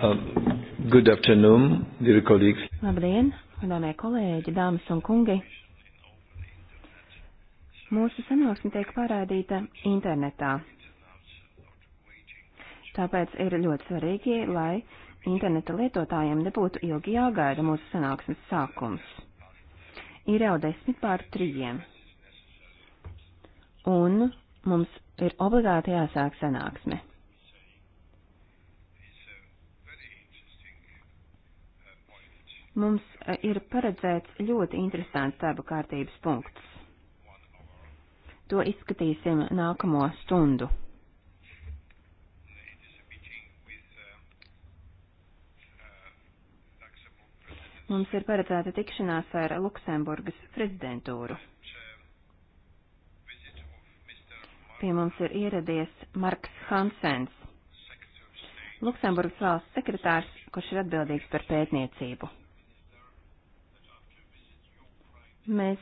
Um, good afternoon, dear colleagues. Labdien, godāmie kolēģi, dāmas un kungi. Mūsu sanāksme tiek parādīta internetā. Tāpēc ir ļoti svarīgi, lai interneta lietotājiem nebūtu ilgi jāgaida mūsu sanāksmes sākums. Ir jau desmit pār trījiem. Un mums ir obligāti jāsāk sanāksme. mums e, ir paredzēts ļoti interesants darba kārtības punkts. To izskatīsim nākamo stundu. Mums ir paredzēta tikšanās ar Luksemburgas prezidentūru. Pie mums ir ieradies Marks Hansens, Luksemburgas valsts sekretārs, kurš ir atbildīgs par pētniecību. Mēs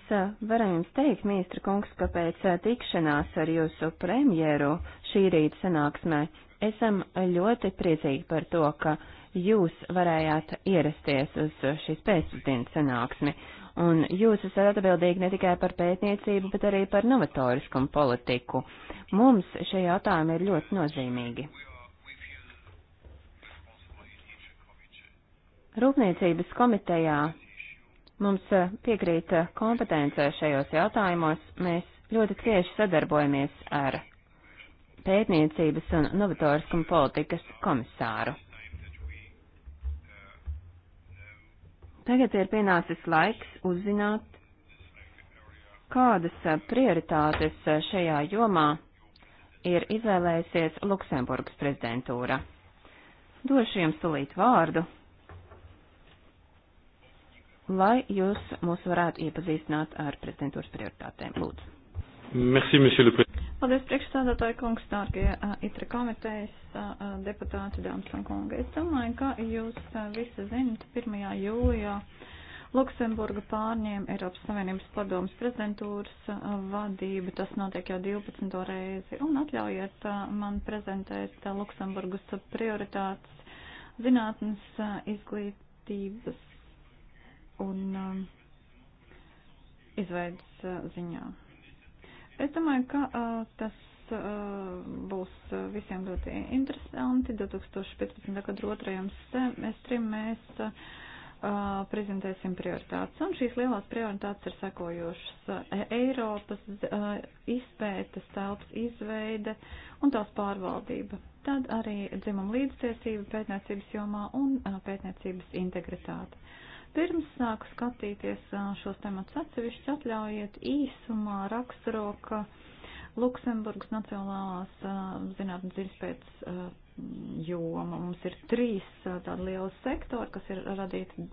varam jums teikt, ministra kungs, ka pēc tikšanās ar jūsu premjeru šī rīta sanāksmē esam ļoti priecīgi par to, ka jūs varējāt ierasties uz šīs pēcpusdienas sanāksmi. Un jūs esat atbildīgi ne tikai par pētniecību, bet arī par novatoriskumu politiku. Mums šie jautājumi ir ļoti nozīmīgi. Rūpniecības komitejā Mums eh, piekrīt eh, kompetence šajos jautājumos. Mēs ļoti cieši sadarbojamies ar pētniecības un novatoriskuma politikas komisāru. Tagad ir pienācis laiks uzzināt, kādas eh, prioritātes šajā jomā ir izvēlējusies Luksemburgas prezidentūra. Došu jums tulīt vārdu, lai jūs mūs varētu iepazīstināt ar prezidentūras prioritātēm. Lūdzu. Merci, monsieur le président. Paldies, priekšstādātāji kungs, dārgie itra komitejas deputāti, dāmas un kungi. Es domāju, ka jūs visi zinat, 1. jūlijā Luksemburga pārņēma Eiropas Savienības padomas prezidentūras vadību. Tas notiek jau 12. reizi. Un atļaujiet man prezentēt Luksemburgas prioritātes zinātnes izglītības un um, izveidas uh, ziņā. Es domāju, ka uh, tas uh, būs uh, visiem ļoti interesanti. 2015. gada otrajam semestrim mēs uh, prezentēsim prioritātes. Un šīs lielās prioritātes ir sekojošas e, - Eiropas izpētes telpas izveide un tās pārvaldība. Tad arī dzimuma līdztiesība pētniecības jomā un pētniecības integritāte. Pirms sāku skatīties šos temats atsevišķi, atļaujiet īsumā raksturo, ka Luksemburgas Nacionālās zinātnes izpētes joma. Mums ir trīs tādi lieli sektori, kas ir radīti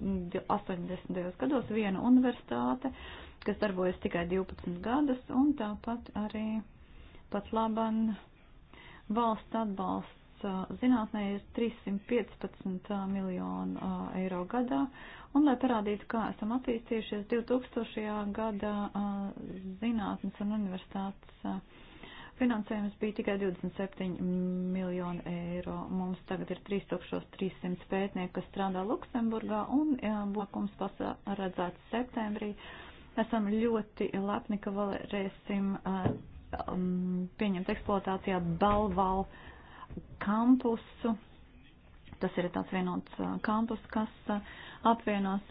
80. gados. Viena universitāte, kas darbojas tikai 12 gadus, un tāpat arī pat laban valsts atbalsts zinātnē ir 315 miljonu eiro gadā, Un, lai parādītu, kā esam attīstījušies, 2000. gadā zinātnes un universitātes finansējums bija tikai 27 miljoni eiro. Mums tagad ir 3300 pētnieku, kas strādā Luksemburgā, un būkums pasaredzēts septembrī. Esam ļoti lepni, ka varēsim pieņemt eksploatācijā Balval kampusu. Tas ir tāds vienots kampus, kas apvienos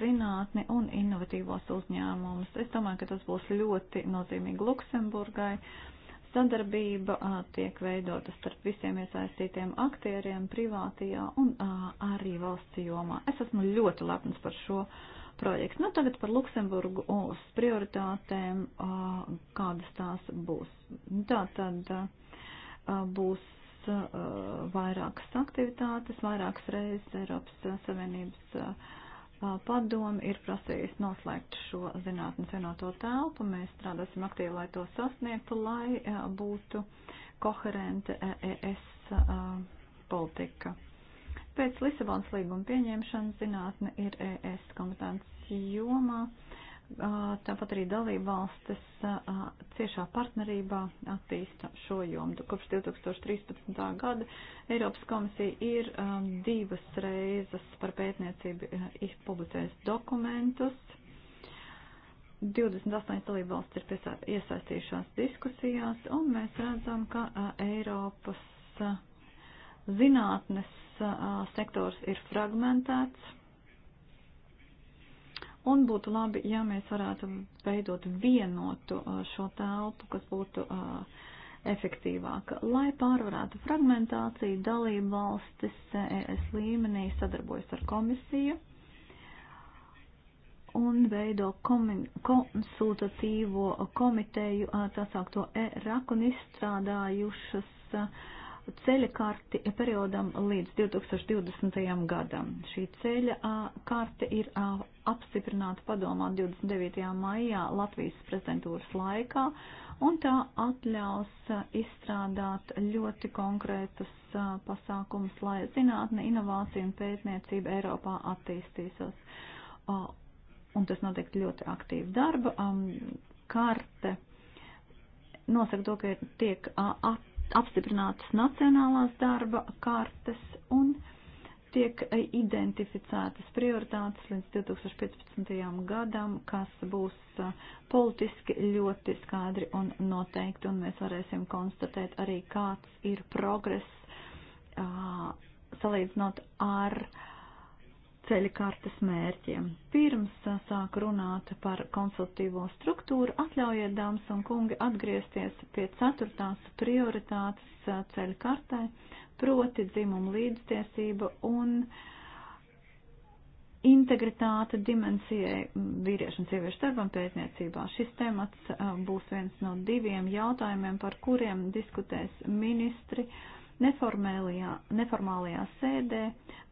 zinātni un inovatīvos uzņēmumus. Es domāju, ka tas būs ļoti nozīmīgi Luksemburgai. Sadarbība tiek veidota starp visiem iesaistītiem aktieriem privātajā un arī valsts jomā. Es esmu ļoti lepns par šo projekts. Nu, tagad par Luksemburgu uz prioritātēm, kādas tās būs. Tā tad būs Uh, vairākas aktivitātes, vairākas reizes Eiropas uh, Savienības uh, padomi ir prasījis noslēgt šo zinātnes vienoto telpu. Mēs strādāsim aktīvi, lai to sasniegtu, lai būtu koherenta ES e politika. Pēc Lisabonas līguma pieņemšanas zinātne ir ES e kompetences jomā tāpat arī dalība valstis ciešā partnerībā attīsta šo jomu. Kopš 2013. gada Eiropas komisija ir divas reizes par pētniecību izpublicējusi dokumentus. 28 dalība valsts ir iesaistījušās diskusijās, un mēs redzam, ka Eiropas zinātnes sektors ir fragmentēts Un būtu labi, ja mēs varētu veidot vienotu uh, šo telpu, kas būtu uh, efektīvāka, lai pārvarētu fragmentāciju, dalību valstis ES līmenī sadarbojas ar komisiju un veido komin, konsultatīvo komiteju, uh, tā saukto e-rak un izstrādājušas ceļa karti periodam līdz 2020. gadam. Šī ceļa karte ir apstiprināta padomā 29. maijā Latvijas prezidentūras laikā, un tā atļaus uh, izstrādāt ļoti konkrētus uh, pasākumus, lai zinātne, inovācija un pētniecība Eiropā attīstīsies. Un tas notiek ļoti aktīvi darba um, karte. Nosaka to, ka tiek uh, apstiprinātas nacionālās darba kartes un tiek e, identificētas prioritātes līdz 2015. gadam, kas būs e, politiski ļoti skaidri un noteikti, un mēs varēsim konstatēt arī, kāds ir progress salīdzinot ar ceļa kartes mērķiem. Pirms sāk runāt par konsultīvo struktūru, atļaujiet, dāmas un kungi, atgriezties pie ceturtās prioritātes ceļa kartē proti dzimumu līdztiesība un integritāte dimensijai mm, vīriešu un sieviešu darbam pētniecībā. Šis temats uh, būs viens no diviem jautājumiem, par kuriem diskutēs ministri neformālajā sēdē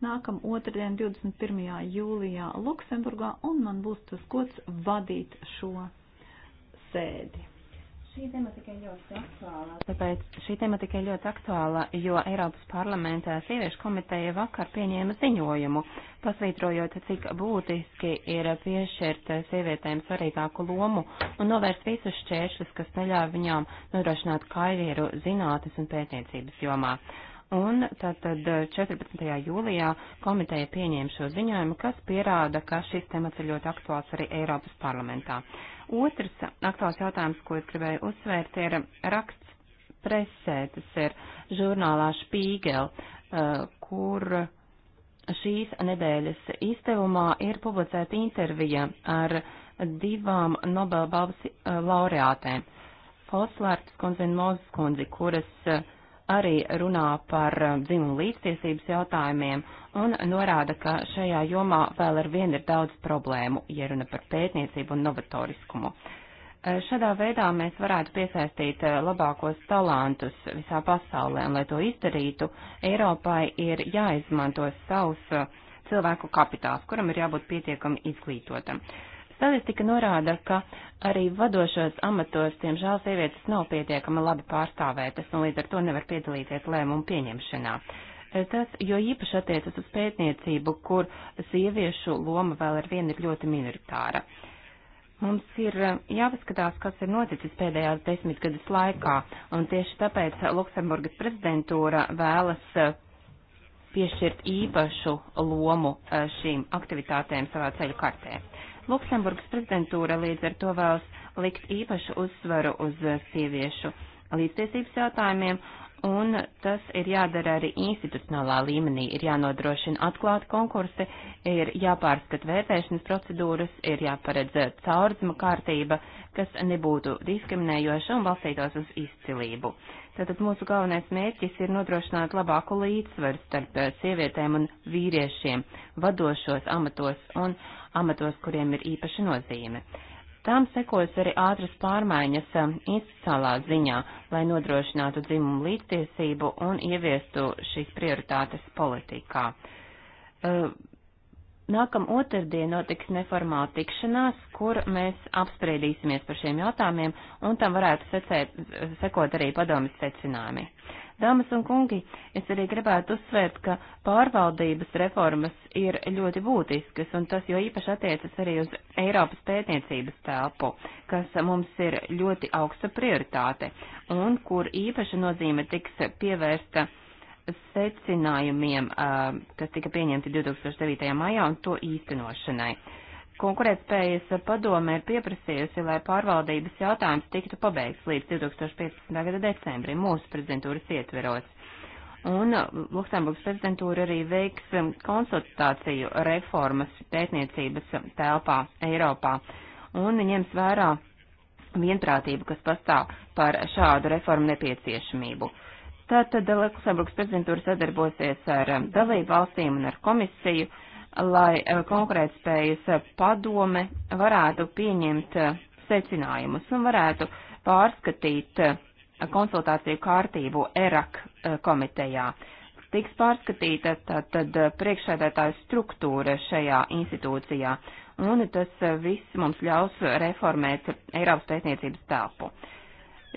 nākam otrdien 21. jūlijā Luksemburgā un man būs tas gods vadīt šo sēdi. Šī tematika ir ļoti aktuāla. Tāpēc šī tematika ir ļoti aktuāla, jo Eiropas parlamentā sieviešu komiteja vakar pieņēma ziņojumu, pasvītrojot, cik būtiski ir piešķirt sievietēm svarīgāku lomu un novērst visus šķēršļus, kas neļauj viņām nodrošināt kaivieru zinātnes un pētniecības jomā. Un tātad 14. jūlijā komiteja pieņēma šo ziņojumu, kas pierāda, ka šis temats ir ļoti aktuāls arī Eiropas parlamentā. Otrs aktuāls jautājums, ko es gribēju uzsvērt, ir raksts presē, tas ir žurnālā Špīgel, eh, kur šīs nedēļas izdevumā ir publicēta intervija ar divām Nobelbalvas eh, laureātēm. Foslārts kundzi un Mozes kundzi, kuras uh, arī runā par eh, dzimumu līdztiesības jautājumiem un norāda, ka šajā jomā vēl ar vienu ir daudz problēmu, ja runa par pētniecību un novatoriskumu. Eh, šādā veidā mēs varētu piesaistīt eh, labākos talantus visā pasaulē, un, lai to izdarītu, Eiropai ir jāizmanto savs cilvēku kapitāls, kuram ir jābūt pietiekami izglītotam. Uh, Statistika norāda, ka arī vadošos amatos, diemžēl, sievietes nav pietiekama labi pārstāvētas un līdz ar to nevar piedalīties lēmumu pieņemšanā. Eh, tas jo īpaši attiecas uz pētniecību, kur sieviešu loma vēl ar vienu ir ļoti minoritāra. Mums ir eh, jāpaskatās, kas ir noticis pēdējās desmitgades laikā, un tieši tāpēc Luksemburgas prezidentūra vēlas eh, piešķirt īpašu lomu šīm aktivitātēm savā ceļu kartē. Luksemburgas prezidentūra līdz ar to vēlas likt īpašu uzsvaru uz sieviešu līdztiesības jautājumiem un tas ir jādara arī institucionālā līmenī. Ir jānodrošina atklāti konkursi, ir jāpārskat vērtēšanas procedūras, ir jāparedz caurdzuma kārtība, kas nebūtu diskriminējoša un balstītos uz izcilību. Tātad mūsu galvenais mērķis ir nodrošināt labāku līdzsvaru starp sievietēm un vīriešiem vadošos amatos un amatos, kuriem ir īpaša nozīme. Tām sekos arī ātras pārmaiņas um, institucionālā ziņā, lai nodrošinātu dzimumu līdztiesību un ieviestu šīs prioritātes politikā. Uh, nākam otrdien notiks neformāla tikšanās, kur mēs apspriedīsimies par šiem jautājumiem, un tam varētu secēt, sekot arī padomjas secinājumi. Dāmas un kungi, es arī gribētu uzsvērt, ka pārvaldības reformas ir ļoti būtiskas, un tas jo īpaši attiecas arī uz Eiropas pētniecības telpu, kas mums ir ļoti augsta prioritāte, un kur īpaša nozīme tiks pievērsta secinājumiem, kas tika pieņemti 2009. maijā un to īstenošanai. Konkurētspējas padome ir pieprasījusi, lai pārvaldības jautājums tiktu pabeigts līdz 2015. gada decembrim mūsu prezidentūras ietveros. Un uh, Luksemburgas prezidentūra arī veiks um, konsultāciju reformas pētniecības telpā Eiropā un ņems vērā vienprātību, kas pastāv par šādu reformu nepieciešamību. Tātad uh, Luksemburgas prezidentūra sadarbosies ar um, dalību valstīm un ar komisiju lai eh, konkurētspējas eh, padome varētu pieņemt eh, secinājumus un varētu pārskatīt konsultāciju kārtību ERAK komitejā. Tiks pārskatīta tātad priekšsēdētāja struktūra šajā institūcijā, un tas viss mums ļaus reformēt Eiropas pētniecības telpu.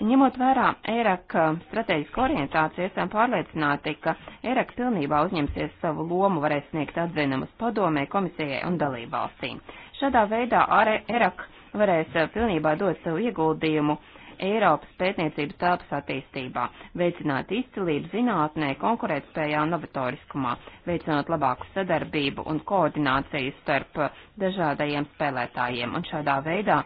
Ņemot vērā ERAK uh, strateģisko orientāciju, esam pārliecināti, ka ERAK pilnībā uzņemsies savu lomu, varēs sniegt atzinumus padomē, komisijai un dalībvalstīm. Šādā veidā ERAK varēs uh, pilnībā dot savu ieguldījumu Eiropas pētniecības telpas attīstībā, veicināt izcilību zinātnē, konkurētspējā un novatoriskumā, veicinot labāku sadarbību un koordināciju starp uh, dažādajiem spēlētājiem un šādā veidā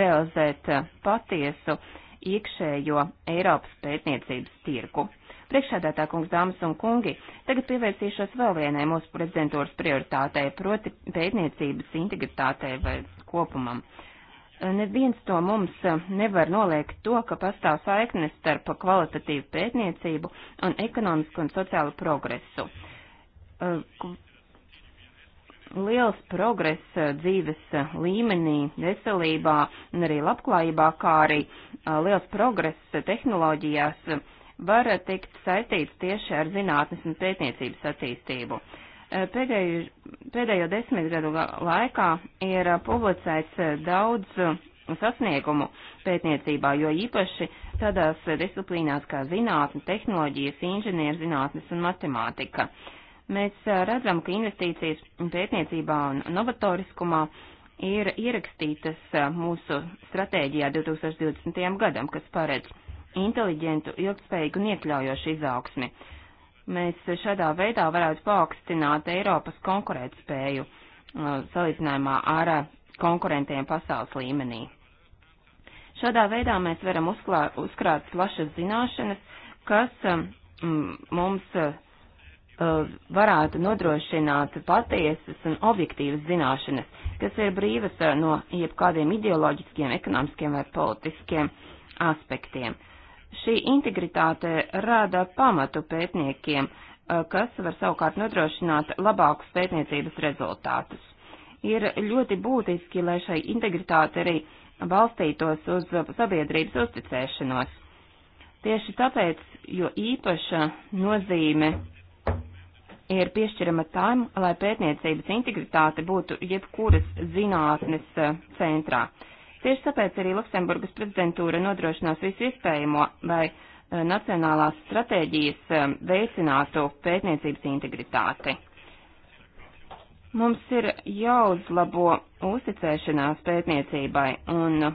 realizēt patiesu iekšējo Eiropas pētniecības tirgu. Priekšādātā kungs, dāmas un kungi, tagad pievērsīšos vēl vienai mūsu prezidentūras prioritātei, proti pētniecības integritātei vai kopumam. Neviens to mums nevar noliegt to, ka pastāv saiknes starp kvalitatīvu pētniecību un ekonomisku un sociālu progresu liels progress eh, dzīves eh, līmenī, veselībā un arī labklājībā, kā arī eh, liels progress tehnoloģijās var tikt saistīts tieši ar zinātnes un pētniecības attīstību. Pēdējo, pēdējo desmitgadu laikā ir publicēts daudz sasniegumu pētniecībā, jo īpaši tādās disciplīnās kā zinātne, tehnoloģijas, inženierzinātnes un matemātika. Uh, Mēs redzam, ka investīcijas pētniecībā un novatoriskumā ir ierakstītas mūsu stratēģijā 2020. gadam, kas paredz inteliģentu, ilgspējīgu un iekļaujošu izaugsmi. Mēs šādā veidā varētu paaugstināt Eiropas konkurētspēju salīdzinājumā ar konkurentiem pasaules līmenī. Šādā veidā mēs varam uzklā, uzkrāt plašas zināšanas, kas mm, mums Uh, varētu nodrošināt patiesas un objektīvas zināšanas, kas ir brīvas uh, no jebkādiem ideoloģiskiem, ekonomiskiem vai politiskiem aspektiem. Šī integritāte rada pamatu pētniekiem, uh, kas var savukārt nodrošināt labākus pētniecības rezultātus. Ir ļoti būtiski, lai šai integritāte arī balstītos uz sabiedrības uzticēšanos. Tieši tāpēc, jo īpaša nozīme ir piešķirama tam, lai pētniecības integritāte būtu jebkuras zinātnes eh, centrā. Tieši tāpēc arī Luksemburgas prezidentūra nodrošinās visu iespējamo, lai eh, nacionālās stratēģijas eh, veicinātu pētniecības integritāti. Mums ir jāuzlabo uzticēšanās pētniecībai, un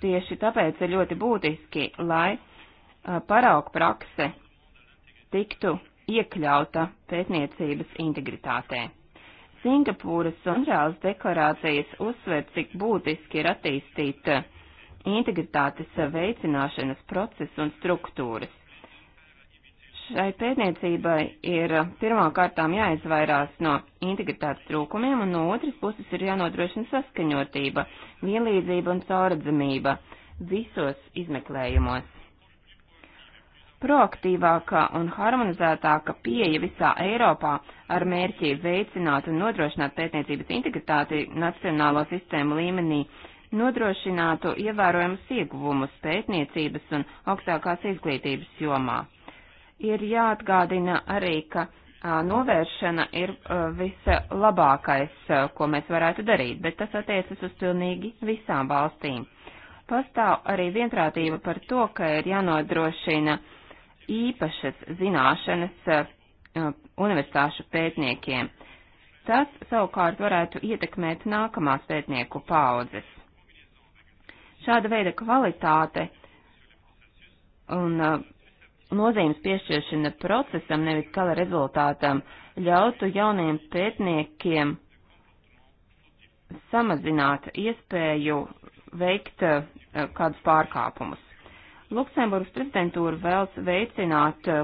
tieši tāpēc ir ļoti būtiski, lai paraugu prakse tiktu iekļauta pētniecības integritātē. Singapūras un Reāls deklarācijas uzsver, cik būtiski ir attīstīt integritātes veicināšanas procesu un struktūras. Šai pētniecībai ir pirmā kārtām jāizvairās no integritātes trūkumiem, un no otras puses ir jānodrošina saskaņotība, vienlīdzība un cauradzamība visos izmeklējumos. Proaktīvākā un harmonizētāka pieeja visā Eiropā ar mērķi veicināt un nodrošināt pētniecības integritāti nacionālo sistēmu līmenī nodrošinātu ievērojamus ieguvumus pētniecības un augstākās izglītības jomā. Ir jāatgādina arī, ka novēršana ir vislabākais, ko mēs varētu darīt, bet tas attiecas uz pilnīgi visām valstīm. Pastāv arī vienprātība par to, ka ir jānodrošina īpašas zināšanas eh, eh, universitāšu pētniekiem. Tas savukārt varētu ietekmēt nākamās pētnieku paudzes. Šāda veida kvalitāte un eh, nozīmes piešķiršana procesam, nevis kala rezultātam, ļautu jauniem pētniekiem samazināt iespēju veikt kādus pārkāpumus. Luksemburgas prezidentūra vēlas veicināt uh,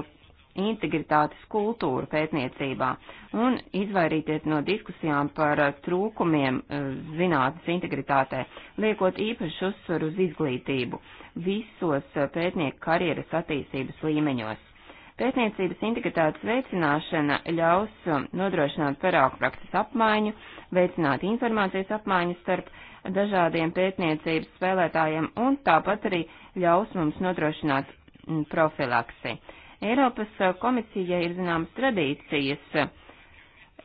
integritātes kultūru pētniecībā un izvairīties no diskusijām par uh, trūkumiem uh, zinātnes integritātē, liekot īpašu uzsvaru uz izglītību visos pētnieku karjeras attīstības līmeņos. Pētniecības integritātes veicināšana ļaus um, nodrošināt parāku prakses apmaiņu, veicināt informācijas apmaiņu starp dažādiem pētniecības spēlētājiem un tāpat arī ļaus mums nodrošināt mm, profilaksi. Eiropas uh, komisija ir zināmas tradīcijas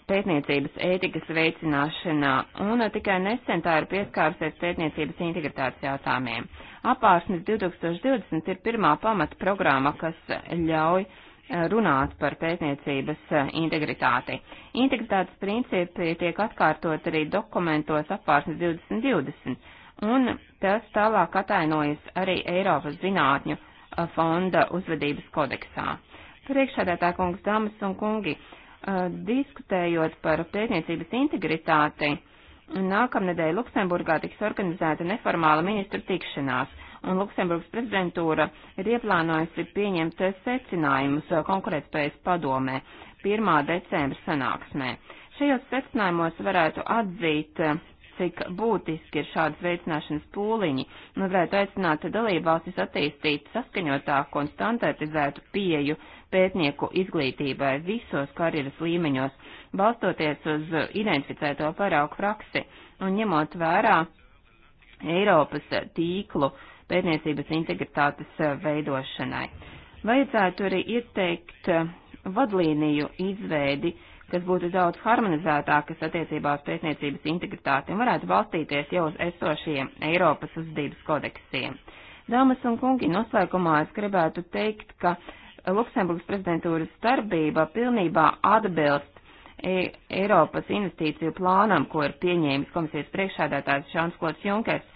pētniecības ētikas veicināšanā, un uh, tikai nesen tā ir pieskārusies pētniecības integritātes jautājumiem. Apārsnes 2020 ir pirmā pamata programma, kas ļauj uh, runāt par pētniecības uh, integritāti. Integritātes principi tiek atkārtot arī dokumentos apārsnes 2020, un tas tālāk atainojas arī Eiropas zinātņu fonda uzvedības kodeksā. Priekšādētā kungs, dāmas un kungi, uh, Uh, diskutējot par pētniecības integritāti, nākamnedēļ Luksemburgā tiks organizēta neformāla ministru tikšanās, un Luksemburgas prezidentūra ir ieplānojusi pieņemt secinājumus konkurētspējas padomē 1. decembra sanāksmē. Šajos secinājumos varētu atzīt cik būtiski ir šādas veicināšanas pūliņi, un varētu aicināt dalībvalstis attīstīt saskaņotāku un standartizētu pieju pētnieku izglītībai visos karjeras līmeņos, balstoties uz identificēto paraugu praksi un ņemot vērā Eiropas tīklu pētniecības integritātes veidošanai. Vajadzētu arī ieteikt vadlīniju izveidi, kas būtu daudz harmonizētākas attiecībā uz pētniecības integritāti un varētu balstīties jau uz esošajiem Eiropas uzvedības kodeksiem. Dāmas un kungi, noslēgumā es gribētu teikt, ka uh, Luksemburgas prezidentūras darbība pilnībā atbilst Ei Eiropas investīciju plānam, ko ir pieņēmis komisijas priekšādātājs Žāns Klods Junkers,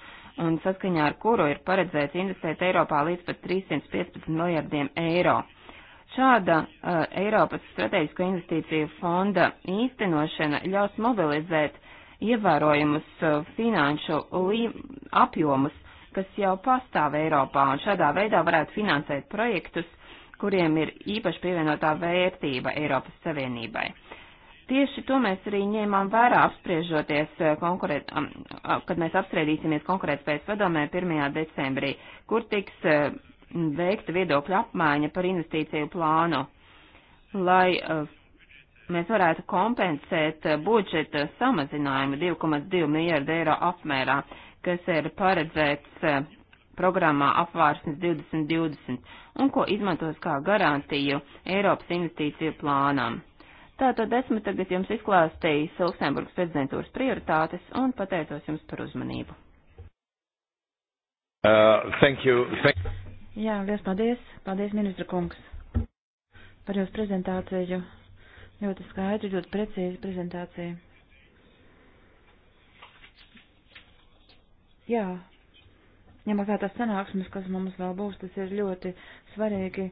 un saskaņā ar kuru ir paredzēts investēt Eiropā līdz pat 315 miljardiem eiro. Šāda uh, Eiropas strateģisko investīciju fonda īstenošana ļaus mobilizēt ievērojumus uh, finanšu apjomus, kas jau pastāv Eiropā, un šādā veidā varētu finansēt projektus, kuriem ir īpaši pievienotā vērtība Eiropas Savienībai. Tieši to mēs arī ņēmām vērā apspriežoties, eh, konkurēt, kad mēs apspriedīsimies konkurētspējas padomē 1. decembrī, kur tiks eh, veikta viedokļa apmaiņa par investīciju plānu, lai eh, mēs varētu kompensēt budžeta samazinājumu 2,2 miljārdu eiro apmērā, kas ir paredzēts programmā apvārsnes 2020 un ko izmantos kā garantiju Eiropas investīciju plānām. Tātad esmu tagad jums izklāstījis Luksemburgas prezidentūras prioritātes un pateicos jums par uzmanību. Uh, thank you. Thank Jā, liels paldies. Paldies, ministra kungs, par jūsu prezentāciju. Ļoti skaidri, ļoti precīzi prezentācija. Jā, ņemot vērā tās sanāksmes, kas mums vēl būs, tas ir ļoti svarīgi,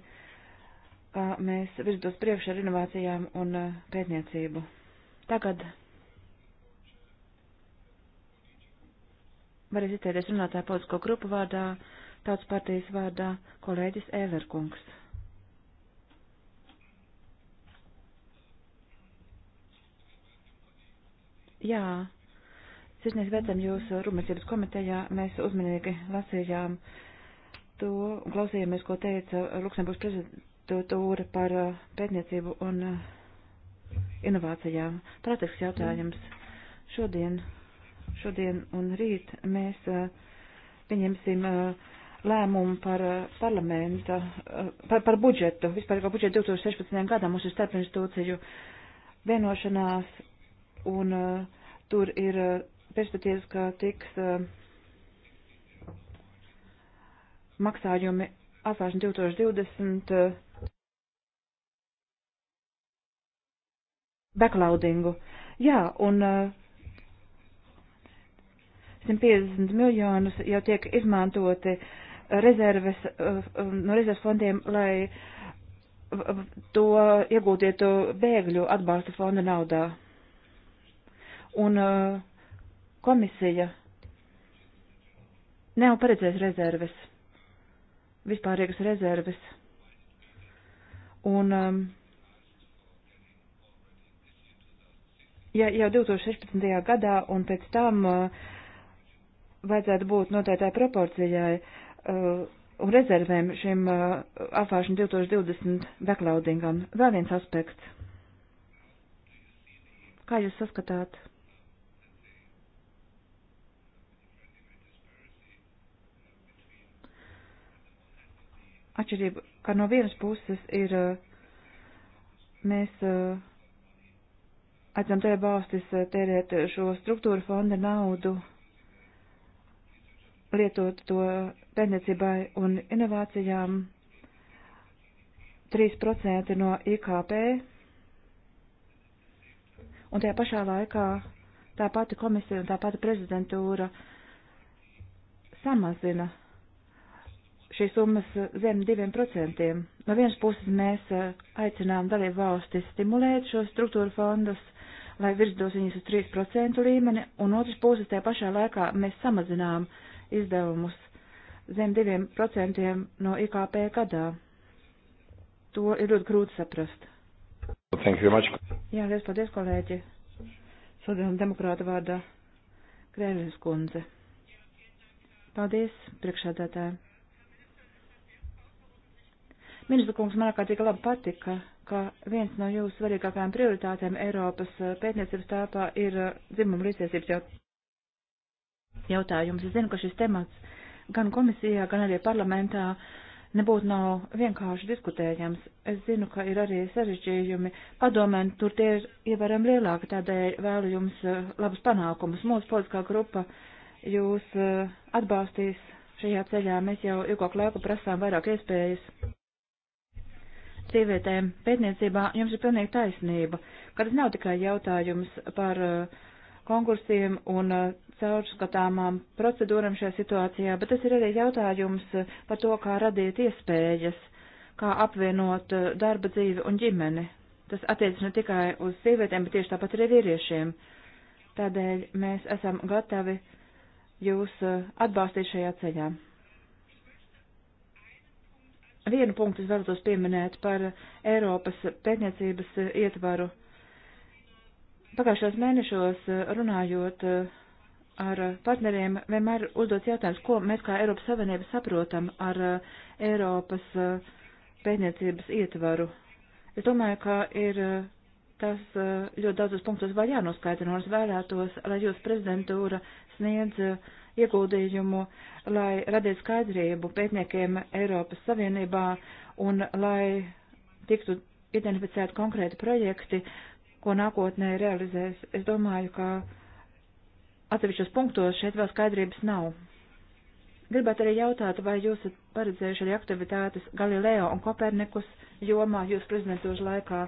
ka mēs virzītos priekš ar inovācijām un uh, pētniecību. Tagad varēs izteikties runātāja politisko grupu vārdā, tautas partijas vārdā, kolēģis Ēlerkungs. Jā. Yeah. Sirsnīgi veicam jūsu rūpniecības komitejā. Mēs uzmanīgi lasījām to un klausījāmies, ko teica Luksemburgas prezidentūra par uh, pētniecību un uh, inovācijām. Praktisks jautājums. Šodien, šodien un rīt mēs uh, pieņemsim lēmumu par parlamenta, par, par budžetu, vispār par budžetu 2016. gadam mums ir starpinstitūciju vienošanās un tur ir perspektīvas, ka tiks uh, maksājumi atklāšana 2020 uh, backloadingu. Jā, un uh, eh, 150 miljonus jau tiek izmantoti rezerves, eh, no rezerves fondiem, lai to iegūtietu bēgļu atbalsta fonda naudā. Un uh, Komisija nav paredzējusi rezerves, vispārīgas rezerves. Un, um, ja jau 2016. gadā un pēc tam uh, vajadzētu būt noteiktai proporcijai uh, un rezervēm šim uh, afāšana 2020 backloadingam, vēl viens aspekts. Kā jūs saskatāt? atšķirība, ka no vienas puses ir eh, mēs eh, aicinām dalību valstis eh, tērēt šo struktūra fonda naudu, lietot to pētniecībai un inovācijām 3% no IKP, un tajā pašā laikā tā pati komisija un tā pati prezidentūra samazina šīs summas eh, zem 2%. No vienas puses mēs eh, aicinām dalību valstis stimulēt šo struktūru fondus, lai virzītos viņus uz 3% līmeni, un otras puses tajā pašā laikā mēs samazinām izdevumus zem 2% no IKP gadā. To ir ļoti grūti saprast. Thank you very much. Jā, liels paldies, kolēģi. Sodiem demokrāta vārdā Grēlis kundze. Paldies, priekšādātāji. Ministra kungs, man kā tik labi patika, ka viens no jūsu svarīgākajām prioritātēm Eiropas eh, pētniecības tāpā ir eh, dzimuma līdztiesības jautājums. Es zinu, ka šis temats gan komisijā, gan arī parlamentā nebūtu nav vienkārši diskutējams. Es zinu, ka ir arī sarežģījumi padomēn, tur tie ir ievēram lielāki, tādēļ vēlu jums eh, labus panākumus. Mūsu politiskā grupa jūs atbalstīs šajā ceļā. Mēs jau ilgāk laiku prasām vairāk iespējas sievietēm pētniecībā, jums ir pilnīgi taisnība, ka tas nav tikai jautājums par uh, konkursiem un uh, caurskatāmām procedūram šajā situācijā, bet tas ir arī jautājums uh, par to, kā radīt iespējas, kā apvienot darba dzīvi un ģimeni. Tas attiec ne tikai uz sievietēm, bet tieši tāpat arī vīriešiem. Tādēļ mēs esam gatavi jūs atbalstīt šajā ceļā. Vienu punktu es vēlētos pieminēt par Eiropas pētniecības eh, ietvaru. Pagājušos mēnešos eh, runājot eh, ar partneriem, vienmēr uzdots jautājums, ko mēs kā Eiropas Savienība saprotam ar Eiropas pētniecības ietvaru. Es domāju, ka ir tas ļoti daudzos punktos vēl jānoskaidro, un es vēlētos, lai jūs prezidentūra sniedz uh, ieguldījumu, lai radītu skaidrību pētniekiem Eiropas Savienībā un lai tiktu identificēti konkrēti projekti, ko nākotnē realizēs. Es domāju, ka atsevišķos punktos šeit vēl skaidrības nav. Gribētu arī jautāt, vai jūs esat paredzējuši arī aktivitātes Galileo un Kopernikus jomā jūs prezidentūžu laikā,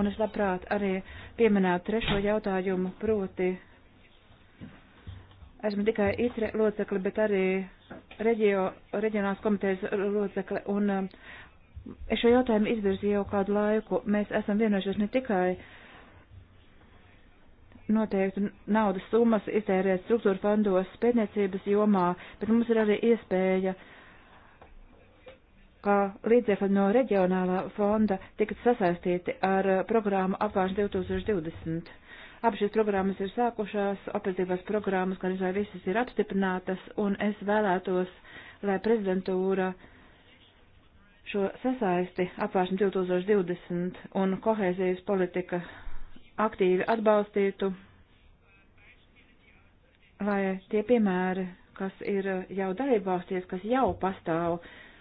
un es labprāt arī pieminētu trešo jautājumu, proti esmu tikai itre locekli, bet arī reģio, reģionāls komitejas locekli. Un eh, es šo jautājumu izvirzīju jau kādu laiku. Mēs esam vienojušies ne tikai noteikti naudas summas iztērēt struktūra fondos pētniecības jomā, bet mums ir arī iespēja, ka līdzekļi no reģionālā fonda tika sasaistīti ar programmu apvārš 2020 Abas šīs programmas ir sākušās, operatīvās programmas, gan izvēl visas ir apstiprinātas, un es vēlētos, lai prezidentūra šo sasaisti apvēršana 2020 un kohēzijas politika aktīvi atbalstītu, lai tie piemēri, kas ir jau darībvalstīs, kas jau pastāv,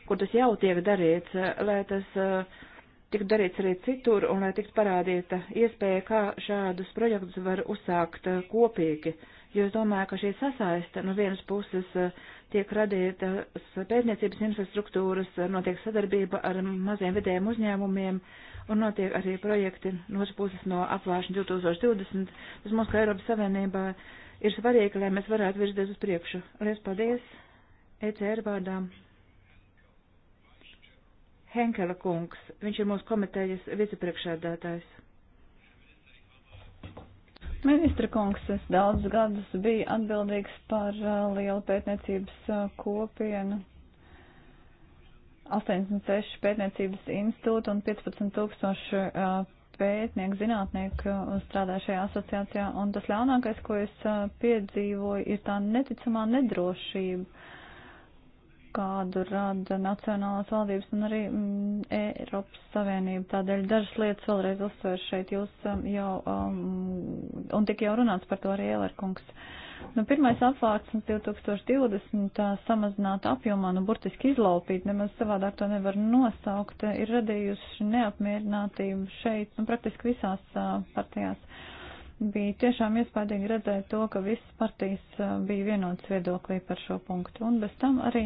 kur tas jau tiek darīts, lai tas uh, tiktu darīts arī citur un lai tiktu parādīta iespēja, kā šādus projektus var uzsākt uh, kopīgi. Jo es domāju, ka šī sasaista no vienas puses uh, tiek radīta pētniecības infrastruktūras, uh, notiek sadarbība ar maziem vidējiem uzņēmumiem un notiek arī projekti no otras puses no apvāršana 2020. Tas mums, kā Eiropas Savienībā, ir svarīgi, lai mēs varētu virzīties uz priekšu. Lies paldies! ECR vārdām Henkela kungs. Viņš ir mūsu komitejas vicepriekšēdētājs. Ministra kungs, es daudz gadus biju atbildīgs par uh, lielu pētniecības uh, kopienu. 86 pētniecības institūta un 15 tūkstoši uh, pētnieku, zinātnieku strādā šajā asociācijā. Un tas ļaunākais, ko es piedzīvoju, ir tā neticamā nedrošība kādu rada Nacionālās valdības un arī mm, Eiropas Savienība. Tādēļ dažas lietas vēlreiz uzsver šeit jūs um, jau, um, un tik jau runāts par to arī Ēlerkungs. Nu, pirmais apvārts 2020 uh, samazināt apjomā, nu, burtiski izlaupīt, nemaz savādāk to nevar nosaukt, ir radījusi neapmierinātību šeit, nu, praktiski visās uh, partijās. Uh, Bija tiešām iespaidīgi redzēt to, ka visas partijas eh, bija vienotas viedoklī par šo punktu. Un bez tam arī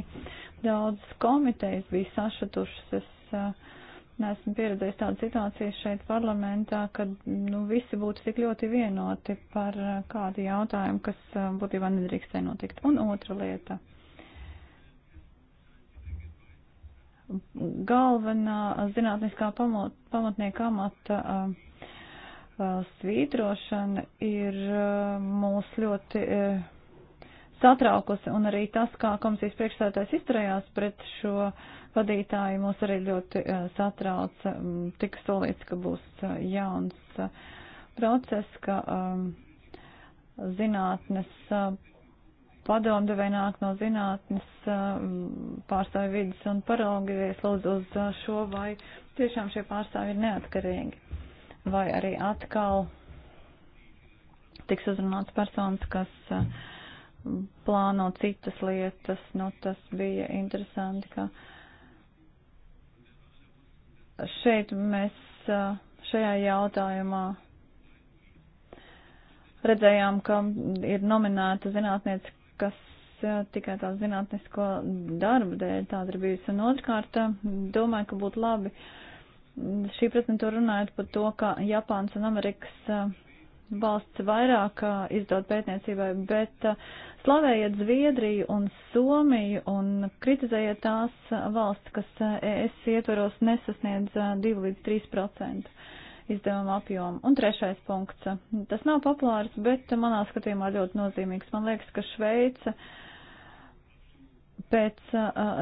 daudz komitejas bija sašatušas. Es uh, neesmu pieredzējis tādu situāciju šeit parlamentā, kad nu, visi būtu tik ļoti vienoti par eh, kādu jautājumu, kas būtībā nedrīkstē notikt. Un otra lieta. Galvenā zinātniskā pamatnieka amata svītrošana ir eh, mūs ļoti eh, satraukusi, un arī tas, kā komisijas priekšsētājs izturējās pret šo vadītāju, mūs arī ļoti eh, satrauc. Mm, Tik solīts, ka būs jauns process, ka ehm, zinātnes padomdevēja nāk no zinātnes pārstāvju vidas un paraugies lūdzu uz šo, vai tiešām šie pārstāvji ir neatkarīgi vai arī atkal tiks uzrunāts personas, kas eh, plāno citas lietas. Nu, tas bija interesanti, ka šeit mēs eh, šajā jautājumā redzējām, ka ir nominēta zinātniece, kas eh, tikai tā zinātnisko darbu dēļ tāda ir bijusi. Un otrkārt, domāju, ka būtu labi uh, šī prezentūra runājot par to, ka Japāns un Amerikas eh, valsts vairāk eh, izdod pētniecībai, bet eh, slavējiet Zviedriju un Somiju un kritizējiet tās valsts, kas ES e ietvaros nesasniedz 2 līdz 3 procentu izdevuma apjomu. Un trešais punkts. Tas nav populārs, bet manā skatījumā ļoti nozīmīgs. Man liekas, ka Šveica pēc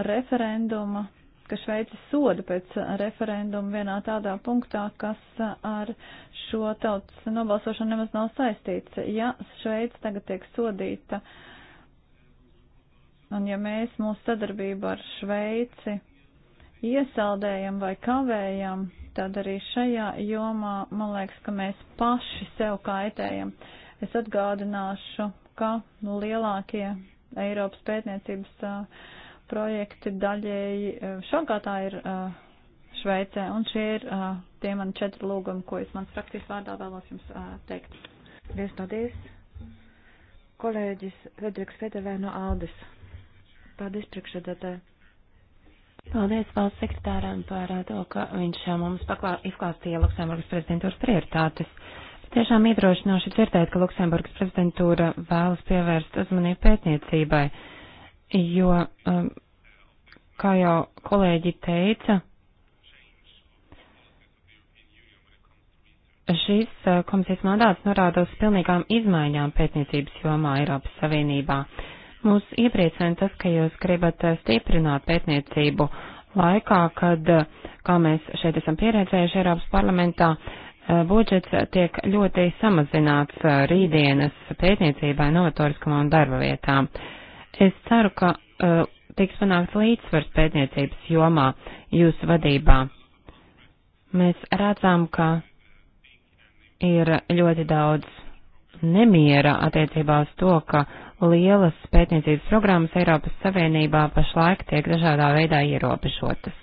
referenduma ka Šveice soda pēc referenduma vienā tādā punktā, kas ar šo tautas nobalsošanu nemaz nav saistīts. Ja Šveice tagad tiek sodīta, un ja mēs mūsu sadarbību ar Šveici iesaldējam vai kavējam, tad arī šajā jomā man liekas, ka mēs paši sev kaitējam. Es atgādināšu, ka lielākie Eiropas pētniecības uh, projekti daļēji eh, šogādā ir uh, Šveicē, un šie ir uh, tie man četri lūgumi, ko es mans frakcijas vārdā vēlos jums uh, teikt. Lies paldies. Kolēģis Fedriks Fedelē no Aldis. Paldies priekšsēdētāji. Paldies valsts sekretāram par to, ka viņš mums paklā, izklāstīja Luksemburgas prezidentūras prioritātes. Tiešām iedrošinoši dzirdēt, ka Luksemburgas prezidentūra vēlas pievērst uzmanību pētniecībai. Uh, jo, um, kā jau kolēģi teica, šīs uh, komisijas mandāts norāda uz pilnīgām izmaiņām pētniecības jomā Eiropas Savienībā. Mūs iepriecina tas, ka jūs gribat uh, stiprināt pētniecību laikā, kad, uh, kā mēs šeit esam pieredzējuši Eiropas parlamentā, budžets tiek ļoti samazināts rītdienas pētniecībai, novatoriskumam un darba vietām. Uh, Es ceru, ka uh, tiks panākts līdzsvars pētniecības jomā jūsu vadībā. Mēs redzam, ka ir ļoti daudz nemiera attiecībā uz to, ka lielas pētniecības programmas Eiropas Savienībā pašlaik tiek dažādā veidā ierobežotas.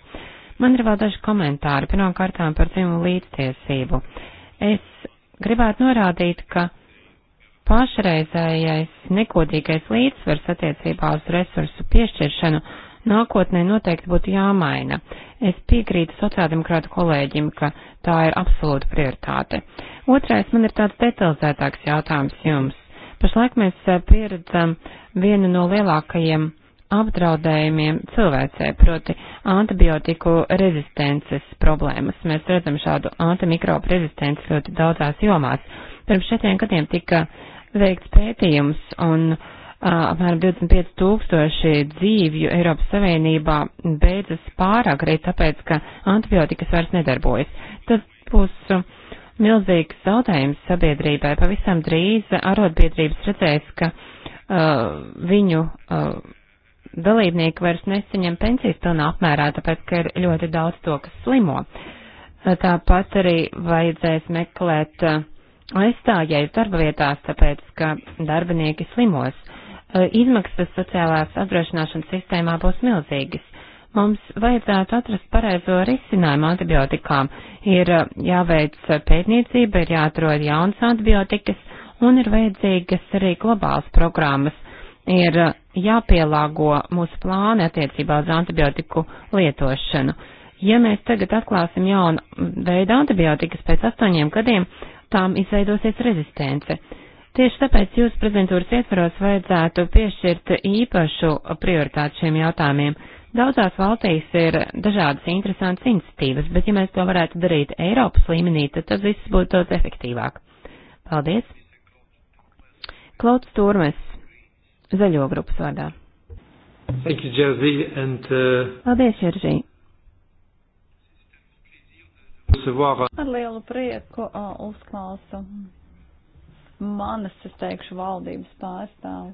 Man ir vēl daži komentāri, pirmkārtām par dzimumu līdztiesību. Es gribētu norādīt, ka pašreizējais nekodīgais līdzsvers attiecībā uz resursu piešķiršanu nākotnē noteikti būtu jāmaina. Es piekrītu sociāldemokrātu kolēģim, ka tā ir absolūta prioritāte. Otrais man ir tāds detalizētāks jautājums jums. Pašlaik mēs eh, pieredzam vienu no lielākajiem apdraudējumiem cilvēcē, proti antibiotiku rezistences problēmas. Mēs redzam šādu antimikrobu rezistenci ļoti daudzās jomās. Pirms četriem gadiem tika uh, veikts pētījums, un uh, apmēram 25 tūkstoši dzīvju Eiropas Savienībā beidzas pārāk arī tāpēc, ka antibiotikas vairs nedarbojas. Tas būs uh, milzīgs zaudējums sabiedrībai. Pavisam drīz arotbiedrības redzēs, ka uh, viņu. Uh, dalībnieki vairs nesaņem pensijas pilnā apmērā, tāpēc, ka ir ļoti daudz to, kas slimo. Tāpat arī vajadzēs meklēt uh, aizstājies darba vietās, tāpēc, ka darbinieki slimos. E, izmaksas sociālās apdrošināšanas sistēmā būs milzīgas. Mums vajadzētu atrast pareizo risinājumu antibiotikām. Ir e, jāveic pētniecība, ir jāatrod jaunas antibiotikas un ir vajadzīgas arī globālas programmas. Ir e, jāpielāgo mūsu plāni attiecībā uz antibiotiku lietošanu. Ja mēs tagad atklāsim jaunu veidu antibiotikas pēc astoņiem gadiem, tām izveidosies rezistence. Tieši tāpēc jūsu prezentūras ietvaros vajadzētu piešķirt īpašu prioritāti šiem jautājumiem. Daudzās valstīs ir dažādas interesantas iniciatīvas, bet ja mēs to varētu darīt Eiropas līmenī, tad tas viss būtu daudz efektīvāk. Paldies! Klauds Turmes, Zaļo grupas vārdā. Thank you, Jerzy, and, uh... Paldies, Jerzy! recevoir. Euh, Ar lielu prieku uh, uzklausu manas, es teikšu, valdības pārstāvu.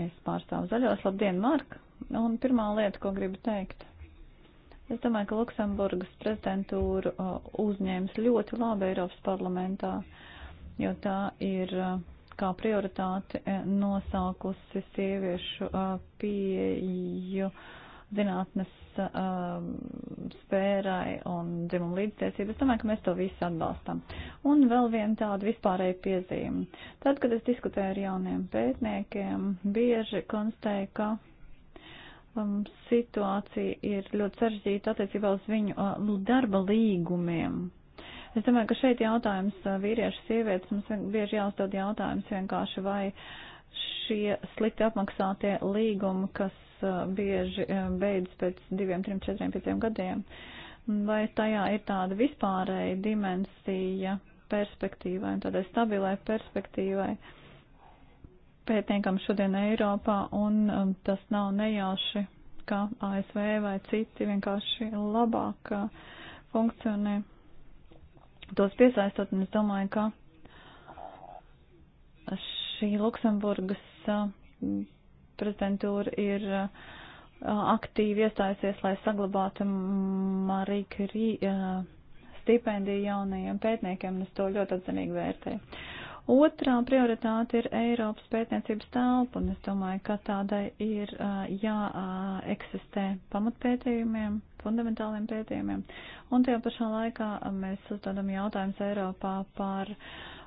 Es pārstāvu zaļos. Labdien, Mark! Un pirmā lieta, ko gribu teikt. Es domāju, ka Luksemburgas prezidentūra uh, uzņēmis ļoti labi Eiropas parlamentā, jo tā ir uh, kā prioritāti e, nosaukusi sieviešu uh, pieju. Uh, zinātnes uh, um, spērai un dzimumu līdztiesību. Es domāju, ka mēs to visu atbalstam. Un vēl viena tāda vispārēja piezīme. Tad, kad es diskutēju ar jauniem pētniekiem, bieži konstatēju, ka um, situācija ir ļoti sarežģīta attiecībā uz viņu uh, darba līgumiem. Es domāju, ka šeit jautājums uh, vīriešu sievietes mums bieži jāuzdod jautājums vienkārši vai šie slikti apmaksātie līgumi, kas Eh, bieži eh, beidzas pēc diviem, trim, četriem, pieciem gadiem. Vai tajā ir tāda vispārēja dimensija perspektīvai un tādai stabilai perspektīvai pētniekam šodien Eiropā, un eh, tas nav nejauši, ka ASV vai citi vienkārši labāk funkcionē. Tos piesaistot, un es domāju, ka šī Luksemburgas prezidentūra ir uh, aktīvi iestājusies, lai saglabātu Marie Curie uh, stipendiju jaunajiem pētniekiem, un es to ļoti atzinīgi vērtēju. Otrā prioritāte ir Eiropas pētniecības telpa, un es domāju, ka tādai ir uh, jāeksistē pamatpētījumiem, fundamentāliem pētījumiem. Un tajā pašā laikā mēs uzdodam jautājumus Eiropā par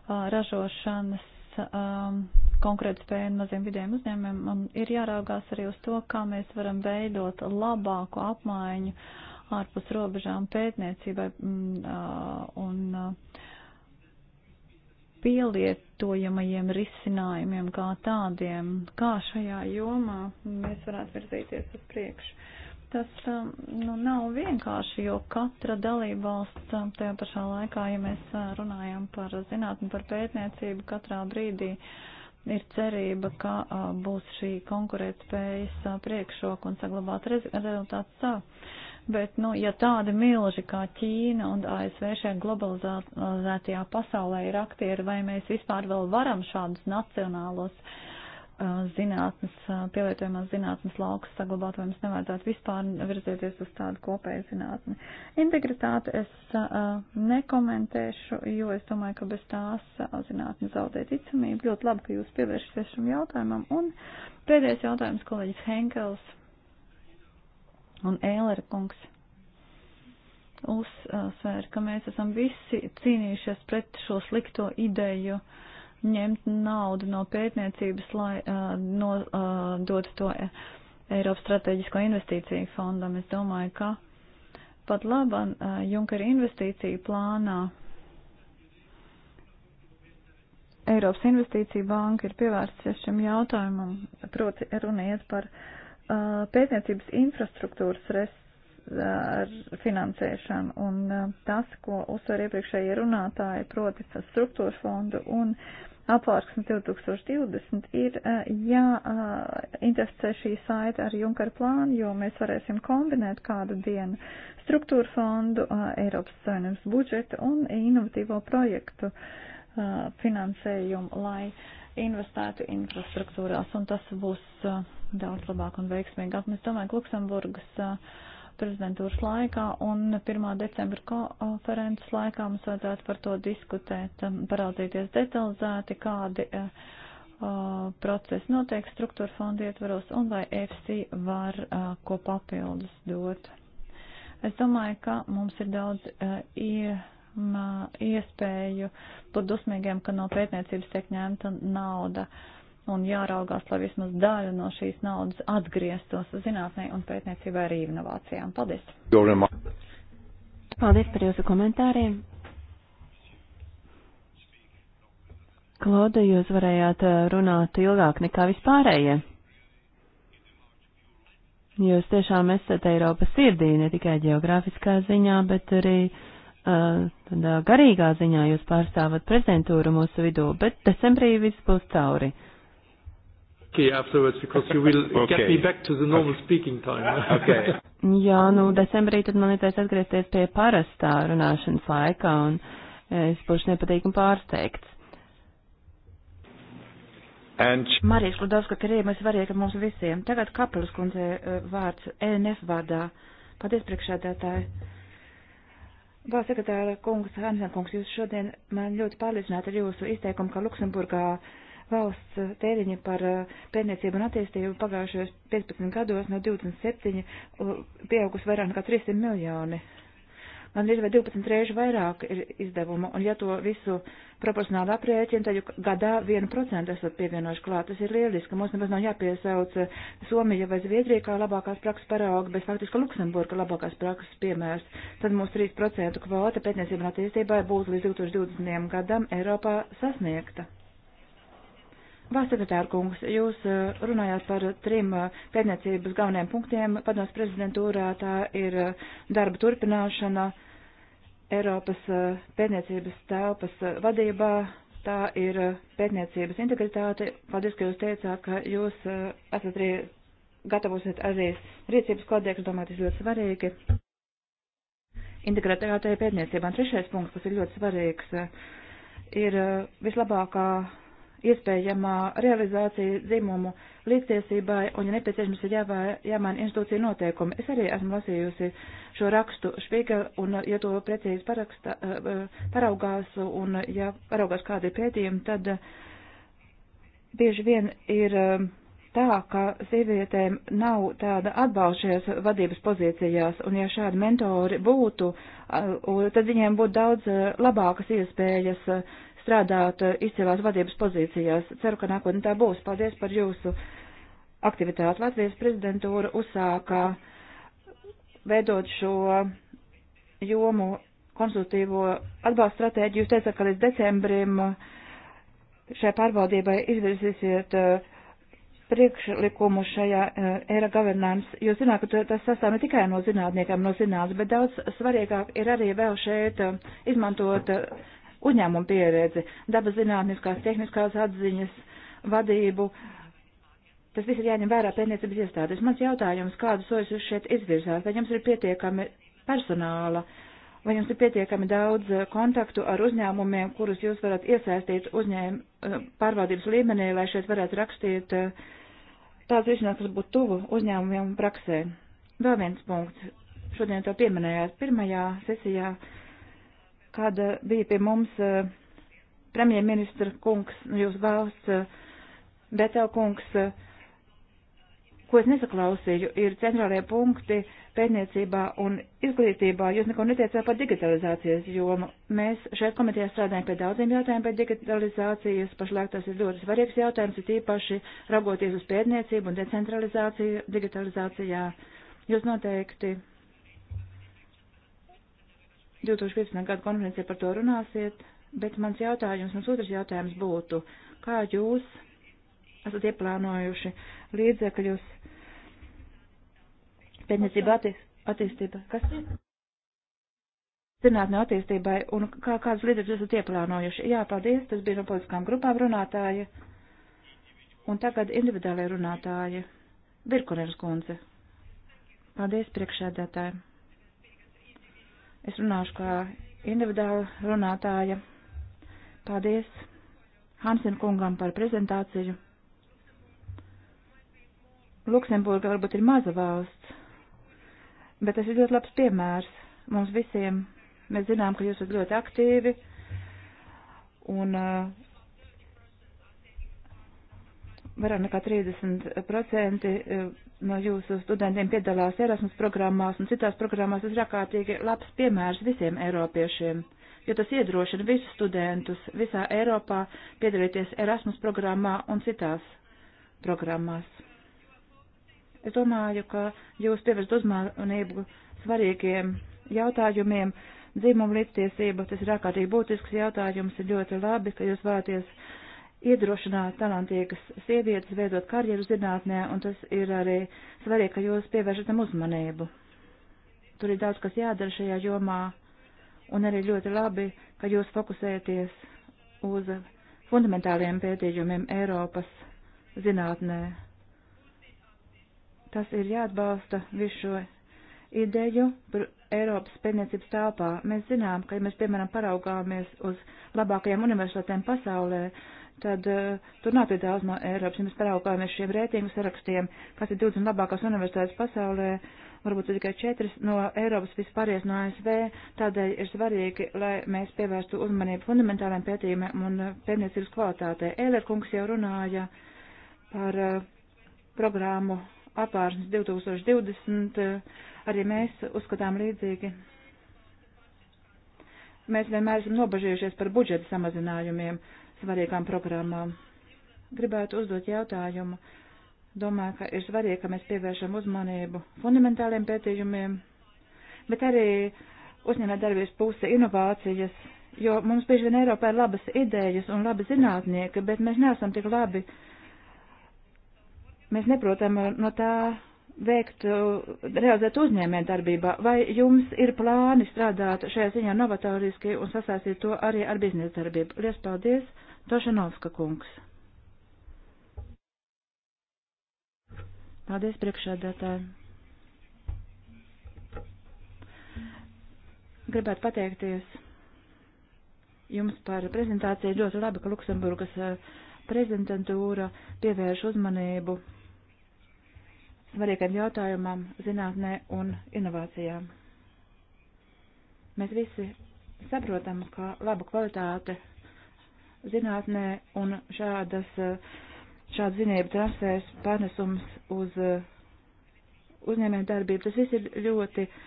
ražošanas um, konkrētu spēju maziem vidiem uzņēmumiem, un ir jāraugās arī uz to, kā mēs varam veidot labāku apmaiņu ārpus robežām pētniecībai mm, un pielietojamajiem risinājumiem kā tādiem, kā šajā jomā mēs varētu virzīties uz priekšu tas nu, nav vienkārši, jo katra dalībvalsts tajā pašā laikā, ja mēs runājam par zinātni, par pētniecību, katrā brīdī uh, ir cerība, ka a, būs šī konkurētspējas priekšroka un saglabāt rezultātu savu. Bet, nu, ja tādi milži kā Ķīna un ASV šajā globalizētajā pasaulē ir aktieri, vai mēs vispār vēl varam šādus nacionālos uh, zinātnes, pielietojumās zinātnes laukas saglabāt, vai mums nevajadzētu vispār virzēties uz tādu kopēju zinātni. Integritāti es nekomentēšu, jo es domāju, ka bez tās zinātne zaudē ticamību. Ļoti labi, ka jūs pievēršaties šim jautājumam. Un pēdējais jautājums kolēģis Henkels un Ēlera kungs uzsvēra, ka mēs esam visi cīnījušies pret šo slikto ideju. Uh, ņemt naudu no pētniecības, lai uh, no, uh, dotu to Eiropas strateģisko investīciju fondam. Es domāju, ka pat laba uh, Junkera investīcija plānā Eiropas investīcija banka ir pievērsties šim jautājumam, proti runiet par uh, pētniecības infrastruktūras res, uh, finansēšanu un uh, tas, ko uzsver iepriekšējie runātāji, proti struktūra fondu un uh, apvārksni 2020 ir jāinteresē šī saita ar Junkara plānu, jo mēs varēsim kombinēt kādu dienu struktūra fondu, Eiropas Savienības budžetu un inovatīvo projektu finansējumu, lai investētu infrastruktūrās, un tas būs daudz labāk un veiksmīgāk. Mēs domājam, ka Luksemburgas uh, prezidentūras laikā un 1. decembra konferences laikā mums vajadzētu par to diskutēt, um, paraudzīties detalizēti, kādi uh, uh procesi notiek struktūra fonda ietvaros un vai FC var uh, ko papildus dot. Es domāju, ka mums ir daudz uh, ie, m, iespēju būt dusmīgiem, ka no pētniecības tiek ņemta nauda. Uh, un jāraugās, lai vismaz daļa no šīs naudas atgrieztos zinātnē un pētniecībā arī inovācijām. Paldies! Paldies par jūsu komentāriem! Klauda, jūs varējāt eh, runāt ilgāk nekā vispārējie. Jūs tiešām esat Eiropas sirdī, ne tikai geogrāfiskā ziņā, bet arī uh, tādā garīgā ziņā jūs pārstāvat prezentūru mūsu vidū, bet decembrī viss būs cauri. Uh, okay afterwards because you will okay. get me back to the normal okay. speaking time. okay. Jā, nu decembrī tad man ir taisa atgriezties pie parastā runāšanas laika un es būšu nepatīkam pārsteigts. And... Marijas Kludovska, Karība, mēs varētu mums visiem. Tagad Kapelis kundze eh, vārds ENF vārdā. Paldies priekšādātāji. Valsts sekretāra kungs, Hansen kungs, jūs šodien man ļoti pārliecināti ar jūsu izteikumu, ka Luksemburgā uh, valsts tēriņa par eh, pētniecību un attīstību pagājušajos 15 gados no 27 pieaugus vairāk nekā 300 miljoni. Man ir vai 12 reižu vairāk ir izdevumu, un ja to visu proporcionāli aprēķinu, tad gadā 1% esat pievienojuši klāt. Tas ir lieliski. Mums nemaz nav jāpiesauc eh, Somija vai Zviedrija kā labākās prakses parauga, bet faktiski Luksemburga labākās prakses piemērs. Tad mūsu 3% kvota pētniecību un attīstībai būtu līdz 2020. gadam Eiropā sasniegta. Vārds sekretāra kungs, jūs eh, runājāt par trim eh, pētniecības galvenajiem punktiem. Padoms prezidentūrā tā ir eh, darba turpināšana Eiropas pētniecības telpas vadībā. Tā ir pētniecības integritāte. Paldies, ka jūs teicāt, ka jūs esat arī gatavosiet arī rīcības kodeksu, domāju, tas ļoti svarīgi. Integrētajā pētniecībā. Un trešais punkts, kas ir ļoti svarīgs, ir vislabākā iespējamā realizācija dzimumu līdztiesībai un, ja nepieciešams, ir jāvā, jāmaina institūcija noteikumi. Es arī esmu lasījusi šo rakstu Špīgel, un, ja to precīzi paraksta, eh, eh, paraugās, un, ja paraugās kādi pētījumi, tad eh, bieži vien ir tā, ka sievietēm nav tāda atbalsta šajās vadības pozīcijās, un ja šādi mentori būtu, tad viņiem būtu daudz labākas iespējas strādāt eh, izcēlās vadības pozīcijās. Ceru, ka nākotnē tā būs. Paldies par jūsu aktivitāti. Latvijas prezidentūra uzsāka veidot šo jomu konsultīvo atbalstu stratēģiju. Jūs teicat, ka līdz decembrim šai pārbaudībai izvirzīsiet uh, priekšlikumu šajā eh, era governance. Jūs zināt, ka tas sastāv ne tikai no zinātniekiem, no zinātnes, bet daudz svarīgāk ir arī vēl šeit izmantot uzņēmumu pieredzi, dabas zinātniskās, tehniskās atziņas, vadību. Tas viss ir jāņem vērā pētniecības iestādes. Mans jautājums, kādus soļus jūs šeit izvirzāt? Vai jums ir pietiekami personāla? Vai jums ir pietiekami daudz eh, kontaktu ar uzņēmumiem, kurus jūs varat iesaistīt uzņēmumu eh, pārvaldības līmenī, lai šeit varētu rakstīt eh, tāds risinājums, kas būtu tuvu uzņēmumiem un praksē? Vēl viens punkts. Šodien to pieminējāt pirmajā sesijā kad eh, bija pie mums eh, premjerministra kungs, nu, jūs valsts, eh, Betel kungs, ko es nesaklausīju, ir centrālie punkti pētniecībā un izglītībā. Jūs neko neteicāt par digitalizācijas jomu. Mēs šeit komitejā strādājam pie daudziem jautājumiem par digitalizācijas. Pašlaik tas ir ļoti svarīgs jautājums, ir tīpaši raugoties uz pētniecību un decentralizāciju digitalizācijā. Jūs noteikti 2015. gada konferencē par to runāsiet, bet mans jautājums, mans otrs jautājums būtu, kā jūs esat ieplānojuši līdzekļus pētniecība attīst, attīstība? Kas? Zinātnē attīstībai un kā, kādas līdzekļus esat ieplānojuši? Jā, paldies, tas bija no politiskām grupām runātāji. Un tagad individuālajie runātāji. Virkunenes kundze. Paldies priekšēdētājiem. Es runāšu kā individuāla runātāja. Paldies Hansen kungam par prezentāciju. Luksemburga varbūt ir maza valsts, bet tas ir ļoti labs piemērs mums visiem. Mēs zinām, ka jūs esat ļoti aktīvi un uh, vairāk nekā 30% no jūsu studentiem piedalās Erasmus programmās un citās programmās, tas ir ārkārtīgi labs piemērs visiem eiropiešiem, jo tas iedrošina visus studentus visā Eiropā piedalīties Erasmus programmā un citās programmās. Es domāju, ka jūs pievērst uzmanību svarīgiem jautājumiem. Dzimuma līdztiesība, tas ir ārkārtīgi būtisks jautājums, ir ļoti labi, ka jūs vēlaties iedrošināt talantīgas sievietes veidot karjeru zinātnē, un tas ir arī svarīgi, ka jūs pievēršat tam uzmanību. Tur ir daudz, kas jādara šajā jomā, un arī ļoti labi, ka jūs fokusēties uz fundamentāliem pētījumiem Eiropas zinātnē. Tas ir jāatbalsta visu šo ideju par Eiropas pētniecības telpā. Mēs zinām, ka, ja mēs, piemēram, paraugāmies uz labākajām universitātēm pasaulē, uh, tad uh, tur nav tik daudz no Eiropas. Ja mēs paraugāmies šiem rētījumu sarakstiem, kas ir 20 labākās universitātes pasaulē, varbūt tikai 4 no Eiropas vispārējais no ASV, tādēļ ir svarīgi, lai mēs pievērstu uzmanību fundamentāliem pētījumiem un eh, pētniecības kvalitātei. Eilerkungs jau runāja par uh, programmu apārsnes 2020, arī mēs uzskatām līdzīgi. Mēs vienmēr esam nobažījušies par budžeta samazinājumiem, svarīgām programmām. Gribētu uzdot jautājumu. Domāju, ka ir svarīgi, ka mēs pievēršam uzmanību fundamentāliem pētījumiem, bet arī uzņēmē darbības puse inovācijas, jo mums bieži vien Eiropā ir labas idejas un labi zinātnieki, bet mēs neesam tik labi. Mēs neprotam no tā veikt, uh, realizēt uzņēmē darbībā, vai jums ir plāni strādāt šajā ziņā novatoriski un sasaistīt to arī ar biznesa darbību? Lies paldies, Tošanovska kungs. Paldies priekšādātāji. Gribētu pateikties jums par prezentāciju. Ļoti labi, ka Luksemburgas uh, prezidentūra pievērš uzmanību svarīgiem jautājumam, zinātnē un inovācijām. Mēs visi saprotam, ka laba kvalitāte zinātnē un šādas, šāda zinība trasēs pārnesums uz uh, uzņēmējdarbību. Tas viss ir ļoti uh,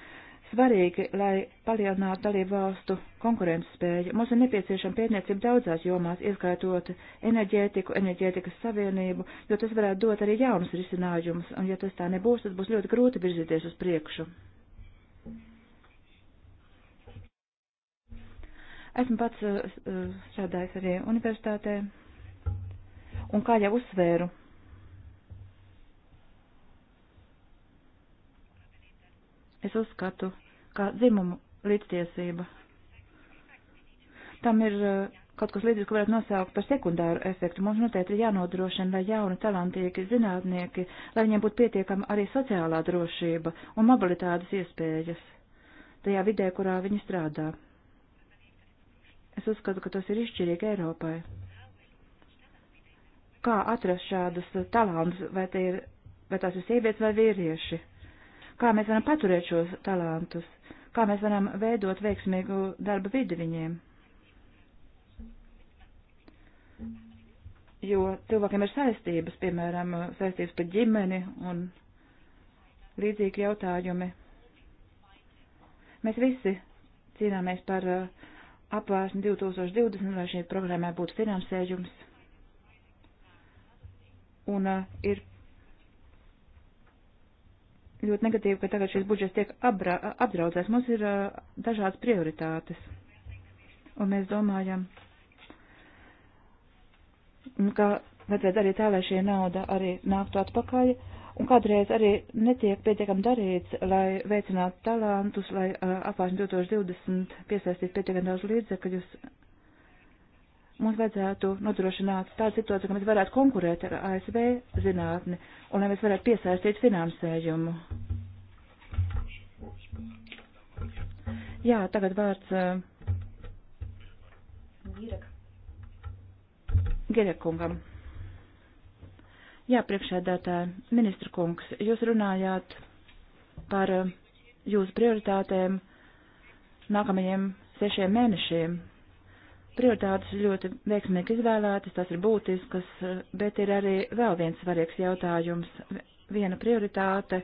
svarīgi, lai palielinātu dalību valstu konkurences spēju. Mums ir nepieciešama pētniecība daudzās jomās, ieskaitot enerģētiku, enerģētikas savienību, jo tas varētu dot arī jaunus risinājumus, un ja tas tā nebūs, tad būs ļoti grūti virzīties uz priekšu. Esmu pats eh, strādājis arī universitātē, un kā jau uzsvēru, es uzskatu, kā dzimumu līdztiesība. Tam ir eh, kaut kas līdzīgs, ko varētu nosaukt par sekundāru efektu. Mums noteikti ir jānodrošina, lai jauni, talantīgi zinātnieki, lai viņiem būtu pietiekama arī sociālā drošība un mobilitātes iespējas tajā vidē, kurā viņi strādā. Es uzskatu, ka tas ir izšķirīgi Eiropai. Kā atrast šādus talantus, vai, ir, vai tās ir sievietes vai vīrieši? kā mēs varam paturēt šos talantus, kā mēs varam veidot veiksmīgu darba vidi viņiem. Jo cilvēkiem ir saistības, piemēram, saistības par ģimeni un līdzīgi jautājumi. Mēs visi cīnāmies par uh, apvērsni 2020, lai šī programmai būtu finansējums. Un uh, ir ļoti negatīvi, ka tagad šis budžets tiek apdra, apdraudzēts. Mums ir uh, dažādas prioritātes. Un mēs domājam, nu, ka vajadzētu darīt tā, lai šī nauda arī nāktu atpakaļ. Un kādreiz arī netiek pietiekam darīts, lai veicinātu talantus, lai uh, apvāršņu 2020 piesaistītu pietiekam daudz līdzekļus. Ka mums vajadzētu nodrošināt tādu situāciju, ka mēs varētu konkurēt ar ASV zinātni un lai mēs varētu piesaistīt finansējumu. Jā, tagad vārds. Uh, Gerekungam. Jā, priekšēdētāji, ministra kungs, jūs runājāt par uh, jūsu prioritātēm nākamajiem sešiem mēnešiem Prioritātes ļoti veiksmīgi izvēlētas, tas ir būtiskas, bet ir arī vēl viens svarīgs jautājums. Viena prioritāte,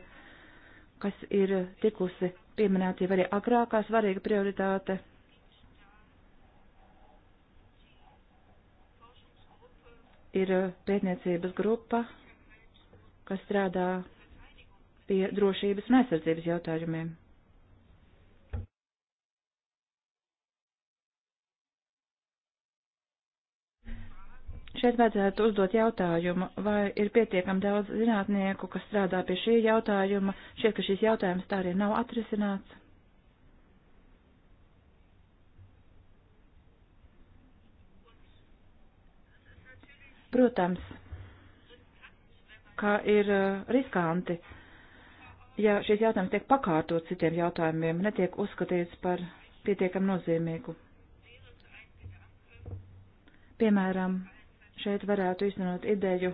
kas ir tikusi pieminēta jau arī agrākā svarīga prioritāte. Ir pētniecības grupa, kas strādā pie drošības un aizsardzības jautājumiem. Šeit vajadzētu uzdot jautājumu, vai ir pietiekami daudz zinātnieku, kas strādā pie šī jautājuma. Šķiet, ka šīs jautājums tā arī nav atrisināts. Protams, kā ir uh, riskanti, ja šīs jautājums tiek pakārtot citiem jautājumiem, netiek uzskatīts par pietiekam nozīmīgu. Piemēram, šeit varētu izmanot ideju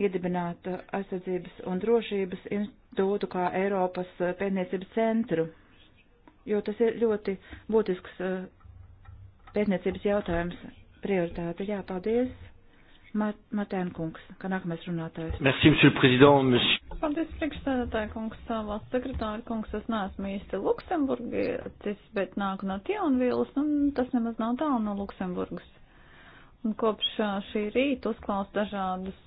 iedibināt aizsardzības un drošības institūtu kā Eiropas pētniecības centru, jo tas ir ļoti būtisks eh, pētniecības jautājums prioritāte. Jā, paldies. Martēna kungs, kā nākamais runātājs. Merci, monsieur le président, monsieur. Paldies, priekšstādātāja kungs, valsts sekretāra kungs. Es neesmu īsti Luksemburgietis, bet nāku no Tionvīlas, un tas nemaz nav tālu no Luksemburgas. Un kopš šī rīta uzklaus dažādus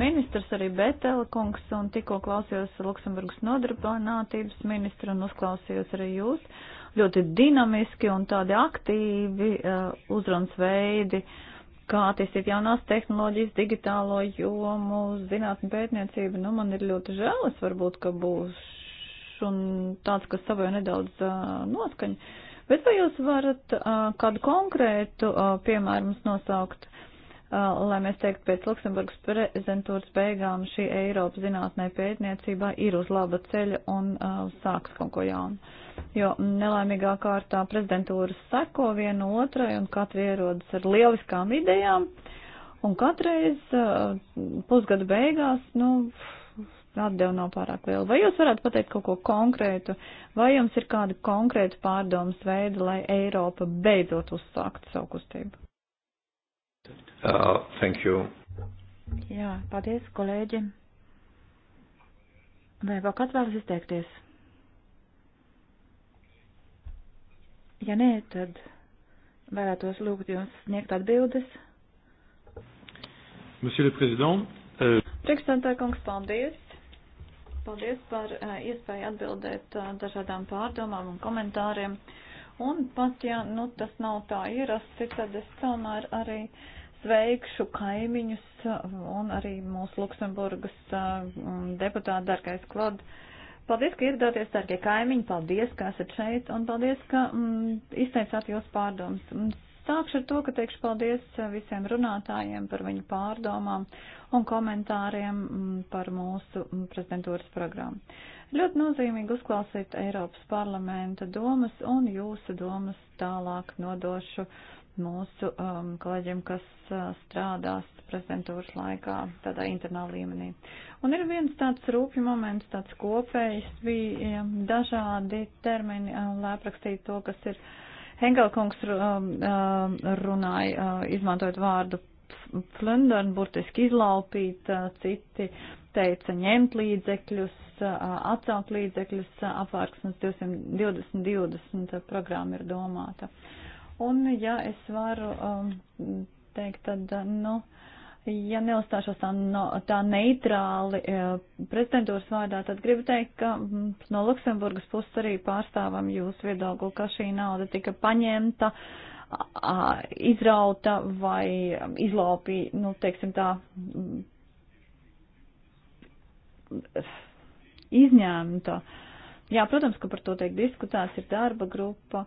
ministrus, arī Betela kungs, un tikko klausījos Luksemburgas nodarbinātības ministru un uzklausījos arī jūs. Ļoti dinamiski un tādi aktīvi uzrunas veidi, kā attīstīt jaunās tehnoloģijas, digitālo jomu, zinātni pētniecību. Nu, man ir ļoti žēlis varbūt, ka būs un tāds, kas savoja nedaudz noskaņu Bet vai jūs varat kādu konkrētu piemēru mums nosaukt, lai mēs teiktu, pēc Luksemburgas prezentūras beigām šī Eiropas zinātnē pētniecībā ir uz laba ceļa un sāks kaut ko jaunu? jo nelaimīgā kārtā prezidentūras seko viena otrai un katra ierodas ar lieliskām idejām. Un katreiz uh, pusgada beigās, nu, atdeva nav pārāk liela. Vai jūs varētu pateikt kaut ko konkrētu, vai jums ir kāda konkrēta pārdomas veida, lai Eiropa beidzot uzsāktu savu kustību? Uh, thank you. Jā, paldies, kolēģi. Vai vēl kāds vēlas izteikties? Ja nē, tad vēlētos lūgt jums sniegt atbildes. Monsieur le Président. Euh... Priekšstādātāja kungs, paldies. Paldies par eh, iespēju atbildēt eh, dažādām pārdomām un komentāriem. Un pat ja nu, tas nav tā ierasti, tad es tomēr arī sveikšu kaimiņus eh, un arī mūsu Luksemburgas deputātu, dargais Klod. Paldies, ka ieradāties, dārgie kaimiņi, paldies, ka esat šeit un paldies, ka mm, izteicāt jūs pārdomas. Mm, Sākšu ar to, ka teikšu paldies visiem runātājiem par viņu pārdomām un komentāriem mm, par mūsu mm, prezidentūras programmu. Ļoti nozīmīgi uzklausīt Eiropas parlamenta domas un jūsu domas tālāk nodošu mūsu um, kolēģiem, kas uh, strādās prezidentūras laikā tādā internā līmenī. Un ir viens tāds rūpju moments, tāds kopējs, bija um, dažādi termini, um, lai aprakstītu to, kas ir uh, Hengelkungs um, um, runāja, uh, izmantojot vārdu plundern, burtiski izlaupīt, uh, citi teica ņemt līdzekļus, uh, atcelt līdzekļus, apvārksnes 220, 20 programma ir domāta. Un, ja es varu um, teikt, tad, nu, Ja neuzstāšos tā, no, tā neitrāli e, prezidentūras vārdā, tad gribu teikt, ka no Luksemburgas puses arī pārstāvam jūs viedokli, ka šī nauda tika paņemta, izrauta vai izlaupīta, nu, teiksim tā, izņēmta. Jā, protams, ka par to tiek diskutēts, ir darba grupa,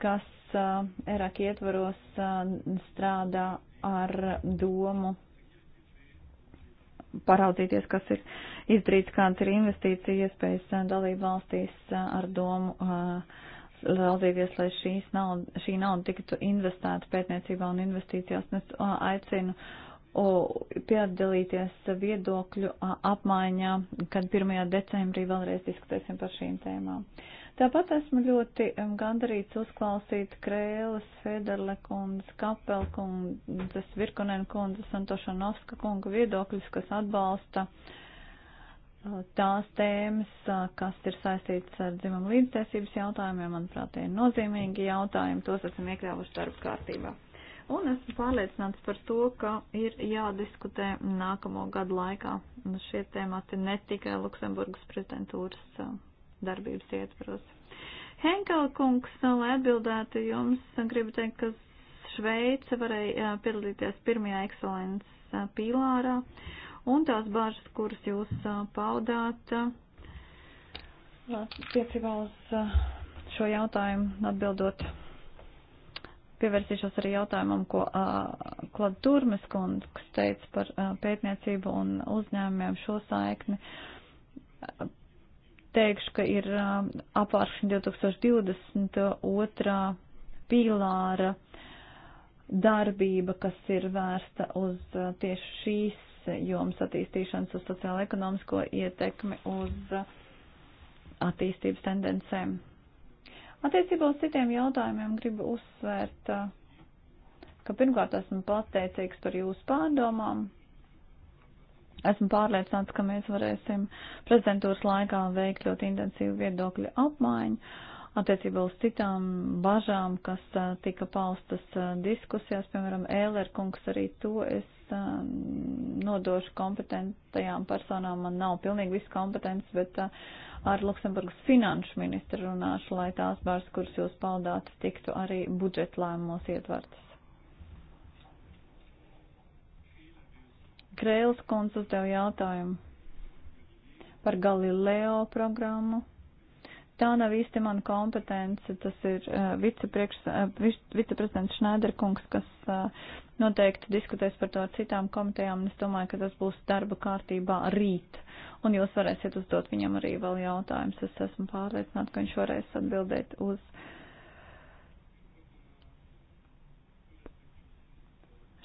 kas Erāk ietvaros e, strādā ar domu paraudzīties, kas ir izdarīts, kādas ir investīcija iespējas eh, dalību valstīs eh, ar domu eh, raudzīties, lai nauda, šī nauda tiktu investēta pētniecībā un investīcijās. Es aicinu piedalīties viedokļu apmaiņā, kad 1. decembrī vēlreiz diskutēsim par šīm tēmām. Uh, Tāpat esmu ļoti gandarīts uzklausīt Krēlas, Federle kundzes, Kapel kundzes, Virkunen kundzes un Tošanovska kunga viedokļus, kas atbalsta tās tēmas, kas ir saistītas ar dzimumu līdztiesības jautājumiem. Manuprāt, tie ir nozīmīgi jautājumi, tos esam iekļāvuši darba kārtībā. Un esmu pārliecināts par to, ka ir jādiskutē nākamo gadu laikā. Šie tēmati ne tikai Luksemburgas prezidentūras darbības ietvaros. Henkela kungs, nu, lai atbildētu jums, gribu teikt, ka Šveice varēja piedalīties pirmajā ekscelences pīlārā, un tās bāžas, kuras jūs paudāt, piecībā uz šo jautājumu atbildot. Pievērsīšos arī jautājumam, ko uh, Klad Turmes kungs teica par uh, pētniecību un uzņēmumiem šo saikni. Uh, teikšu, ka ir um, apvāršana 2020 otrā pīlāra darbība, kas ir vērsta uz uh, tieši šīs jomas attīstīšanas, uz sociālo-ekonomisko ietekmi, uz uh, attīstības tendencēm. Attiecībā uz citiem jautājumiem gribu uzsvērt, uh, ka pirmkārt esmu pateicīgs par jūsu pārdomām Esmu pārliecināts, ka mēs varēsim prezidentūras laikā veikt ļoti intensīvu viedokļu apmaiņu attiecībā uz citām bažām, kas tika paustas diskusijās, piemēram, Ēler kungs arī to es nodošu kompetentajām personām. Man nav pilnīgi viss kompetents, bet ar Luksemburgas finanšu ministru runāšu, lai tās bažas, kuras jūs paudāt, tiktu arī budžetlēmumos ietvertas. Krēls kundze uzdev jautājumu par Galileo programmu. Tā nav īsti mana kompetence, tas ir uh, viceprezidents uh, Šneiderkungs, kas uh, noteikti diskutēs par to ar citām komitejām, un es domāju, ka tas būs darba kārtībā rīt, un jūs varēsiet uzdot viņam arī vēl jautājumus. Es esmu pārliecināta, ka viņš varēs atbildēt uz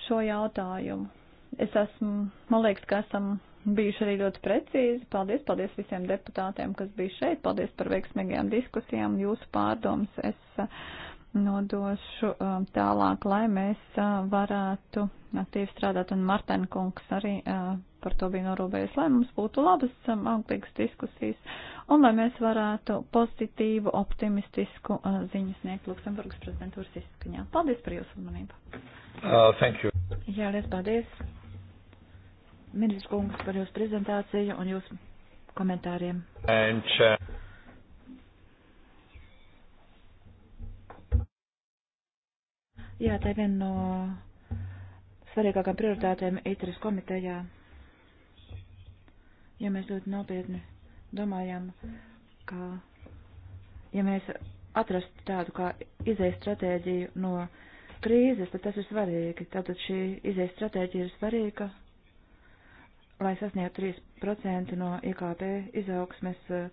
šo jautājumu. Es esmu, man liekas, ka esam bijuši arī ļoti precīzi. Paldies, paldies visiem deputātiem, kas bija šeit. Paldies par veiksmīgajām diskusijām, jūsu pārdomas. Es nodošu tālāk, lai mēs varētu aktīvi strādāt. Un Martēna kungs arī par to bija norūpējis, lai mums būtu labas, auglīgas diskusijas un lai mēs varētu pozitīvu, optimistisku ziņu sniegt Luksemburgas prezidentūras izskaņā. Paldies par jūsu uzmanību. Uh, thank you. Jā, liels paldies ministrs kungs, par jūsu prezentāciju un jūsu komentāriem. And, uh... Jā, tā ir viena no svarīgākām prioritātēm EITRIS komitejā. Ja mēs ļoti nopietni domājam, ka, ja mēs atrastu tādu kā izējas stratēģiju no krīzes, tad tas ir svarīgi. Tātad šī izējas stratēģija ir svarīga, lai sasniegtu 3% no IKP izaugsmes, eh,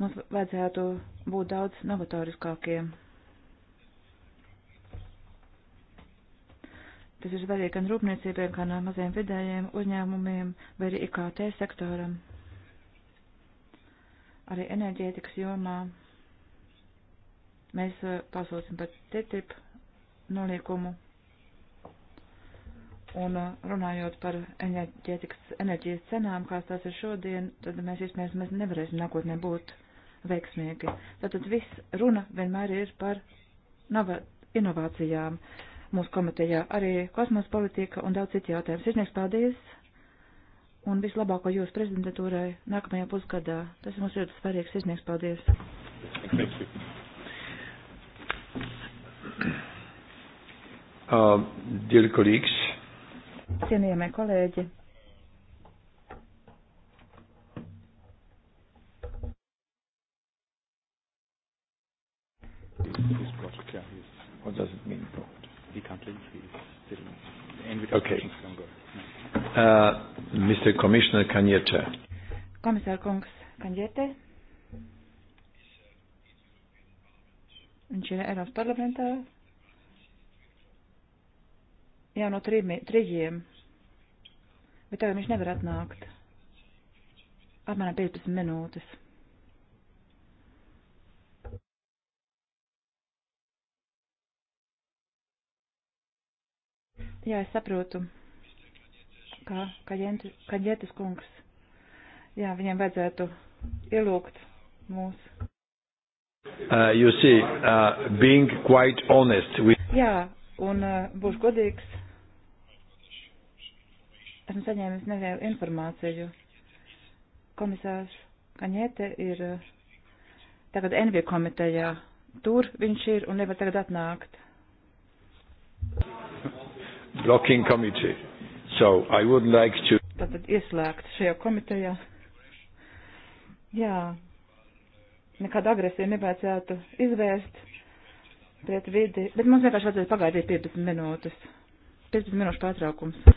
mums vajadzētu būt daudz novatoriskākiem. Tas ir svarīgi gan rūpniecībai, gan maziem vidējiem uzņēmumiem vai arī IKT sektoram. Arī enerģētikas jomā mēs pasūsim eh, par TTIP noliekumu. Un uh, runājot par enerģētikas enerģijas cenām, kāds tās ir šodien, tad mēs iespējams mēs nevarēsim nākotnē būt veiksmīgi. Tātad viss runa vienmēr ir par inovācijām mūsu komitejā, arī kosmosa politika un daudz citu jautājumu. Sirdnieks, paldies! Un vislabāko jūsu prezidentūrai nākamajā pusgadā. Tas mums ļoti svarīgs. Sirdnieks, paldies! Thank you. Uh, dear colleagues, Cienījamie kolēģi, What does it mean, blocked? He can't leave. He's still in. Okay. Uh, Mr. Commissioner Kaniete. Komisār kungs Kaniete. Viņš ir Eiropas parlamentārs jau no trimi, trījiem, bet tagad viņš nevar atnākt. Apmēram 15 minūtes. Jā, es saprotu, ka kaģetes kungs, jā, viņiem vajadzētu ielūgt mūs. Uh, you see, uh, being quite honest with... Jā, Un uh, būšu godīgs, esmu saņēmis nevienu informāciju. Komisārs Kaņete ir uh, tagad Envi komitejā. Tur viņš ir un nevar tagad atnākt. Blocking committee. So I would like to. Tātad ieslēgt šajā komitejā. Jā, nekāda agresija nevajadzētu izvērst pret vidi, bet mums vienkārši vajadzēja pagaidīt 15 minūtes. 15 minūšu pārtraukums.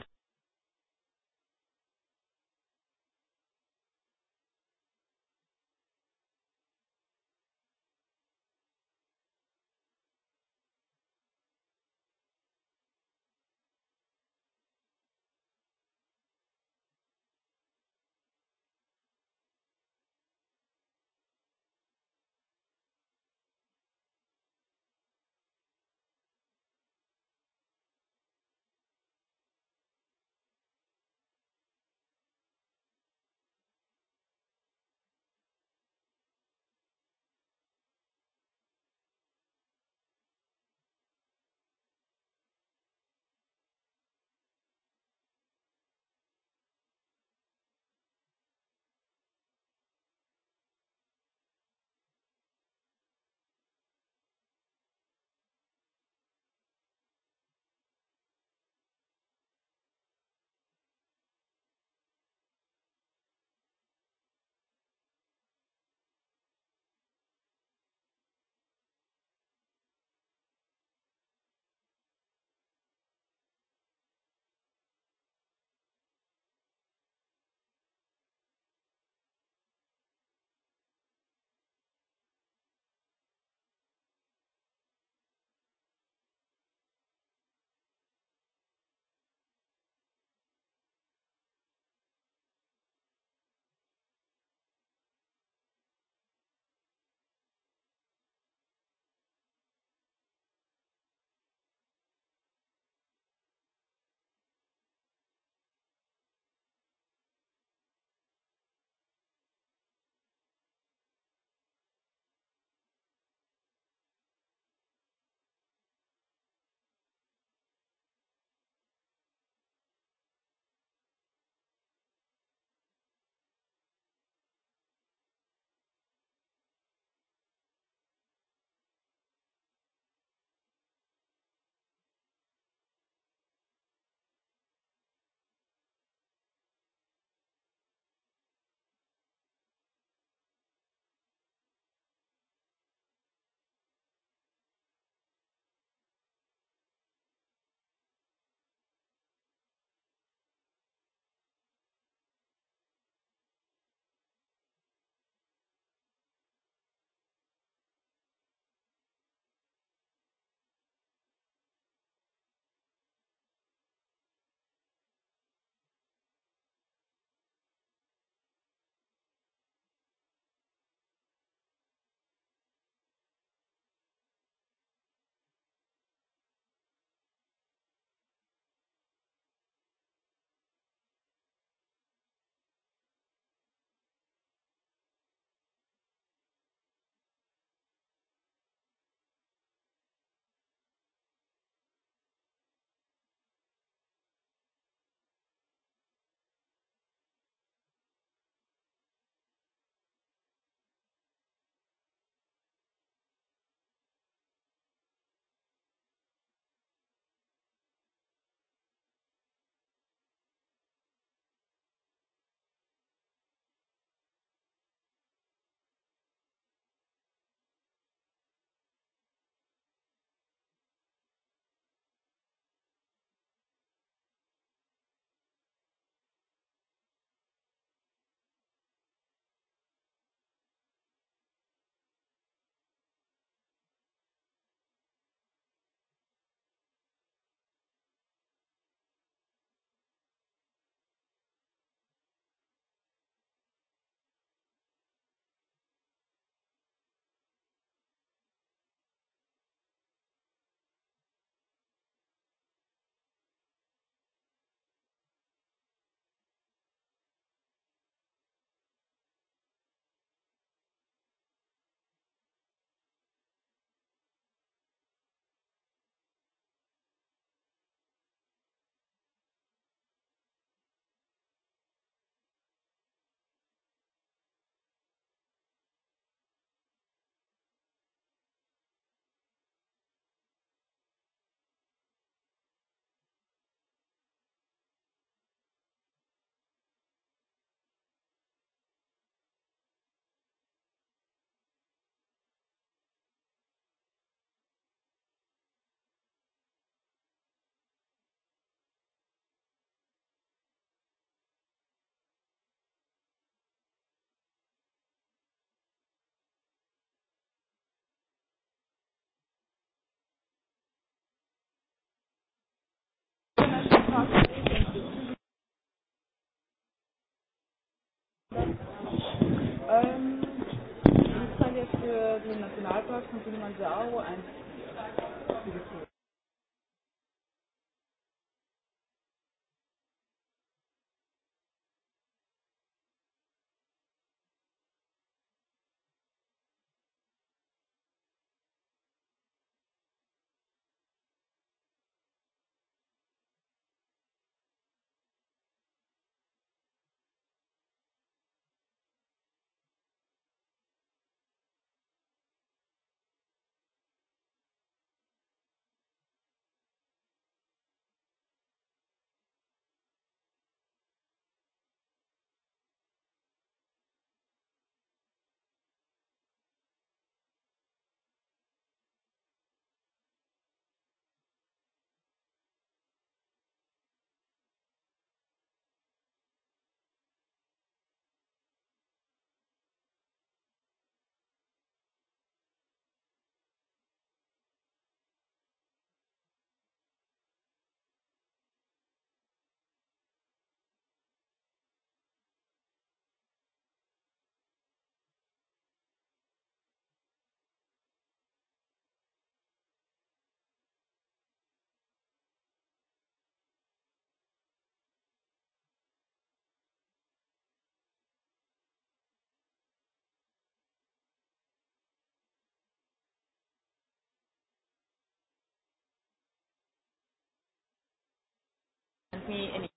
Ähm, ich jetzt für äh, den Nationalpark von Kilimanjaro ein. me any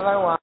Hello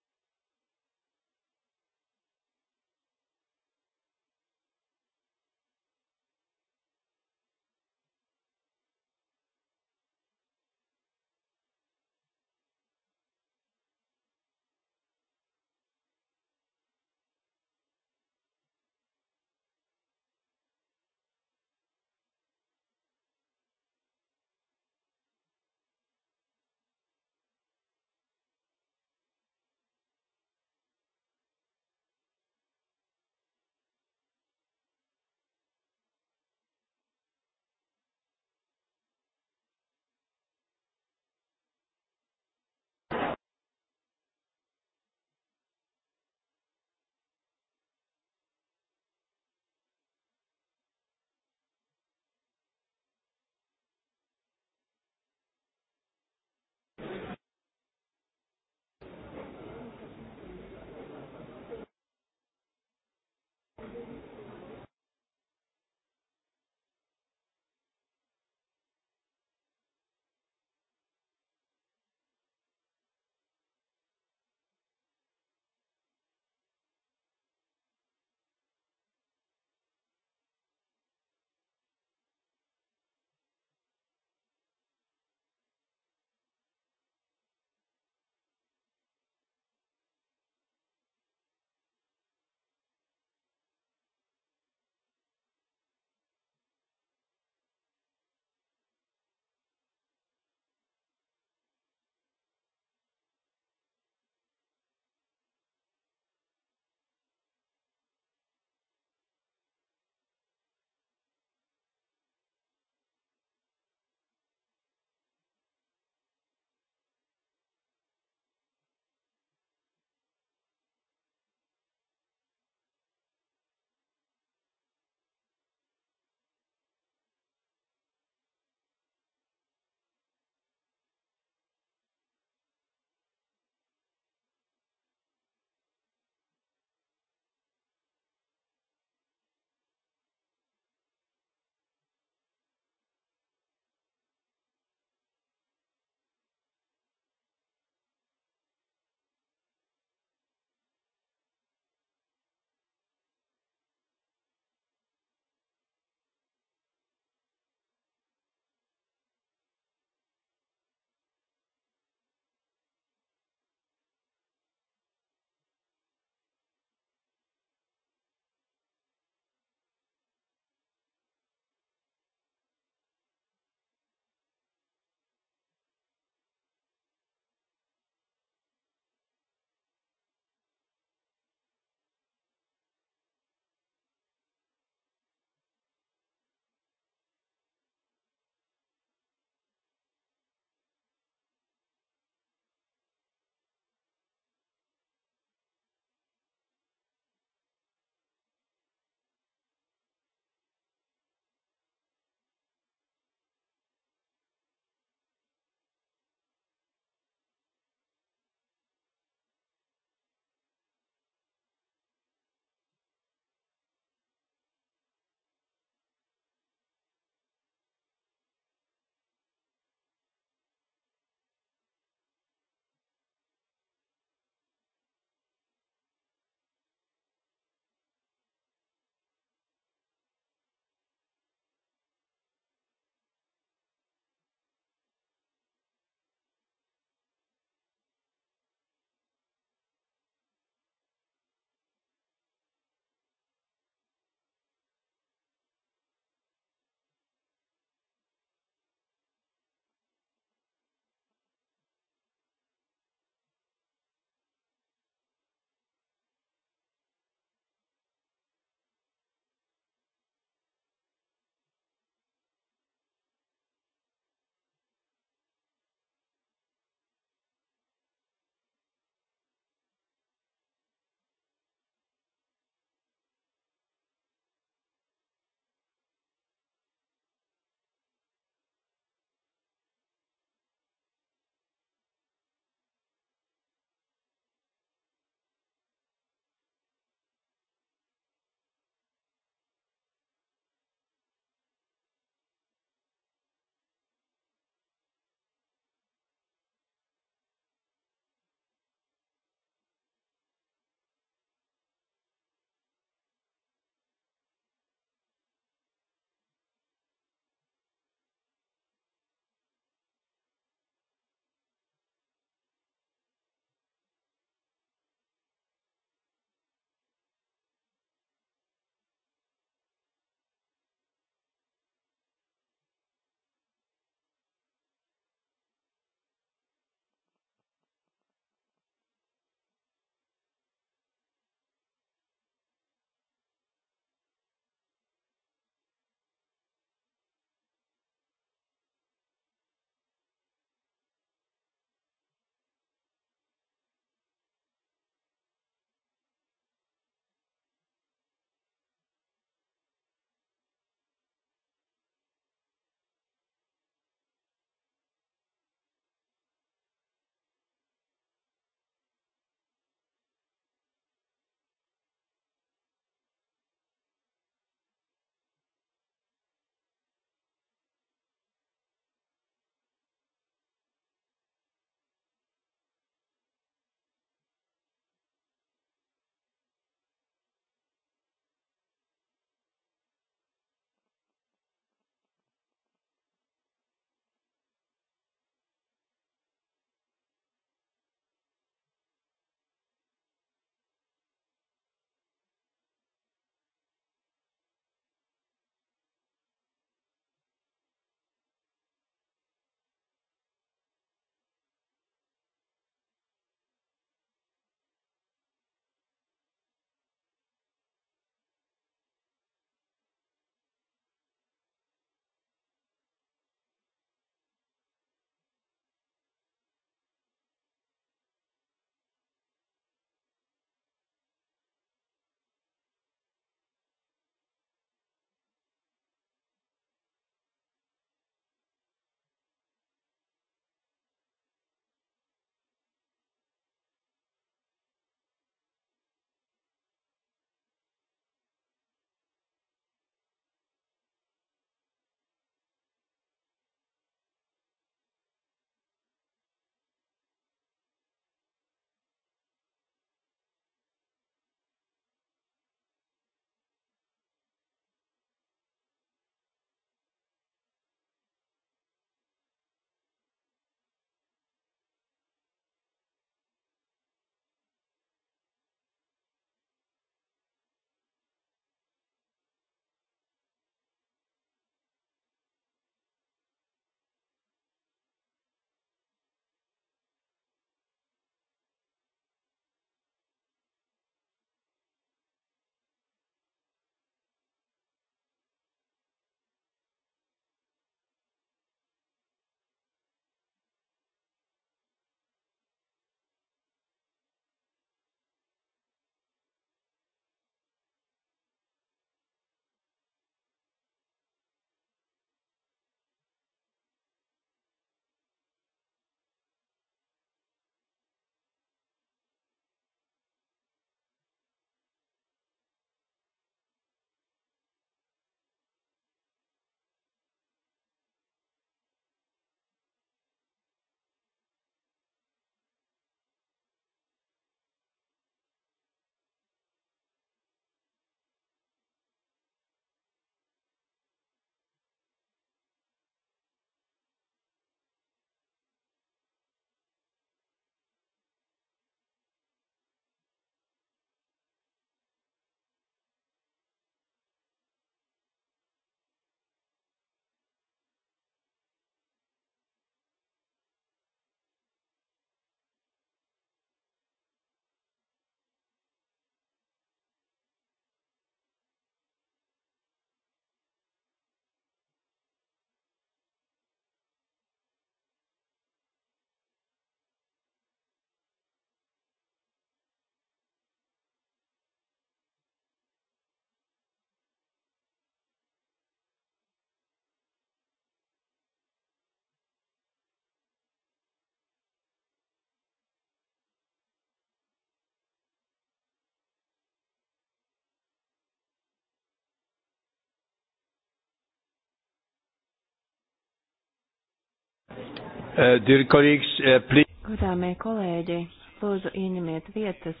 Uh, dear colleagues, uh, please. Godāmie kolēģi, lūdzu ieņemiet vietas.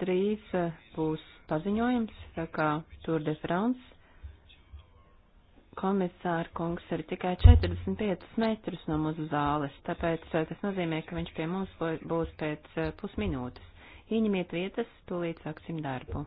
Drīz uh, būs paziņojums, tā kā Tour de France. Komisāra kungs ir tikai 45 metrus no mūsu zāles, tāpēc uh, tas nozīmē, ka viņš pie mums būs pēc uh, pusminūtes. Ieņemiet vietas, tūlīt sāksim darbu.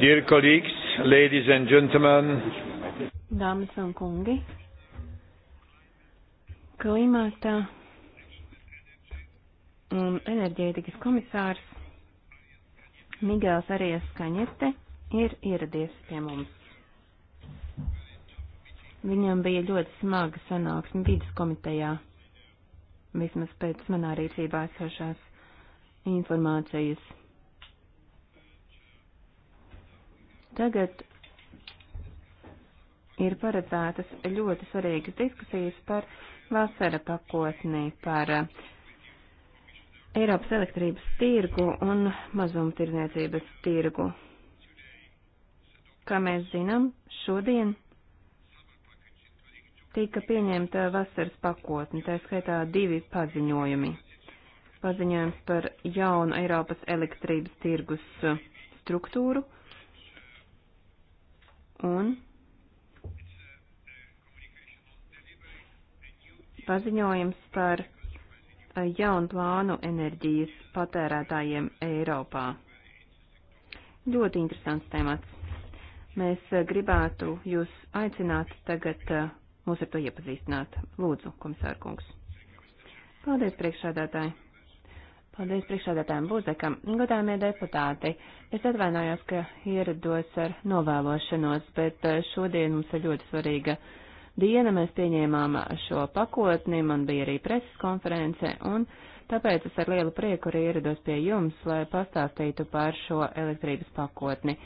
Dear colleagues, ladies and gentlemen. Dāmas un kungi. Klimata un enerģētikas komisārs Migēls Arijas Kaņete ir ieradies pie mums. Viņam bija ļoti smaga sanāksme vidas komitejā, vismaz pēc manā rīcībā esošās informācijas. Tagad ir paredzētas ļoti svarīgas diskusijas par vasara pakotni, par eh, Eiropas elektrības tirgu un mazumtirdzniecības tirgu. Kā mēs zinām, šodien tika pieņemta vasaras pakotne, tā skaitā divi paziņojumi. Paziņojums par jaunu Eiropas elektrības tirgus struktūru un paziņojums par eh, jaunu plānu enerģijas patērētājiem Eiropā. Ļoti interesants temats. Mēs eh, gribētu jūs aicināt tagad eh, mūs ar to iepazīstināt. Lūdzu, komisārkungs. Paldies, priekšādātāji! Paldies priekšādātājiem Buzekam. Godājumie deputāti, es atvainojos, ka ierados ar novēlošanos, bet eh, šodien mums ir ļoti svarīga diena. Mēs pieņēmām šo pakotni, man bija arī preses konference, un tāpēc es ar lielu prieku arī ierados pie jums, lai pastāstītu par šo elektrības pakotni.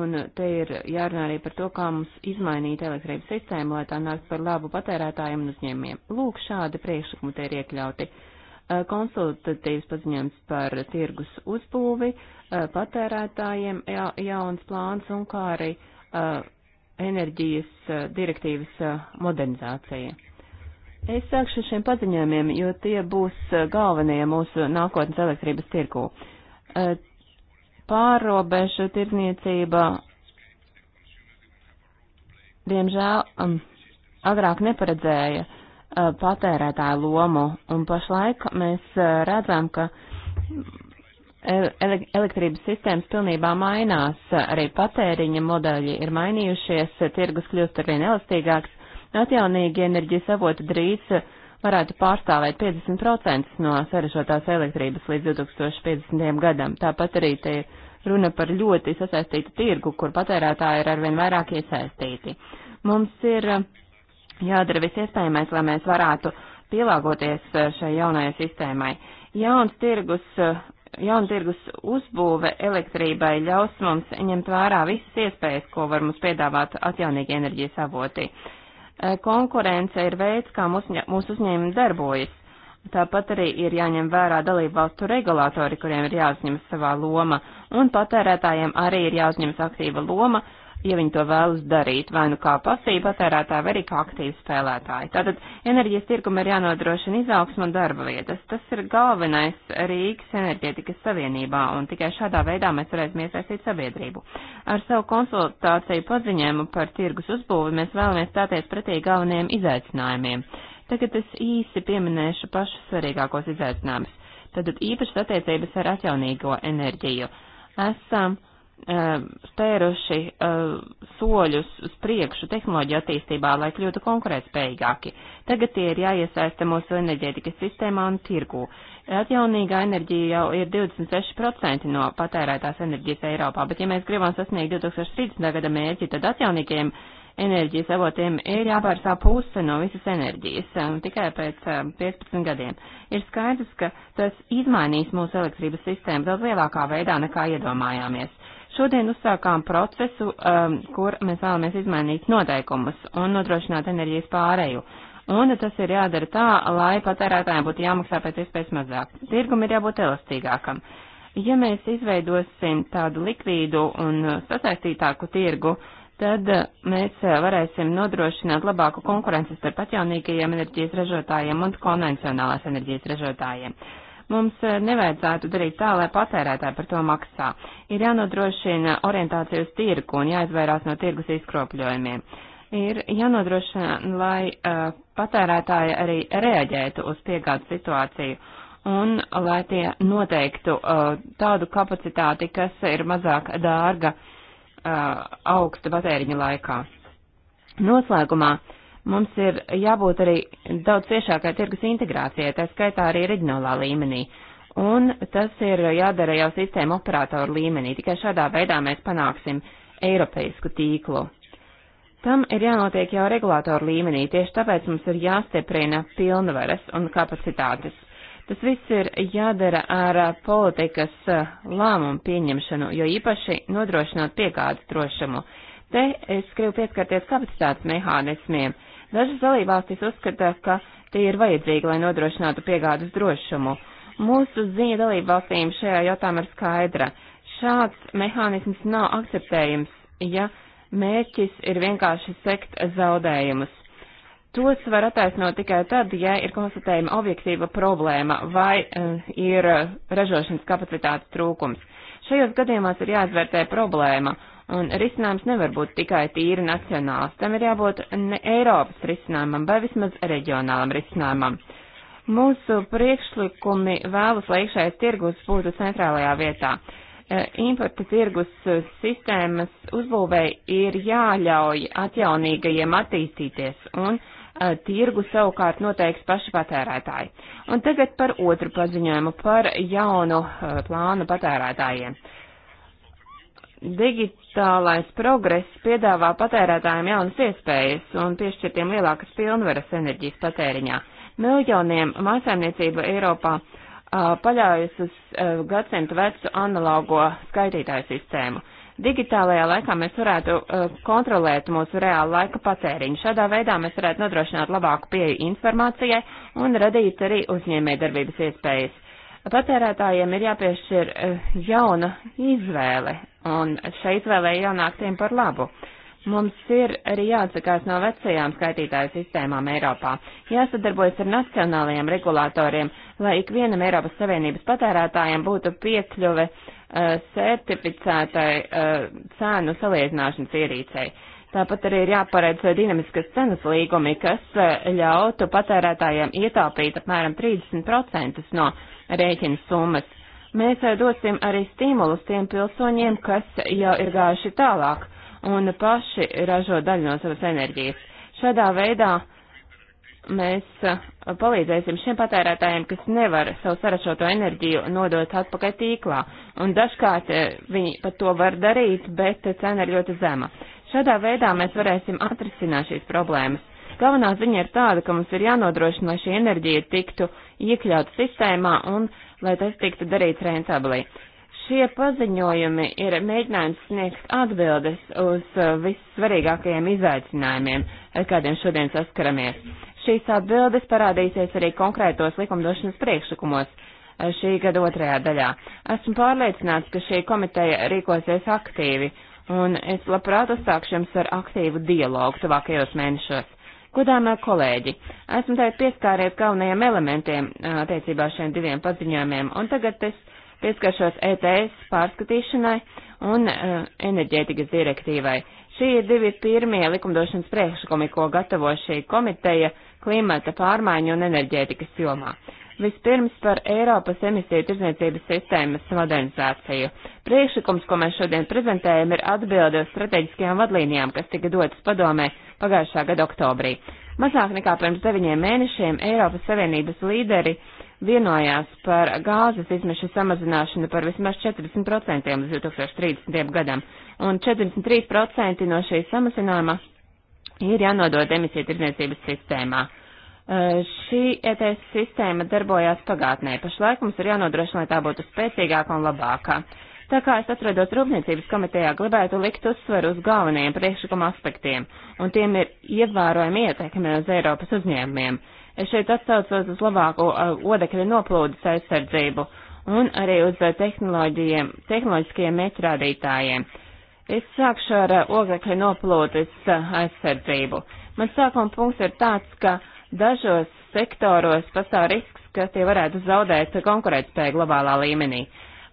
Un te ir jārunā arī par to, kā mums izmainīt elektrības sistēmu, lai tā nāks par labu patērētājiem un uzņēmiem. Lūk, šādi priekšlikumi te ir iekļauti. Eh, konsultatīvs paziņojums par tirgus uzbūvi, eh, patērētājiem ja, jauns plāns un kā arī eh, enerģijas direktīvas modernizācija. Es sākšu šiem paziņojumiem, jo tie būs galvenie mūsu nākotnes elektrības tirgū. Pārobežu tirzniecība, diemžēl, mm, agrāk neparedzēja uh, Uh, patērētāju lomu, un pašlaik mēs uh, redzam, ka e, ele elektrības sistēmas pilnībā mainās, arī patēriņa modeļi ir mainījušies, tirgus kļūst arvien elastīgāks, atjaunīgi enerģijas avoti drīz varētu pārstāvēt 50% no sarežotās elektrības līdz 2050. gadam. Tāpat arī te runa par ļoti sasaistītu tirgu, kur patērētāji ir arvien vairāk iesaistīti. Mums ir uh, jādara viss iespējamais, lai mēs varētu pielāgoties eh, šai jaunajai sistēmai. Jauns tirgus, eh, jaun tirgus uzbūve elektrībai ļaus mums ņemt vērā visas iespējas, ko var mums piedāvāt atjaunīgi enerģijas avoti. Eh, konkurence ir veids, kā mūsu mūs uzņēmumi darbojas. Tāpat arī ir jāņem vērā dalību valstu regulātori, kuriem ir jāuzņemas savā loma, un patērētājiem arī ir jāuzņemas aktīva loma, uh, ja viņi to vēlas darīt, vai nu kā pasīva patērētāji, vai arī kā aktīvi spēlētāji. Tātad enerģijas tirkuma ir jānodrošina izaugsma un darba vietas. Tas ir galvenais Rīgas enerģētikas savienībā, un tikai šādā veidā mēs varēsim iesaistīt sabiedrību. Ar savu konsultāciju paziņēmu par tirgus uzbūvi mēs vēlamies stāties pretī galvenajiem izaicinājumiem. Tagad es īsi pieminēšu pašus svarīgākos izaicinājumus. Tātad īpašas attiecības ar atjaunīgo enerģiju. Esam uh, Um, spēruši uh, soļus uz priekšu tehnoloģiju attīstībā, lai kļūtu konkurētspējīgāki. Tagad tie ir jāiesaista mūsu enerģētikas sistēmā un tirgū. Atjaunīgā enerģija jau ir 26% no patērētās enerģijas Eiropā, bet ja mēs gribam sasniegt 2030. gada mērķi, tad atjaunīgajiem enerģijas avotiem ir jāpārsā puse no visas enerģijas um, tikai pēc 15 um, gadiem. Ir skaidrs, ka tas izmainīs mūsu elektrības sistēmu daudz lielākā veidā nekā iedomājāmies. Šodien uzsākām procesu, um, kur mēs vēlamies izmainīt noteikumus un nodrošināt enerģijas pārēju. Un tas ir jādara tā, lai patērētājiem būtu jāmaksā pēc iespējas mazāk. Tirgum ir jābūt elastīgākam. Ja mēs izveidosim tādu likvīdu un sasaistītāku tirgu, tad mēs varēsim nodrošināt labāku konkurences starp atjaunīgajiem enerģijas ražotājiem un konvencionālās enerģijas ražotājiem. Uh, Mums eh, nevajadzētu darīt tā, lai patērētāji par to maksā. Ir jānodrošina orientācija uz tirku un jāizvairās no tirgus izkropļojumiem. Ir jānodrošina, lai uh, patērētāji arī reaģētu uz piegādes situāciju un lai tie noteiktu uh, tādu kapacitāti, kas ir mazāk dārga uh, augsta patēriņa laikā. Noslēgumā uh, Mums ir jābūt arī daudz ciešākai tirgus integrācijai, tā skaitā arī reģionālā līmenī. Un tas ir jādara jau sistēma operātoru līmenī. Tikai šādā veidā mēs panāksim eiropeisku tīklu. Tam ir jānotiek jau regulātoru līmenī, tieši tāpēc mums ir jāstiprina pilnvaras un kapacitātes. Tas viss ir jādara ar politikas lēmumu pieņemšanu, jo īpaši nodrošinot piegādes drošumu. Te es gribu pieskarties kapacitātes mehānismiem. Dažas dalībvalstis uzskata, ka tie ir vajadzīgi, lai nodrošinātu piegādes drošumu. Mūsu ziņa dalībvalstīm šajā jautājumā ir skaidra. Šāds mehānisms nav akceptējams, ja mērķis ir vienkārši sekt zaudējumus. Tos var attaisnot tikai tad, ja ir konstatējama objektīva problēma vai uh, ir ražošanas kapacitātes trūkums. Šajos gadījumos ir jāizvērtē problēma Un risinājums nevar būt tikai tīri nacionāls, tam ir jābūt ne Eiropas risinājumam, vai vismaz reģionālam risinājumam. Mūsu priekšlikumi vēlas, lai iekšējais tirgus būtu centrālajā vietā. E, importa tirgus sistēmas uzbūvēja ir jāļauj atjaunīgajiem attīstīties, un e, tirgu savukārt noteiks paši patērētāji. Un tagad par otru paziņojumu, par jaunu e, plānu patērētājiem. Uh, Digitālais progress piedāvā patērētājiem jaunas iespējas un piešķir tiem lielākas pilnvaras enerģijas patēriņā. Miljoniem mājsaimniecība Eiropā a, paļaujas uz a, gadsimtu vecu analogo skaitītāju sistēmu. Digitālajā laikā mēs varētu a, kontrolēt mūsu reāla laika patēriņu. Šādā veidā mēs varētu nodrošināt labāku pieeju informācijai un radīt arī uzņēmē darbības iespējas. Patērētājiem ir jāpiešķir eh, jauna izvēle, un šai izvēlei jānāk tiem par labu. Mums ir arī jāatsakās no vecajām skaitītāju sistēmām Eiropā, jāsadarbojas ar nacionālajiem regulātoriem, lai ikvienam Eiropas Savienības patērētājiem būtu piekļuve uh, certificētai uh, cēnu salīdzināšanas ierīcei. Tāpat arī ir jāparedz dinamiskas cenas līgumi, kas ļautu patērētājiem ietaupīt apmēram 30% no uh, rēķina summas. Mēs eh, dosim arī stimulus tiem pilsoņiem, kas jau ir gājuši tālāk un paši ražo daļu no savas enerģijas. Šādā veidā mēs eh, palīdzēsim šiem patērētājiem, kas nevar savu sarašoto enerģiju nodot atpakaļ tīklā. Un dažkārt eh, viņi pat to var darīt, bet cena ir ļoti zema. Šādā veidā mēs varēsim atrisināt šīs problēmas. Galvenā ziņa ir tāda, ka mums ir jānodrošina, lai šī enerģija tiktu iekļauta sistēmā un lai tas tiktu darīts rentablī. Šie paziņojumi ir mēģinājums sniegt atbildes uz uh, vissvarīgākajiem izaicinājumiem, ar kādiem šodien saskaramies. Šīs atbildes parādīsies arī konkrētos likumdošanas priekšlikumos uh, šī gada otrajā daļā. Esmu pārliecināts, ka šī komiteja rīkosies aktīvi un es labprāt uzsākšu jums ar aktīvu dialogu tuvākajos mēnešos. Godāmā kolēģi, esmu tagad pieskāries galvenajiem elementiem attiecībā šiem diviem paziņojumiem, un tagad es pieskaršos ETS pārskatīšanai un uh, enerģētikas direktīvai. Šie ir divi pirmie likumdošanas priekšlikumi, ko gatavo šī komiteja klimata pārmaiņu un enerģētikas jomā. Uh, Vispirms par Eiropas emisiju tirdzniecības sistēmas modernizāciju. Priekšlikums, ko mēs šodien prezentējam, ir atbilde uz strateģiskajām vadlīnijām, kas tika dotas padomē pagājušā gada oktobrī. Mazāk nekā pirms deviņiem mēnešiem Eiropas Savienības līderi vienojās par gāzes izmešu samazināšanu par vismaz 40% līdz 2030. gadam, un 43% no šīs samazinājuma ir jānodod emisiju tirdzniecības sistēmā. Eh, šī ETS sistēma darbojās pagātnē. Pašlaik mums ir jānodrošina, lai tā būtu spēcīgāka un labākā. Tā kā es atrodos Rūpniecības komitejā, gribētu likt uzsveru uz galvenajiem priekšlikuma aspektiem, un tiem ir ievērojami ietekme uz Eiropas uzņēmumiem. Es šeit atsaucos uz labāku eh, odekļa noplūdes aizsardzību un arī uz eh, tehnoloģiskajiem meķrādītājiem. Es sākšu ar ogrekļa noplūdes aizsardzību. Man sākuma punkts ir tāds, ka Dažos sektoros pastāv risks, ka tie varētu zaudēt konkurētspēju globālā līmenī.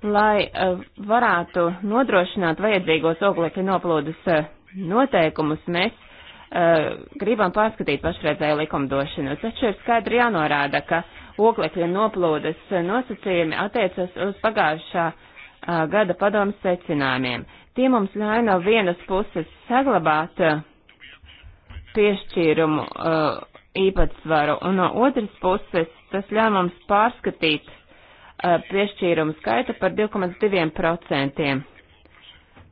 Lai eh, varētu nodrošināt vajadzīgos oglekļa noplūdes eh, noteikumus, mēs uh, gribam pārskatīt pašreizēju likumdošanu. Taču ir skaidri jānorāda, ka oglekļa noplūdes nosacījumi attiecas uz pagājušā uh, gada padomas secinājumiem. Tie mums ļauj no vienas puses saglabāt piešķīrumu uh, īpatsvaru, un no otras puses tas ļauj mums pārskatīt uh, piešķīrumu skaitu par 2,2%,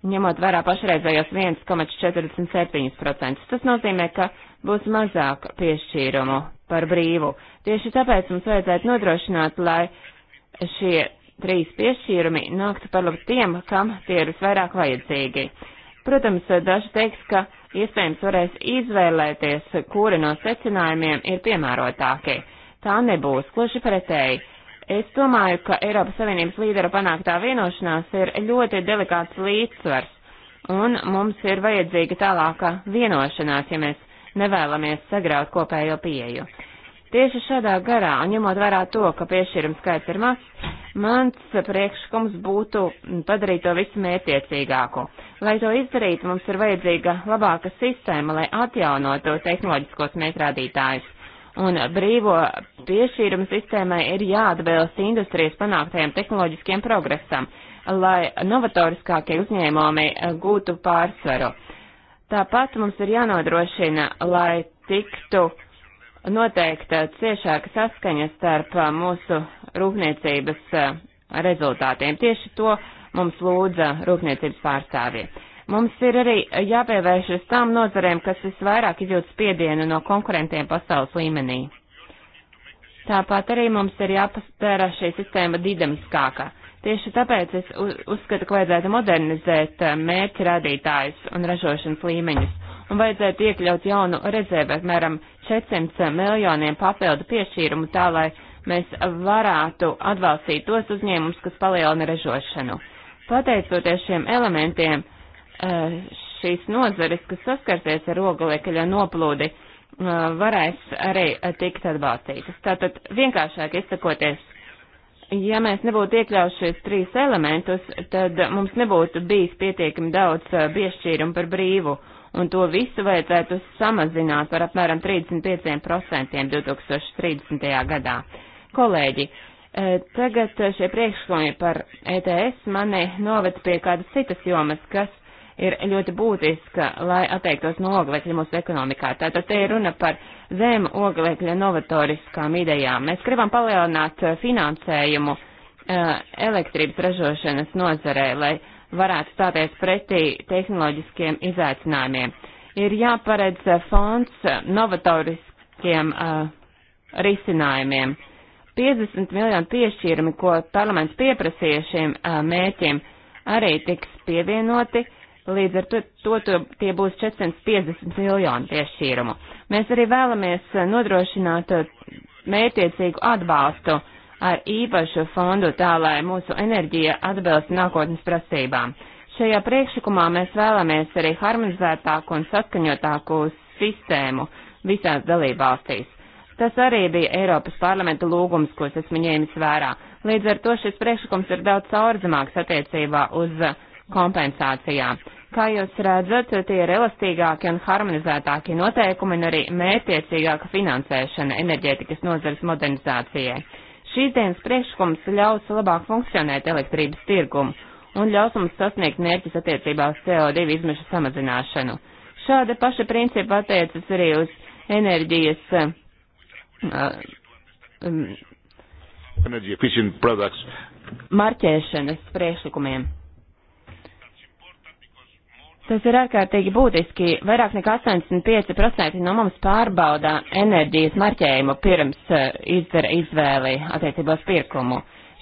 ņemot vērā pašreizējos 1,47%. Tas nozīmē, ka būs mazāk piešķīrumu par brīvu. Tieši tāpēc mums vajadzētu nodrošināt, lai šie trīs piešķīrumi nāktu par labu tiem, kam tie ir visvairāk vajadzīgi. Protams, daži teiks, ka uh, iespējams varēs izvēlēties, kuri no secinājumiem ir piemērotākie. Tā nebūs, gluži pretēji. Es domāju, ka Eiropas Savienības līderu panāktā vienošanās ir ļoti delikāts līdzsvars, un mums ir vajadzīga tālāka vienošanās, ja mēs nevēlamies sagraut kopējo pieju. Tieši šādā garā, un ņemot vērā to, ka piešķīrums skaits ir mazs, mans priekšlikums būtu padarīt to visu mērķiecīgāku. Lai to izdarītu, mums ir vajadzīga labāka sistēma, lai atjaunotu tehnoloģiskos mērķrādītājus. Un brīvo piešķīrumu sistēmai ir jāatbilst industrijas panāktajiem tehnoloģiskiem progresam, lai novatoriskākie uzņēmumi gūtu pārsvaru. Tāpat mums ir jānodrošina, lai tiktu uh, noteikta ciešāka saskaņa starp mūsu rūpniecības rezultātiem. Tieši to mums lūdza rūpniecības pārstāvie. Mums ir arī jāpievēršas tām nozarēm, kas visvairāk izjūt spiedienu no konkurentiem pasaules līmenī. Tāpat arī mums ir jāpastērā šī sistēma dinamiskākā. Tieši tāpēc es uzskatu, ka vajadzētu modernizēt mērķi radītājus un ražošanas līmeņus un vajadzētu iekļaut jaunu rezervi, apmēram 400 miljoniem papildu piešķīrumu, tā lai mēs varētu atbalstīt tos uzņēmumus, kas palielina ražošanu. Pateicoties šiem elementiem, eh, šīs nozares, kas saskarsies ar oglekļa noplūdi, eh, varēs arī tikt atbalstītas. Tātad vienkāršāk izsakoties, ja mēs nebūtu iekļaujušies trīs elementus, tad mums nebūtu bijis pietiekami daudz eh, piešķīrumu par brīvu. Uh, un to visu vajadzētu samazināt par apmēram 35% 2030. gadā. Kolēģi, e, tagad šie priekšlikumi par ETS mani noved pie kādas citas jomas, kas ir ļoti būtiska, lai atteiktos no oglekļa mūsu ekonomikā. Tātad te ir runa par zemu oglekļa novatoriskām idejām. Mēs gribam palielināt finansējumu e, elektrības ražošanas nozarē, lai uh, varētu stāties pretī tehnoloģiskiem izaicinājumiem. Ir jāparedz eh, fonds eh, novatoriskiem uh, risinājumiem. 50 miljonu piešķīrumi, ko parlaments pieprasīja šiem uh, mērķiem, arī tiks pievienoti. Līdz ar to, to, to tie būs 450 miljoni piešķīrumu. Mēs arī vēlamies nodrošināt mērķiecīgu atbalstu uh, ar īpašu fondu tā, lai mūsu enerģija atbilst nākotnes prasībām. Šajā priekšlikumā mēs vēlamies arī harmonizētāku un saskaņotāku sistēmu visās dalībvalstīs. Tas arī bija Eiropas parlamenta lūgums, ko es esmu ņēmis vērā. Līdz ar to šis priekšlikums ir daudz saurzamāks attiecībā uz kompensācijām. Kā jūs redzat, tie ir elastīgāki un harmonizētāki noteikumi un arī mērķiecīgāka finansēšana enerģētikas nozares modernizācijai. Šīs dienas priekšlikums ļaus labāk funkcionēt elektrības tirgumu un ļaus mums sasniegt mērķus attiecībā uz CO2 izmešu samazināšanu. Šāda paša principa attiecas arī uz enerģijas uh, um, marķēšanas priekšlikumiem. Tas ir ārkārtīgi būtiski. Vairāk nekā 85% no mums pārbauda enerģijas marķējumu pirms eh, izdara izvēli attiecībā uz pirkumu.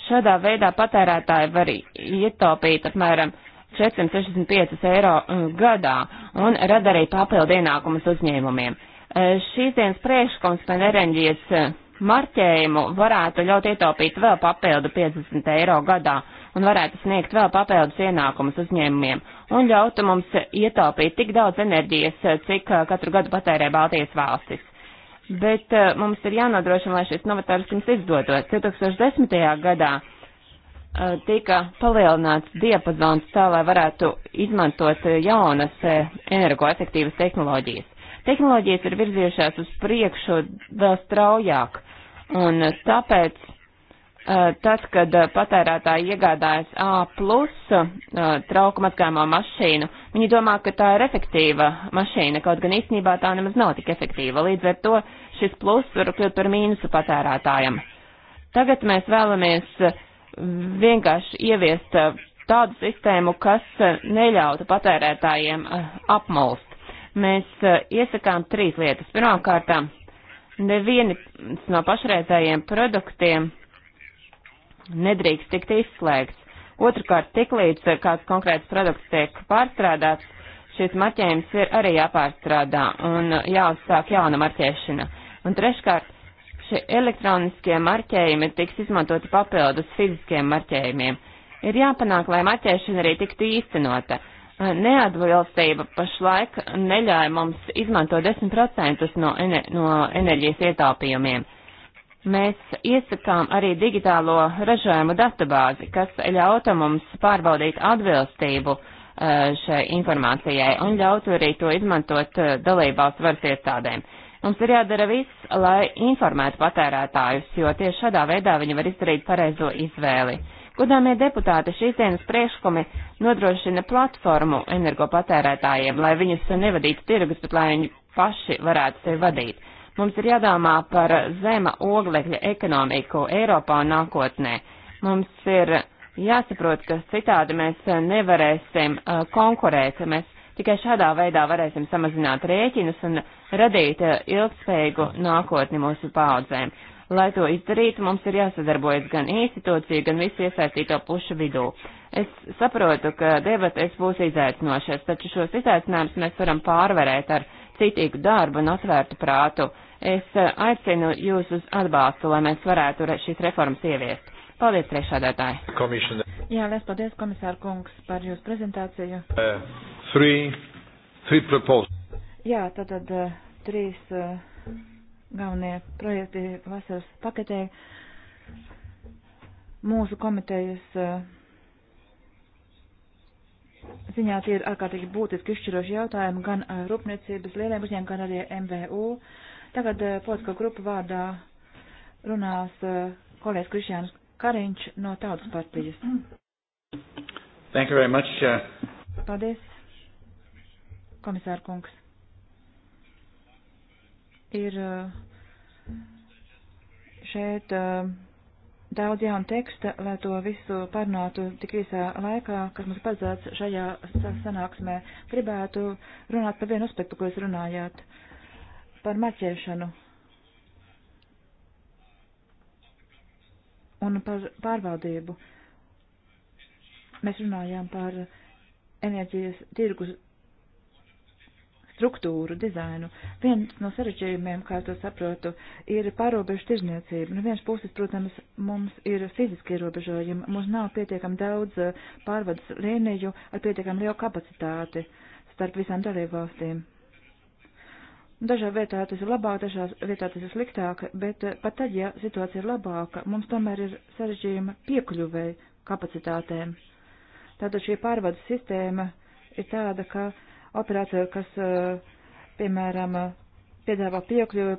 Šādā veidā patērētāji var ietaupīt apmēram 465 eiro eh, gadā un rada arī papildu ienākumus uzņēmumiem. Eh, šīs dienas priekšlikums par enerģijas marķējumu varētu ļaut ietaupīt vēl papildu 50 eiro gadā un varētu sniegt vēl papildus ienākumus uzņēmumiem un ļautu mums ietaupīt tik daudz enerģijas, cik eh, katru gadu patērē Baltijas valstis. Bet eh, mums ir jānodrošina, lai šis novatoriskums izdotos. 2010. gadā eh, tika palielināts diapazons tā, lai varētu izmantot jaunas energoefektīvas tehnoloģijas. Tehnoloģijas ir virzījušās uz priekšu vēl straujāk, un tāpēc Eh, Tad, kad eh, patērētāji iegādājas A plus eh, trauku matkājumā mašīnu, viņi domā, ka tā ir efektīva mašīna, kaut gan īstenībā tā nemaz nav tik efektīva. Līdz ar to šis plus var kļūt par mīnusu patērētājiem. Tagad mēs vēlamies vienkārši ieviest tādu sistēmu, kas neļautu patērētājiem apmulst. Mēs iesakām trīs lietas. Pirmkārt, neviens no pašreizējiem produktiem nedrīkst tikt izslēgts. Otrakārt, tiklīdz kāds konkrēts produkts tiek pārstrādāts, šis marķējums ir arī jāpārstrādā un jāuzsāk jauna marķēšana. Un treškārt, šie elektroniskie marķējumi tiks izmantoti papildus fiziskiem marķējumiem. Ir jāpanāk, lai marķēšana arī tiktu īstenota. Neatbilstība pašlaik neļāja mums izmantot 10% no, ener no enerģijas ietaupījumiem. Mēs iesakām arī digitālo ražojumu databāzi, kas ļauta mums pārbaudīt atbilstību eh, šai informācijai un ļautu arī to izmantot eh, dalībvalstu varas iestādēm. Mums ir jādara viss, lai informētu patērētājus, jo tieši šādā veidā viņi var izdarīt pareizo izvēli. Godāmie deputāti, šīs dienas priekšlikumi nodrošina platformu energopatērētājiem, lai viņus nevadītu tirgus, bet lai viņi paši varētu sevi vadīt. Mums ir jādomā par zema oglekļa ekonomiku Eiropā un nākotnē. Mums ir jāsaprot, ka citādi mēs nevarēsim uh, konkurēt, mēs tikai šādā veidā varēsim samazināt rēķinus un radīt uh, ilgspējīgu nākotni mūsu paudzēm. Lai to izdarītu, mums ir jāsadarbojas gan institūciju, gan visu iesaistīto pušu vidū. Es saprotu, ka debates būs izaicinošas, taču šos izaicinājumus mēs varam pārvarēt ar citīgu darbu un atvērtu prātu. Es eh, aicinu jūs uz atbalstu, lai mēs varētu šīs reformas ieviest. Paldies, priekšādātāji. Komisāri. Jā, liels paldies, komisāra kungs, par jūsu prezentāciju. Uh, three, three proposals. Jā, tātad uh, trīs uh, galvenie projekti vasaras paketē. Mūsu komitejas. Uh, ziņā tie ir ārkārtīgi būtiski izšķiroši jautājumi gan eh, rūpniecības lieliem uzņēmumiem, gan arī MVU. Tagad eh, politisko grupu vārdā runās eh, kolēģis Krišjāns Kariņš no Tautas partijas. Thank you very much. Uh, Paldies, komisāra kungs. Ir šeit uh, daudz jaunu teksta, lai to visu parunātu tik īsā laikā, kas mums paredzēts šajā sanāksmē. Gribētu runāt par vienu aspektu, ko jūs runājāt, par maķēšanu un par pārvaldību. Mēs runājām par enerģijas tirgus struktūru, dizainu. Viens no sarežģījumiem, kā to saprotu, ir pārobežu tirzniecība. No nu, vienas puses, protams, mums ir fiziski ierobežojumi, mums nav pietiekami daudz eh, pārvades līniju ar pietiekami lielu kapacitāti starp visām dalībvalstīm. Dažā vietā tas ir labāk, dažā vietā tas ir sliktāk, bet eh, pat tad, ja situācija ir labāka, mums tomēr ir sarežģījuma piekļuvēja kapacitātēm. Tātad šī pārvades sistēma ir tāda, ka uh, operāciju, kas, eh, piemēram, piedāvā piekļuvi,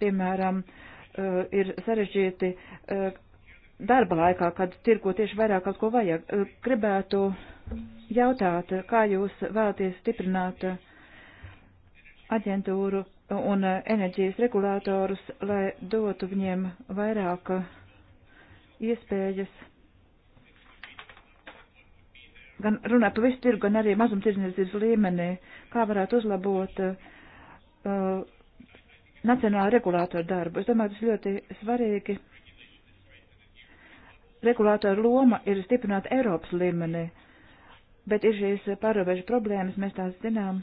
piemēram, eh, ir sarežģīti eh, darba laikā, kad tirko tieši vairāk kaut ko vajag. Gribētu jautāt, kā jūs vēlaties stiprināt aģentūru un enerģijas regulātorus, lai dotu viņiem vairāk iespējas gan runā par visu tirgu, gan arī mazumtirdzniecības līmenī, kā varētu uzlabot uh, nacionāla regulātora darbu. Es domāju, tas ļoti svarīgi. Regulātora loma ir stiprināt Eiropas līmenī, bet ir šīs pārobežu problēmas, mēs tās zinām.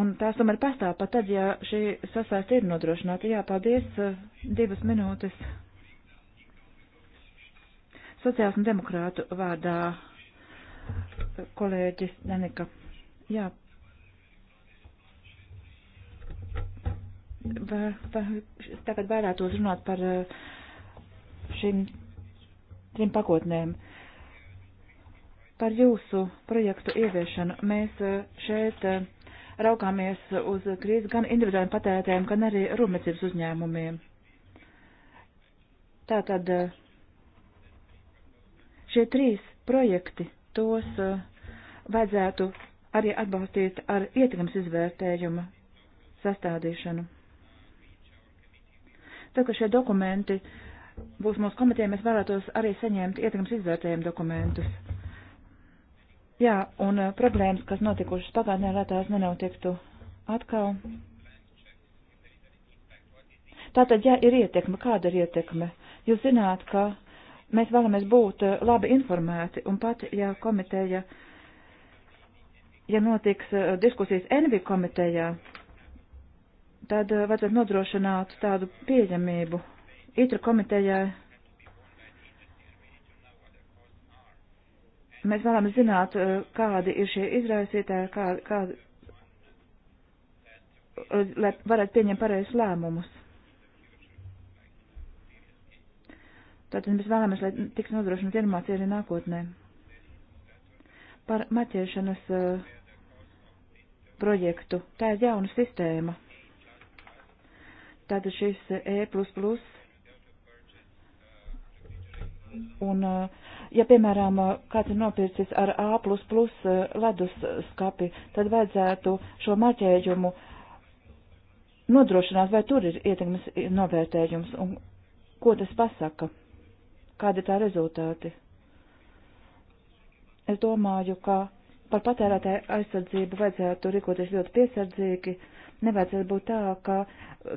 Un tās tomēr pastāv pat tad, ja šī sasāst ir nodrošināta. Jā, paldies, uh, divas minūtes. Sociāls un demokrātu vārdā eh, kolēģis Danika. Jā. Vai, vai, tagad vairētos runāt par eh, šīm trim pakotnēm. Par jūsu projektu ieviešanu mēs eh, šeit raukāmies uz krīzi gan individuāliem patērētājiem, gan arī rūpniecības uzņēmumiem. Tātad Šie trīs projekti, tos uh, vajadzētu arī atbalstīt ar ietekmes izvērtējumu sastādīšanu. Tā kā šie dokumenti būs mūsu komitē, mēs vēlētos arī saņemt ietekmes izvērtējumu dokumentus. Jā, un uh, problēmas, kas notikušas pagātnē, lai tās nenotiktu atkal. Tātad, ja ir ietekme, kāda ir ietekme? Jūs zināt, ka Mēs vēlamies būt eh, labi informēti, un pat, ja komiteja, ja notiks eh, diskusijas Envi komitejā, tad eh, vajadzētu nodrošināt tādu pieņemību. Itra komitejā mēs vēlamies zināt, kādi ir šie izraisītāji, kā, kā, lai varētu pieņemt pareizus lēmumus. Tātad mēs vēlamies, lai tiks nodrošināta informācija arī nākotnē. Par maķēšanas uh, projektu. Tā ir jauna sistēma. Tātad šis eh, E++ un, uh, ja, piemēram, kāds ir nopircis ar A++ ledus skapi, tad vajadzētu šo maķējumu nodrošināt, vai tur ir ietekmes novērtējums un ko tas pasaka kādi ir tā rezultāti. Es domāju, ka par patērētāju aizsardzību vajadzētu rīkoties ļoti piesardzīgi. Nevajadzētu būt tā, ka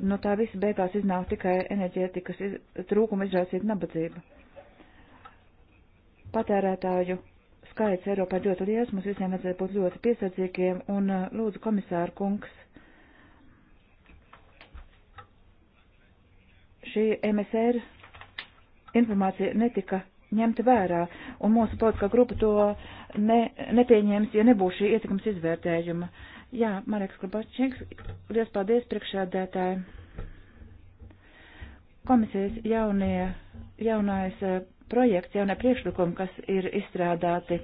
no nu, tā visa beigās iznāk tikai enerģētikas iz, trūkuma izraisīta nabadzība. Patērētāju skaits Eiropā ir ļoti liels, mums visiem vajadzētu būt ļoti piesardzīgiem un uh, lūdzu komisāru kungs. Šī MSR informācija netika ņemta vērā, un mūsu politiskā grupa to ne, nepieņēmis, ja nebūs šī ietekmes izvērtējuma. Jā, Mareks Klubačīgs, liels paldies priekšādētāji. Komisijas jaunie, jaunais eh, projekts, jaunie priekšlikumi, kas ir izstrādāti.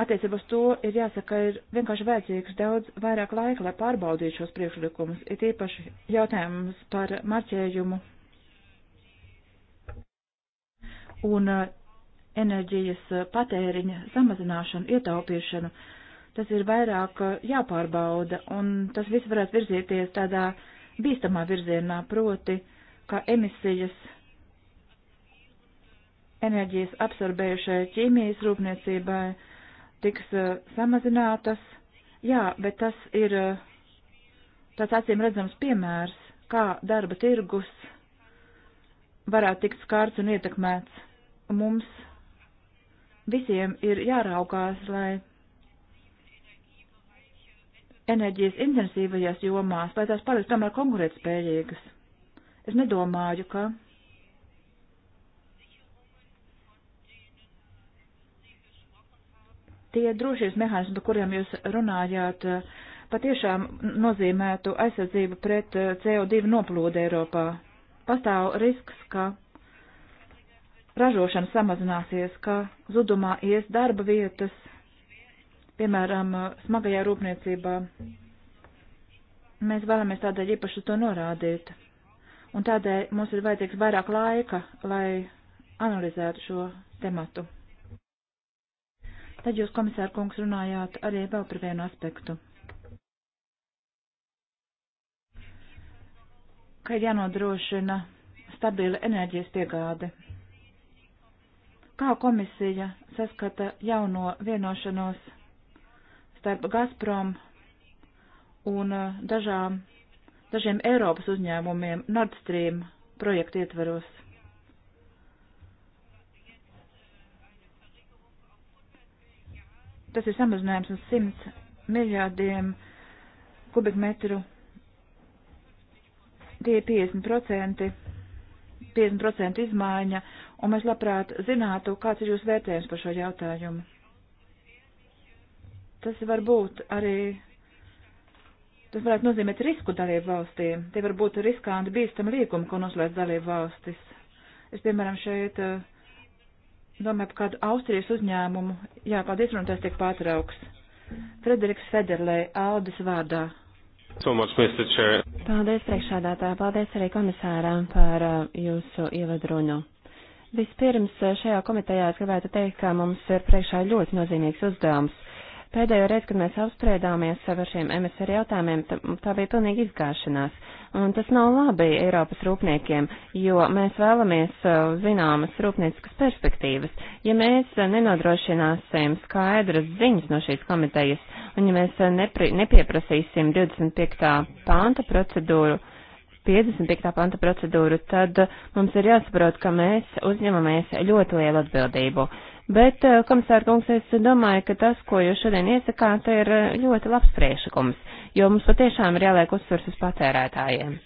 Attiecībā uz to ir jāsaka, ir vienkārši vajadzīgs daudz vairāk laika, lai pārbaudītu šos priekšlikumus, ir īpaši jautājums par marķējumu un eh, enerģijas eh, patēriņa samazināšanu, ietaupīšanu, tas ir vairāk eh, jāpārbauda, un tas viss varētu virzīties tādā bīstamā virzienā, proti, kā emisijas enerģijas absorbējušai ķīmijas rūpniecībai tiks samazinātas. Jā, bet tas ir tāds acīm redzams piemērs, kā darba tirgus varētu tikt skārts un ietekmēts mums visiem ir jāraugās, lai enerģijas intensīvajās jomās, lai tās paliks tomēr konkurētspējīgas. Es nedomāju, ka tie drošības mehānismi, par kuriem jūs runājāt, patiešām nozīmētu aizsardzību pret eh, CO2 noplūdu Eiropā. Pastāv risks, ka ražošana samazināsies, ka zudumā ies darba vietas, piemēram, smagajā rūpniecībā. Mēs vēlamies tādēļ īpaši to norādīt. Un tādēļ mums ir vajadzīgs vairāk laika, lai analizētu šo tematu. Tad jūs, komisāra kungs, runājāt arī vēl par vienu aspektu. Ka ir jānodrošina stabila enerģijas piegāde Kā komisija saskata jauno vienošanos starp Gazprom un uh, dažām, dažiem Eiropas uzņēmumiem Nord Stream projektu ietveros? Tas ir samazinājums uz 100 miljārdiem kubikmetru. Tie ir 50%, 50% izmaiņa un mēs labprāt zinātu, kāds ir jūsu vērtējums par šo jautājumu. Tas var būt arī, tas varētu nozīmēt risku dalību valstīm. Tie var būt riskanti bīstami līgumi, ko noslēdz dalību valstis. Es, piemēram, šeit eh, domāju par kādu Austrijas uzņēmumu. Jā, paldies, un tas tiek pārtrauks. Frederiks Federlē, Aldis vārdā. So much, Mr. Chair. Paldies priekšādātā, paldies arī komisārām par eh, jūsu ievadrunu. Vispirms eh, šajā komitejā es gribētu teikt, ka mums ir priekšā ļoti nozīmīgs uzdevums. Pēdējo reizi, kad mēs apspriedāmies ar šiem MSR jautājumiem, tā bija pilnīgi izgāšanās. Un tas nav labi Eiropas rūpniekiem, jo mēs vēlamies eh, zināmas rūpnieciskas perspektīvas. Ja mēs eh, nenodrošināsim skaidras ziņas no šīs komitejas, un ja mēs nepri, nepieprasīsim 25. pānta procedūru, 55. panta procedūru, tad uh, mums ir jāsaprot, ka mēs uzņemamies ļoti lielu atbildību. Bet, uh, komisāra kungs, es domāju, ka tas, ko jūs šodien iesakāt, ir uh, ļoti labs priekšlikums, jo mums patiešām ir jāliek uzsvers uz patērētājiem.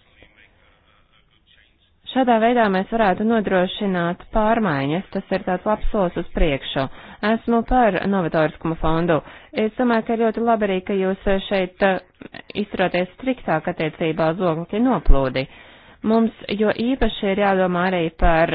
Šādā veidā mēs varētu nodrošināt pārmaiņas, tas ir tāds labs solis uz priekšu. Esmu par novatoriskumu fondu. Es domāju, ka ļoti labi arī, ka jūs šeit eh, izturoties striktāk attiecībā uz oglekļa noplūdi. Mums jo īpaši ir jādomā arī par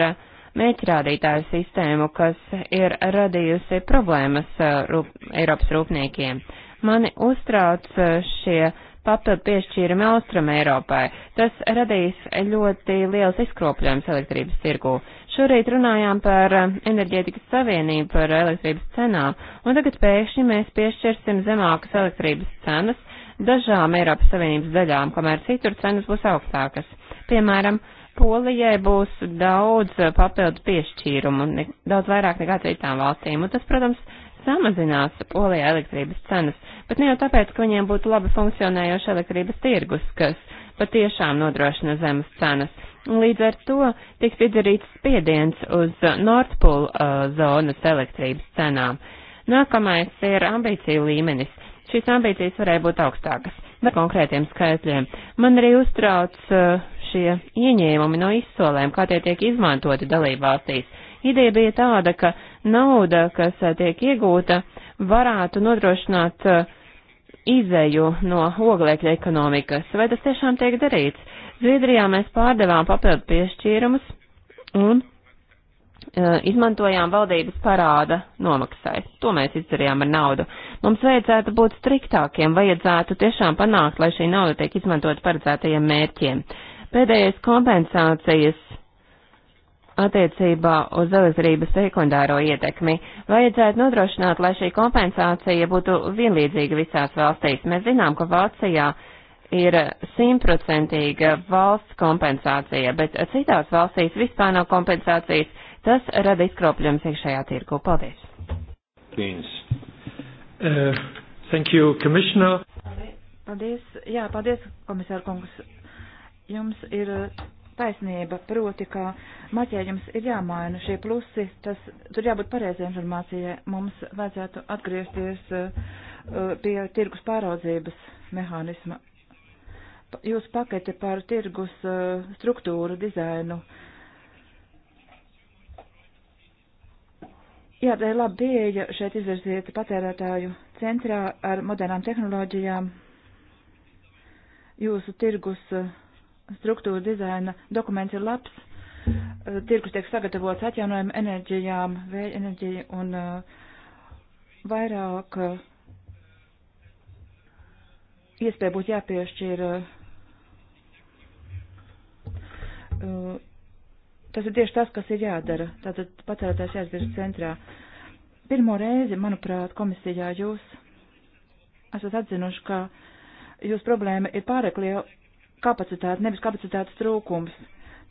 mēķrādītāju sistēmu, kas ir radījusi problēmas eh, rūp, Eiropas rūpniekiem. Mani uztrauc eh, šie papildu piešķīrumi Austrum Eiropai. Tas radīs ļoti liels izkropļojums elektrības tirgū. Šorīt runājām par eh, enerģētikas savienību, par elektrības cenām, un tagad pēkšņi mēs piešķirsim zemākas elektrības cenas dažām Eiropas Savienības daļām, kamēr citur cenas būs augstākas. Piemēram, Polijai būs daudz papildu piešķīrumu, ne, daudz vairāk nekā citām valstīm, un tas, protams, samazinās polijā elektrības cenas, bet ne jau tāpēc, ka viņiem būtu labi funkcionējoši elektrības tirgus, kas patiešām nodrošina zemes cenas. Līdz ar to tiks izdarīts spiediens uz Nordpūlu uh, zonas elektrības cenām. Nākamais ir ambīcija līmenis. Šīs ambīcijas varēja būt augstākas, bet konkrētiem skaitļiem. Man arī uztrauc uh, šie ieņēmumi no izsolēm, kā tie tiek izmantoti dalībvalstīs Ideja bija tāda, ka nauda, kas eh, tiek iegūta, varētu nodrošināt eh, izēju no oglekļa ekonomikas. Vai tas tiešām tiek darīts? Zviedrijā mēs pārdevām papildu piešķīrumus un eh, izmantojām valdības parāda nomaksai. To mēs izdarījām ar naudu. Mums vajadzētu būt striktākiem, vajadzētu tiešām panākt, lai šī nauda tiek izmantot paredzētajiem mērķiem. Pēdējais kompensācijas attiecībā uz elektrības sekundāro ietekmi. Vajadzētu nodrošināt, lai šī kompensācija būtu vienlīdzīga visās valstīs. Mēs zinām, ka Vācijā ir simtprocentīga valsts kompensācija, bet citās valstīs vispār nav kompensācijas. Tas rada izkropļums iekšējā tirgu. Paldies! Paldies. Uh, thank you, Commissioner. Paldies, jā, paldies, komisāra kungs. Jums ir taisnība, proti, ka maķēģums ir jāmaina šie plusi, tas tur jābūt pareizai informācijai. Mums vajadzētu atgriezties eh, pie tirgus pāraudzības mehānisma. Jūsu pakete par tirgus eh, struktūru, dizainu. Jā, tā ir laba pieeja šeit izvirziet patērētāju centrā ar modernām tehnoloģijām. Jūsu tirgus uh, struktūra dizaina dokuments ir labs. Eh, Tirkus tiek sagatavots atjaunojumu enerģijām, vēja enerģija un eh, vairāk eh, iespēja būtu jāpiešķir. Tas ir tieši tas, kas ir jādara. Tātad patērētājs jāatgriež centrā. Pirmo reizi, manuprāt, komisijā jūs esat atzinuši, ka jūsu problēma ir pārāk liela kapacitāte, nevis kapacitātes trūkums.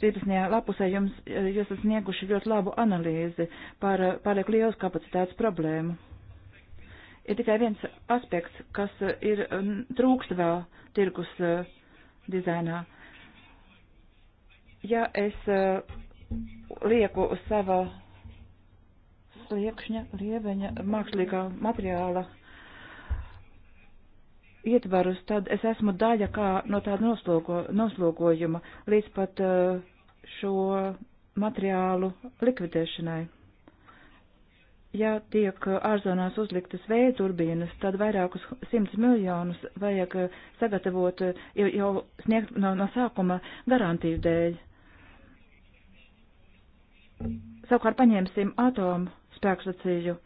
13. lapusē jums, jūs esat snieguši ļoti labu analīzi par pārliek lielas kapacitātes problēmu. Ir tikai viens aspekts, kas ir trūkst vēl tirkus e, dizainā. Ja es e, lieku uz sava sliekšņa, lieveņa, mākslīgā materiāla ietvarus, tad es esmu daļa kā no tāda noslūko, noslūkojuma līdz pat eh, šo materiālu likvidēšanai. Ja tiek ārzonās uzliktas vēja turbīnas, tad vairākus simtus miljonus vajag eh, sagatavot eh, jau, jau sniegt no, no sākuma garantiju dēļ. Savukārt paņemsim atomu spēkstaciju,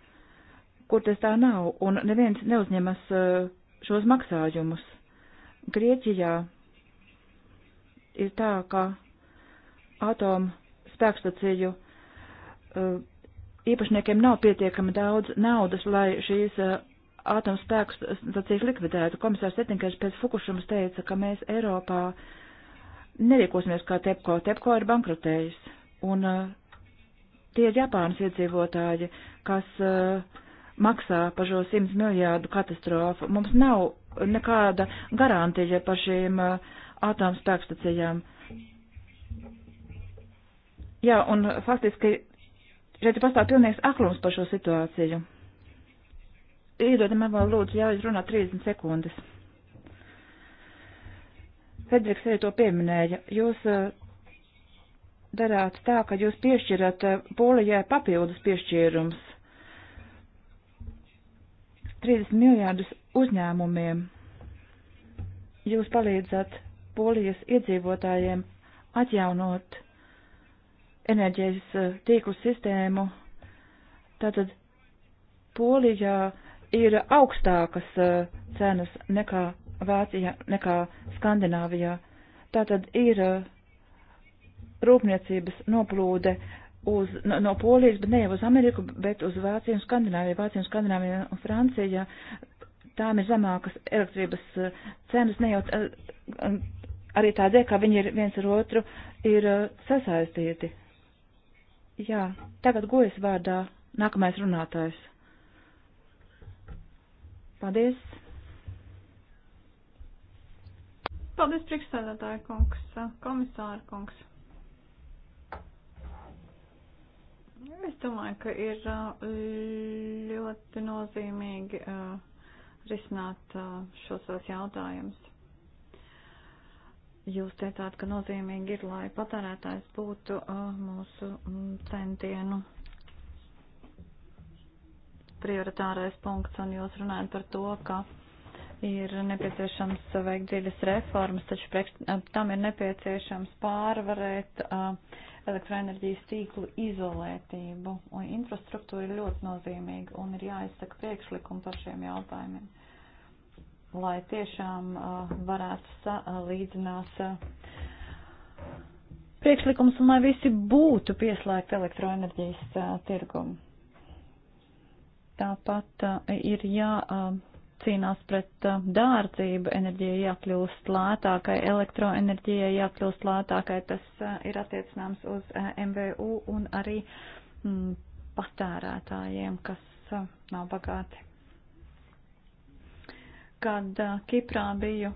kur tas tā nav, un neviens neuzņemas uh, šos maksājumus. Grieķijā ir tā, ka atomu spēkstaciju eh, īpašniekiem nav pietiekami daudz naudas, lai šīs eh, atomu spēkstacijas likvidētu. Komisārs Ettingers pēc Fukušumas teica, ka mēs Eiropā nerīkosimies kā Tepko. Tepko ir bankrotējis. Un eh, tie ir Japānas iedzīvotāji, kas uh, maksā par šo 100 miljārdu katastrofu. Mums nav nekāda garantija par šīm uh, atomspēkstacijām. Jā, un faktiski šeit pastāv pilnīgs aklums par šo situāciju. Iedodam man vēl lūdzu jāiz runā 30 sekundes. Fedriks arī to pieminēja. Jūs uh, darāt tā, ka jūs piešķirat uh, polijai papildus piešķīrums 30 miljārdus uzņēmumiem. Jūs palīdzat polijas iedzīvotājiem atjaunot enerģijas eh, tīklu sistēmu. Tātad Polijā ir augstākas eh, cenas nekā Vācijā, nekā Skandināvijā. Tātad ir eh, rūpniecības noplūde uz, no, no Polijas, bet ne jau uz Ameriku, bet uz Vāciju un Skandināviju. Vācija un Skandināvija un Francija, tām ir zemākas elektrības eh, cenas, ne jau eh, eh, arī tādēļ, ka viņi ir viens ar otru ir sasaistīti. Jā, tagad gojas vārdā nākamais runātājs. Paldies! Paldies, priekšstādātāja kungs, komisāra kungs. Es domāju, ka ir ļoti nozīmīgi risināt šos savus jautājumus. Jūs teicāt, ka nozīmīgi ir, lai patērētājs būtu mūsu centienu prioritārais punkts, un jūs runājat par to, ka ir nepieciešams veikt dziļas reformas, taču tam ir nepieciešams pārvarēt uh, elektroenerģijas tīklu izolētību, un infrastruktūra ir ļoti nozīmīga, un ir jāizsaka priekšlikumi par šiem jautājumiem, lai tiešām uh, varētu salīdzināt uh, priekšlikums un lai visi būtu pieslēgti elektroenerģijas uh, tirgumu. Tāpat uh, ir jā. Uh, cīnās pret uh, dārdzību, enerģija jākļūst lētākai, elektroenerģija jākļūst lētākai, tas uh, ir attiecināms uz uh, MVU un arī m, mm, patērētājiem, kas nav bagāti. Kad Kiprā biju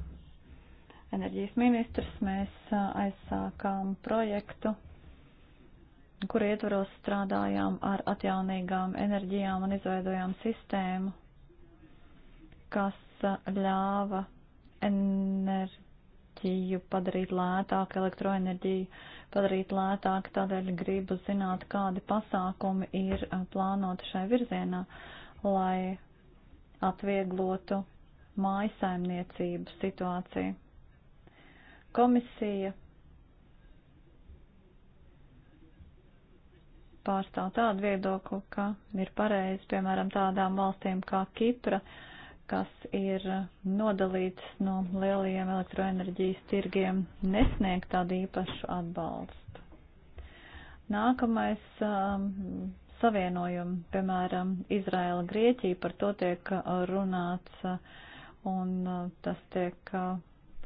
enerģijas ministrs, mēs aizsākām projektu kur ietvaros strādājām ar atjaunīgām enerģijām un izveidojām sistēmu, kas ļāva enerģiju padarīt lētāku, elektroenerģiju padarīt lētāku. Tādēļ gribu zināt, kādi pasākumi ir plānoti šai virzienā, lai atvieglotu mājasaimniecību situāciju. Komisija pārstāv tādu viedokli, ka ir pareizi, piemēram, tādām valstīm kā Kipra, uh, kas ir nodalīts no lielajiem elektroenerģijas tirgiem, nesniegt tādu īpašu atbalstu. Nākamais um, savienojumi, piemēram, Izraela, Grieķija, par to tiek uh, runāts uh, un uh, tas tiek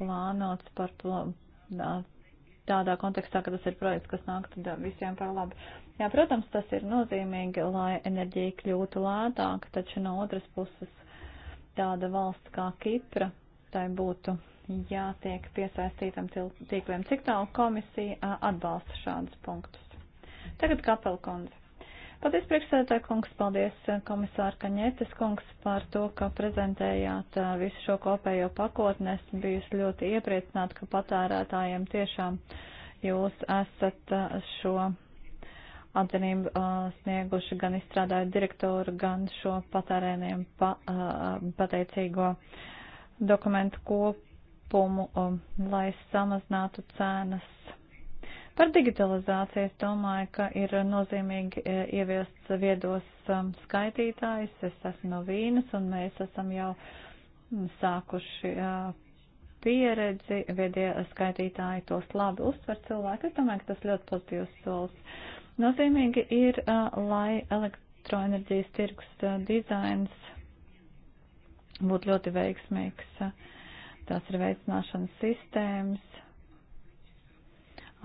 plānots par tādā kontekstā, ka tas ir projekts, kas nāktu visiem par labu. Jā, protams, tas ir nozīmīgi, lai enerģija kļūtu lētāka, taču no otras puses tāda valsts kā Kipra, tai būtu jātiek piesaistītam tīkliem. Cik tālu komisija atbalsta šādus punktus? Tagad Kapelkundze. Paldies, priekšsēdētāji kungs, paldies komisāra Kaņetes kungs par to, ka prezentējāt visu šo kopējo pakotni. Es bijusi ļoti iepriecināta, ka patērētājiem tiešām jūs esat šo atzinību uh, snieguši gan izstrādājot direktoru, gan šo patērēniem pa, uh, pateicīgo dokumentu kopumu, um, lai samazinātu cenas. Par digitalizāciju es domāju, ka ir nozīmīgi uh, ieviests viedos um, skaitītājs. Es esmu no Vīnas un mēs esam jau mm, sākuši uh, pieredzi, viedie skaitītāji tos labi uztver cilvēki. Es domāju, ka tas ļoti pozitīvs solis. Nozīmīgi ir, lai elektroenerģijas tirgus dizains būtu ļoti veiksmīgs. Tās ir veicināšanas sistēmas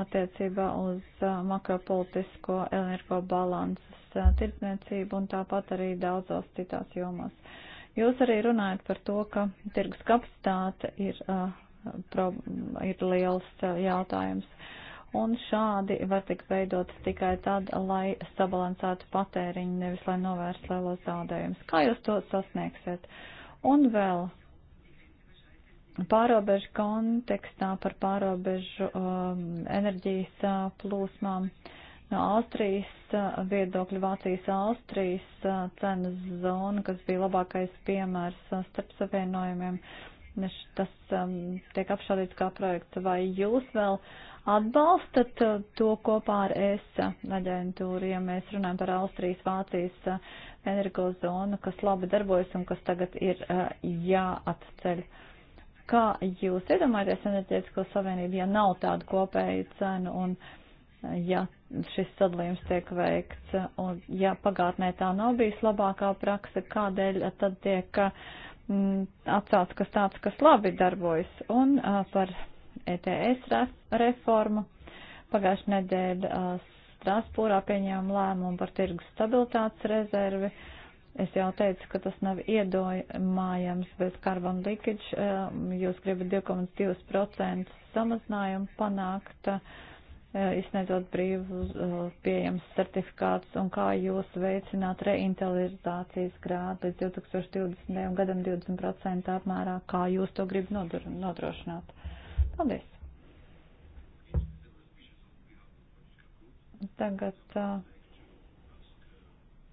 attiecībā uz makropolitisko energo balanses tirdzniecību un tāpat arī daudzās citās jomās. Jūs arī runājat par to, ka tirgus kapacitāte ir, ir liels jautājums un šādi var tikt veidot tikai tad, lai sabalansētu patēriņu, nevis lai novērst lielos zaudējumus. Kā jūs to sasniegsiet? Un vēl pārobežu kontekstā par pārobežu um, enerģijas uh, plūsmām. No Austrijas uh, viedokļa Vācijas Austrijas uh, cenas zona, kas bija labākais piemērs uh, starp savienojumiem, tas um, tiek apšaudīts kā projekts. Vai jūs vēl uh, atbalstat uh, to kopā ar ES aģentūru, ja mēs runājam par Austrijas, Vācijas uh, energozonu, kas labi darbojas un kas tagad ir uh, jāatceļ. Kā jūs iedomājaties enerģētisko savienību, ja nav tādu kopēju cenu un ja šis sadalījums tiek veikts un ja pagātnē tā nav bijis labākā praksa, kādēļ tad tiek atsāts kas tāds, kas labi darbojas un par ETS reformu. Pagājušajā nedēļā Strasbūrā pieņēma lēmumu par tirgus stabilitātes rezervi. Es jau teicu, ka tas nav iedomājams bez carbon leakage. Jūs gribat 2,2% samazinājumu panākt, izsniedzot brīvus pieejams certifikātus un kā jūs veicināt reintelizācijas grādu līdz 2020. gadam 20% apmērā, kā jūs to gribat nodrošināt. Paldies! Tagad uh,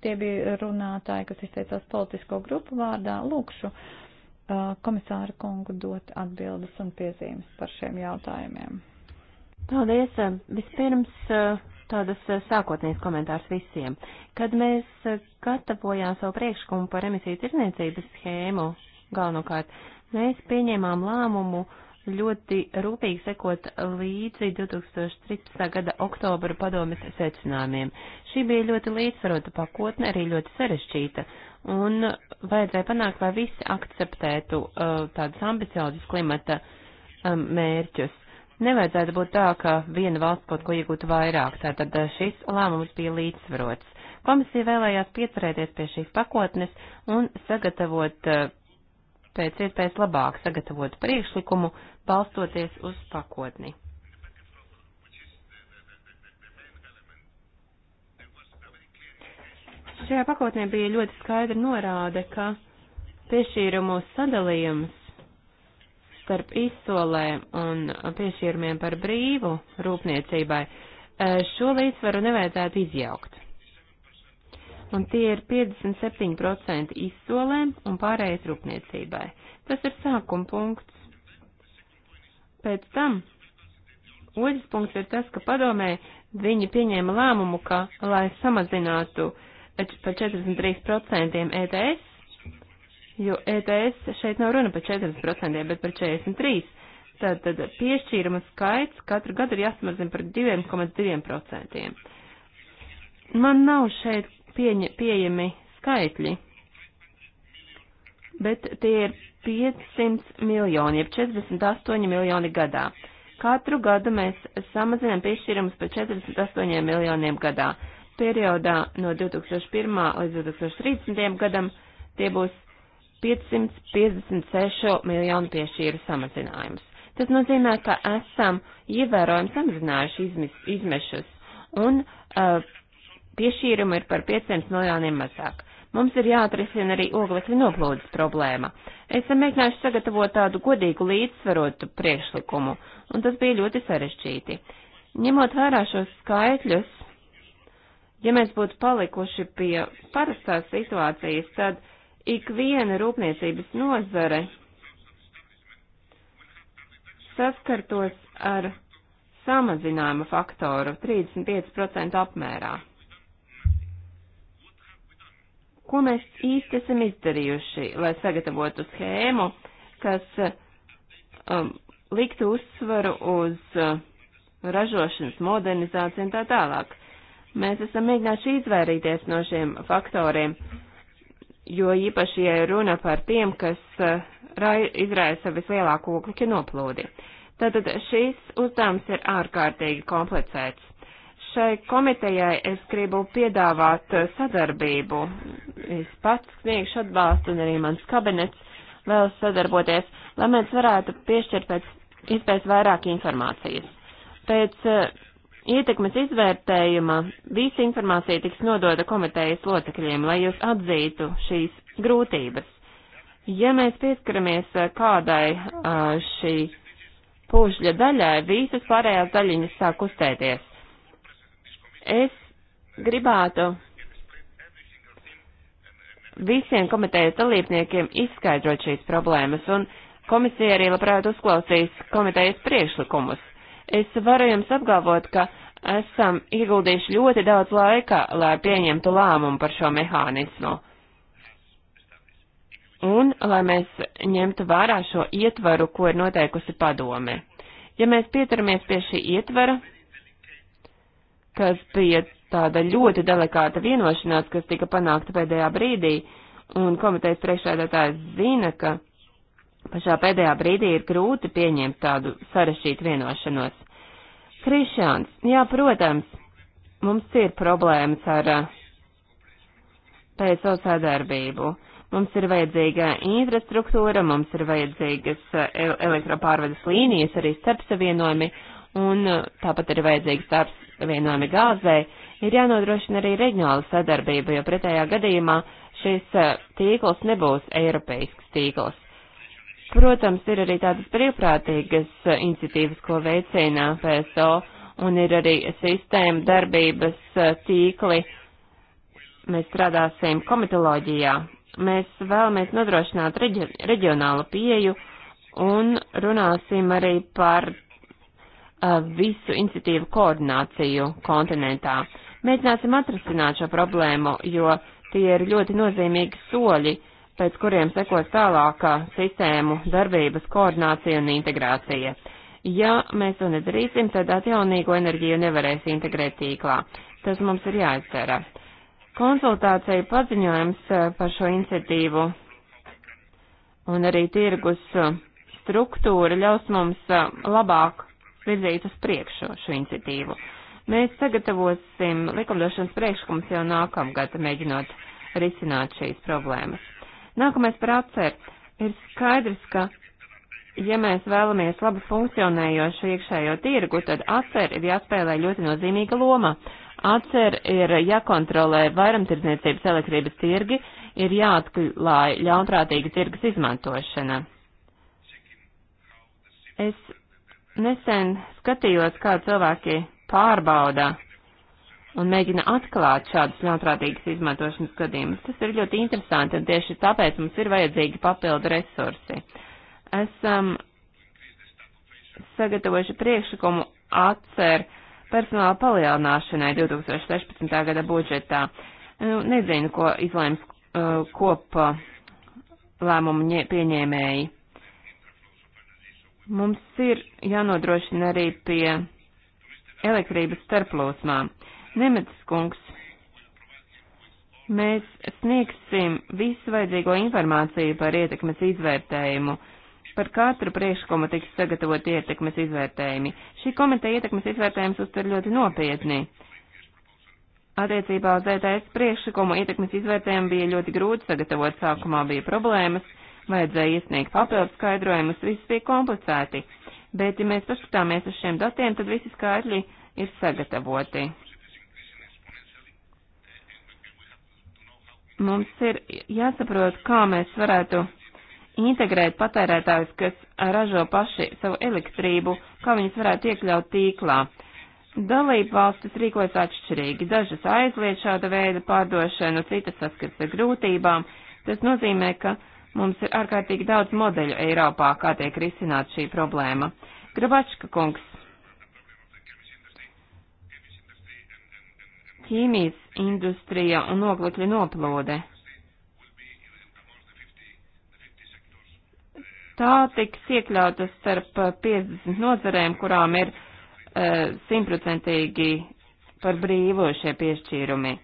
tie bija runātāji, kas izteicās politisko grupu vārdā. Lūkšu uh, komisāru kungu dot atbildes un piezīmes par šiem jautājumiem. Paldies! Vispirms uh, tādas uh, sākotnējas komentārs visiem. Kad mēs uh, gatavojām savu priekšlikumu par emisiju tirzniecības schēmu, galvenokārt, mēs pieņēmām lēmumu uh, ļoti rūpīgi sekot līdzi 2013. gada oktobra padomes secinājumiem. Šī bija ļoti līdzsvarota pakotne, arī ļoti sarežģīta, un vajadzēja panākt, lai visi akceptētu uh, tādus ambiciozus klimata um, mērķus. Nevajadzētu būt tā, ka viena valsts kaut ko iegūtu vairāk, tātad uh, šis lēmums bija līdzsvarots. Komisija vēlējās pieturēties pie šīs pakotnes un sagatavot uh, pēc iespējas labāk sagatavot priekšlikumu, balstoties uz pakotni. Šajā pakotnē bija ļoti skaidra norāde, ka piešķīrumu sadalījums starp izsolēm un piešķīrumiem par brīvu rūpniecībai eh, šo līdzsvaru nevajadzētu izjaukt un tie ir 57% izsolēm un pārējais rūpniecībai. Tas ir sākuma punkts. Pēc tam otrs punkts ir tas, ka padomē viņi pieņēma lēmumu, ka, lai samazinātu par 43% ETS, jo ETS šeit nav runa par 40%, bet par 43%. Tātad piešķīruma skaits katru gadu ir jāsamazina par 2,2%. Man nav šeit pieņa, pieejami skaitļi, bet tie ir 500 miljoni, jeb 48 miljoni gadā. Katru gadu mēs samazinām piešķīrumus par 48 miljoniem gadā. Periodā no 2001. līdz 2030. gadam tie būs 556 miljonu piešķīru samazinājums. Tas nozīmē, ka esam ievērojami samazinājuši izmis, izmešus un uh, piešķīrumu ir par 500 miljoniem mazāk. Mums ir jāatrisina arī oglekļa noplūdes problēma. Esam mēģinājuši sagatavot tādu godīgu līdzsvarotu priekšlikumu, un tas bija ļoti sarežģīti. Ņemot vērā šos skaitļus, ja mēs būtu palikuši pie parastās situācijas, tad ik viena rūpniecības nozare saskartos ar samazinājuma faktoru 35% apmērā. Ko mēs īsti esam izdarījuši, lai sagatavotu schēmu, kas um, liktu uzsvaru uz uh, ražošanas modernizāciju un tā tālāk? Mēs esam mēģinājuši izvairīties no šiem faktoriem, jo īpaši, ja runa par tiem, kas uh, rai, izraisa vislielāko oglekļa noplūdi. Tātad šīs uzdevums ir ārkārtīgi komplicēts. Šai komitejai es gribu piedāvāt eh, sadarbību. Es pats sniegšu atbalstu un arī mans kabinets vēlas sadarboties, lai mēs varētu piešķirt pēc iespējas vairāk informācijas. Pēc eh, ietekmes izvērtējuma visa informācija tiks nodota komitejas locekļiem, lai jūs atzītu šīs grūtības. Ja mēs pieskaramies eh, kādai šī pūžļa daļai, visas pārējās daļiņas sāk kustēties. Es gribētu visiem komitejas dalībniekiem izskaidrot šīs problēmas, un komisija arī labprāt uzklausīs komitejas priekšlikumus. Es varu jums apgalvot, ka esam ieguldījuši ļoti daudz laika, lai pieņemtu lēmumu par šo mehānismu. Un lai mēs ņemtu vērā šo ietvaru, ko ir noteikusi padome. Ja mēs pieturamies pie šī ietvara, kas bija tāda ļoti delikāta vienošanās, kas tika panākta pēdējā brīdī, un komitejas priekšēdētājs zina, ka pašā pēdējā brīdī ir grūti pieņemt tādu sarešķītu vienošanos. Krišāns, jā, protams, mums ir problēmas ar uh, PSO sadarbību. Mums ir vajadzīga infrastruktūra, mums ir vajadzīgas uh, elektropārvedes līnijas, arī starpsavienojumi, un uh, tāpat ir vajadzīgs darbs pievienojami gāzei, ir jānodrošina arī reģionāla sadarbība, jo pretējā gadījumā šis eh, tīkls nebūs eiropeisks tīkls. Protams, ir arī tādas brīvprātīgas eh, iniciatīvas, ko veicina PSO, un ir arī sistēma darbības eh, tīkli. Mēs strādāsim komitoloģijā. Mēs vēlamies nodrošināt reģi reģionālu pieju un runāsim arī par Uh, visu iniciatīvu koordināciju kontinentā. Mēģināsim atrasināt šo problēmu, jo tie ir ļoti nozīmīgi soļi, pēc kuriem sekos tālākā uh, sistēmu darbības koordinācija un integrācija. Ja mēs to nedarīsim, tad atjaunīgo enerģiju nevarēs integrēt tīklā. Tas mums ir jāizcerā. Konsultācija paziņojums uh, par šo iniciatīvu un arī tirgus struktūra ļaus mums labāk virzīt uz priekšu šo iniciatīvu. Mēs sagatavosim likumdošanas priekšlikumus jau nākamgad, mēģinot risināt šīs problēmas. Nākamais par apcert. Ir skaidrs, ka, ja mēs vēlamies labi funkcionējošu iekšējo tirgu, tad atcer ir jāspēlē ļoti nozīmīga loma. Atcer ir jākontrolē vairumtirdzniecības elektrības tirgi, ir jāatklāj ļaunprātīga tirgus izmantošana. Es nesen skatījos, kā cilvēki pārbauda un mēģina atklāt šādus ļaunprātīgas izmantošanas gadījumus. Tas ir ļoti interesanti, un tieši tāpēc mums ir vajadzīgi papildu resursi. Esam sagatavojuši priekšlikumu atcer personāla palielināšanai 2016. gada budžetā. Nu, nezinu, ko izlēms uh, kopa lēmumu pieņēmēji. Mums ir jānodrošina arī pie elektrības starplosmām. Nemets kungs, mēs sniegsim visu vajadzīgo informāciju par ietekmes izvērtējumu. Par katru priekšlikumu tiks sagatavot ietekmes izvērtējumi. Šī komiteja ietekmes izvērtējums uztver ļoti nopietni. Attiecībā uz ETS priekšlikumu ietekmes izvērtējumu bija ļoti grūti sagatavot, sākumā bija problēmas, vajadzēja iesniegt papildu skaidrojumus, viss bija komplicēti. Bet, ja mēs paskatāmies uz šiem datiem, tad visi skaitļi ir sagatavoti. Mums ir jāsaprot, kā mēs varētu integrēt patērētājus, kas ražo paši savu elektrību, kā viņus varētu iekļaut tīklā. Dalība valstis rīkojas atšķirīgi. Dažas aizliedz šāda veida pārdošanu, citas saskars ar grūtībām. Tas nozīmē, ka Mums ir ārkārtīgi daudz modeļu Eiropā, kā tiek risināta šī problēma. Grabačka kungs. Ķīmijas industrija un oglekļa noplūde. Tā tiks iekļauta starp 50 nozarēm, kurām ir e, simtprocentīgi par brīvo šie piešķīrumi.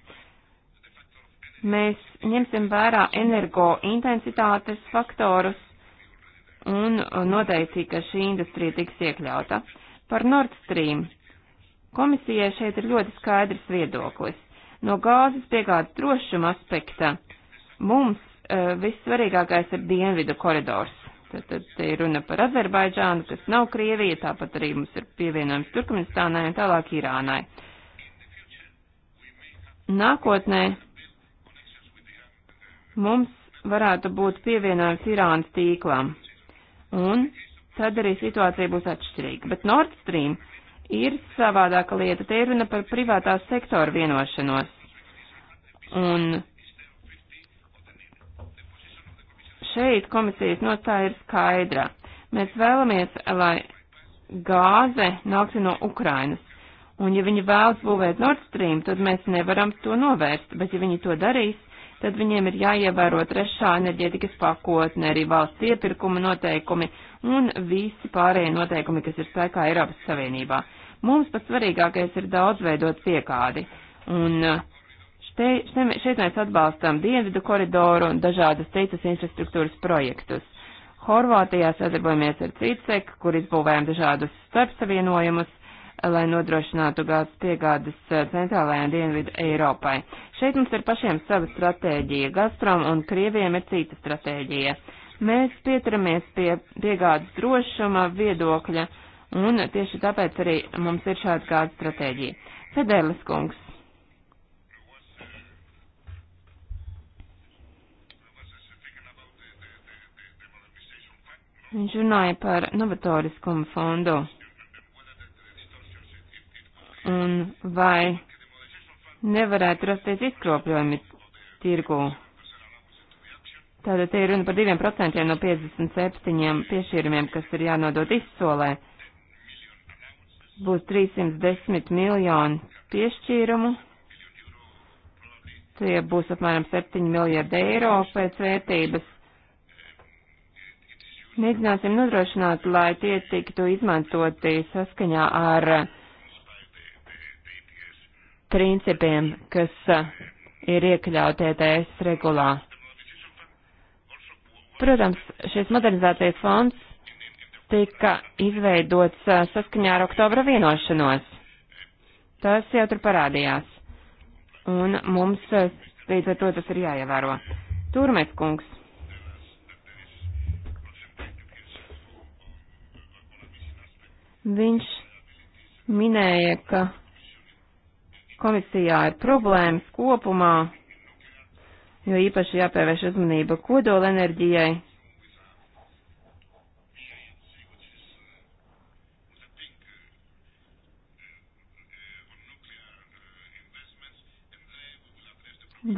Mēs ņemsim vērā energointensitātes faktorus un noteikti, ka šī industrija tiks iekļauta. Par Nord Stream komisijai šeit ir ļoti skaidrs viedoklis. No gāzes piegādes drošuma aspekta mums uh, vissvarīgākais ir dienvidu koridors. Tad, tad te ir runa par Azerbaidžānu, kas nav Krievija, tāpat arī mums ir pievienojums Turkmenistānai un tālāk Irānai. Nākotnē mums varētu būt pievienojums Irānas tīklām. Un tad arī situācija būs atšķirīga. Bet Nord Stream ir savādāka lieta. Te ir runa par privātā sektora vienošanos. Un šeit komisijas nostāja ir skaidra. Mēs vēlamies, lai gāze nāktu no Ukrainas. Un ja viņi vēlas būvēt Nord Stream, tad mēs nevaram to novērst, bet ja viņi to darīs, tad viņiem ir jāievēro trešā enerģētikas pakotne, arī valsts iepirkuma noteikumi un visi pārējie noteikumi, kas ir spēkā Eiropas Savienībā. Mums pats svarīgākais ir daudzveidot piekādi. Un eh, Te, šeit mēs atbalstām dienvidu koridoru un dažādas citas infrastruktūras projektus. Horvātijā sadarbojamies ar Citsek, kur izbūvējam dažādus starpsavienojumus, lai nodrošinātu gāzes piegādes eh, centrālajai un dienvidu Eiropai. Šeit mums ir pašiem sava stratēģija. Gazprom un Krieviem ir cita stratēģija. Mēs pieturamies pie piegādes drošuma viedokļa, un tieši tāpēc arī mums ir šāda gāzes stratēģija. Fedēlis kungs. Viņš runāja par novatoriskumu fondu un vai nevarētu rasties izkropļojumi tirgū. Tātad te ir runa par 2% no 57 piešķīrumiem, kas ir jānodot izsolē. Būs 310 miljoni piešķīrumu. Tie būs apmēram 7 miljardi eiro pēc vērtības. Mēģināsim nodrošināt, lai tie tiktu izmantoti saskaņā ar uh, principiem, kas eh, ir iekļauti ETS regulā. Protams, šis modernizācijas fonds tika izveidots eh, saskaņā ar oktobra vienošanos. Tas jau tur parādījās. Un mums eh, līdz ar to tas ir jāievēro. Turmes kungs. Viņš minēja, ka Komisijā ir problēmas kopumā, jo īpaši jāpievērš uzmanība kodolenerģijai,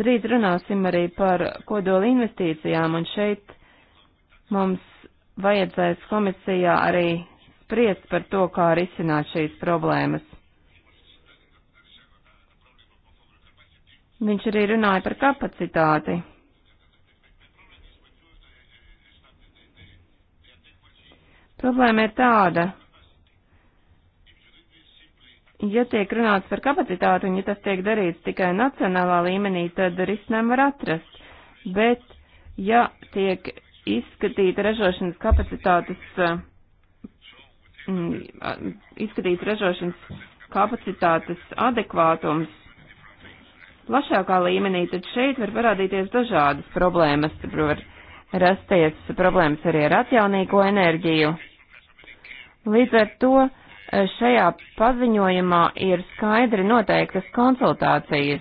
Drīz runāsim arī par kodola investīcijām, un šeit mums vajadzēs komisijā arī spriest par to, kā risināt šīs problēmas. Viņš arī runāja par kapacitāti. Problēma ir tāda, ja tiek runāts par kapacitāti un ja tas tiek darīts tikai nacionālā līmenī, tad risinājumu var atrast. Bet, ja tiek izskatīta ražošanas kapacitātes, mm, izskatīts ražošanas kapacitātes adekvātums, plašākā līmenī, tad šeit var parādīties dažādas problēmas. Tur var rasties problēmas arī ar atjaunīgo enerģiju. Līdz ar to e, šajā paziņojumā ir skaidri noteiktas konsultācijas,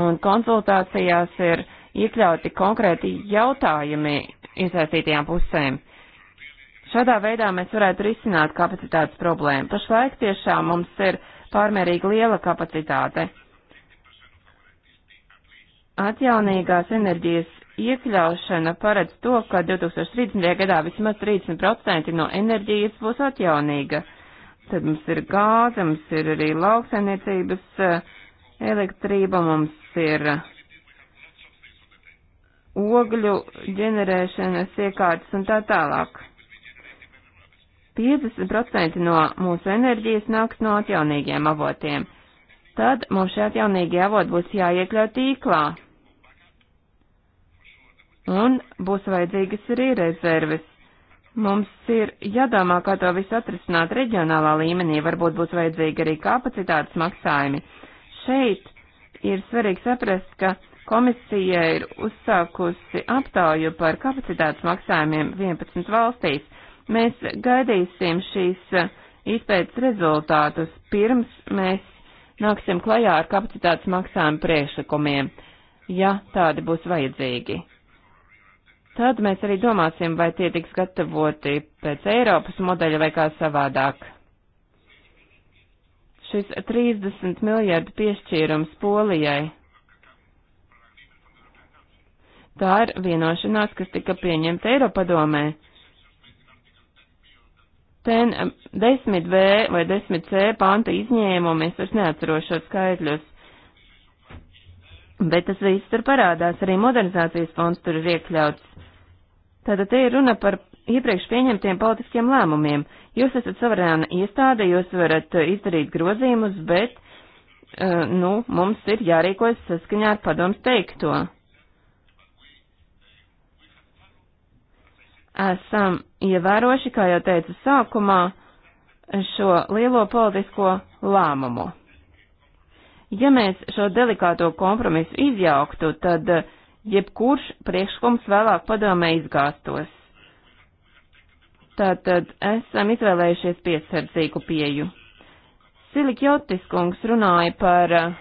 un konsultācijās ir iekļauti konkrēti jautājumi iesaistītajām pusēm. Šādā veidā mēs varētu risināt kapacitātes problēmu. Pašlaik tiešām mums ir pārmērīgi liela kapacitāte. Uh, Atjaunīgās enerģijas iekļaušana paredz to, ka 2030. gadā vismaz 30% no enerģijas būs atjaunīga. Tad mums ir gāze, mums ir arī lauksainiecības eh, elektrība, mums ir ogļu ģenerēšanas iekārtas un tā tālāk. 50% no mūsu enerģijas nāks no atjaunīgiem avotiem. Tad mums šie atjaunīgie avoti būs jāiekļaut tīklā, Un būs vajadzīgas arī rezerves. Mums ir jādomā, kā to visu atrisināt reģionālā līmenī, varbūt būs vajadzīgi arī kapacitātes maksājumi. Šeit ir svarīgi saprast, ka komisija ir uzsākusi aptauju par kapacitātes maksājumiem 11 valstīs. Mēs gaidīsim šīs eh, izpētes rezultātus pirms mēs nāksim klajā ar kapacitātes maksājumu priekšlikumiem, ja tādi būs vajadzīgi tad mēs arī domāsim, vai tie tiks gatavoti pēc Eiropas modeļa vai kā savādāk. Šis 30 miljardu piešķīrums Polijai. Tā ir vienošanās, kas tika pieņemta Eiropadomē. Ten 10B vai 10C panta izņēmumi, es vairs neatceros šos skaitļus. Bet tas viss tur parādās, arī modernizācijas fonds tur ir iekļauts. Tātad te ir runa par iepriekš pieņemtiem politiskiem lēmumiem. Jūs esat suverēna iestāde, jūs varat izdarīt grozījumus, bet, eh, nu, mums ir jārīkojas saskaņā ar padoms teikto. Esam ievēroši, kā jau teicu sākumā, šo lielo politisko lēmumu. Ja mēs šo delikāto kompromisu izjauktu, tad uh, jebkurš priekšlikums vēlāk padomē izgāstos. Tātad esam izvēlējušies piesardzīgu pieju. Silikjotis kungs runāja par uh,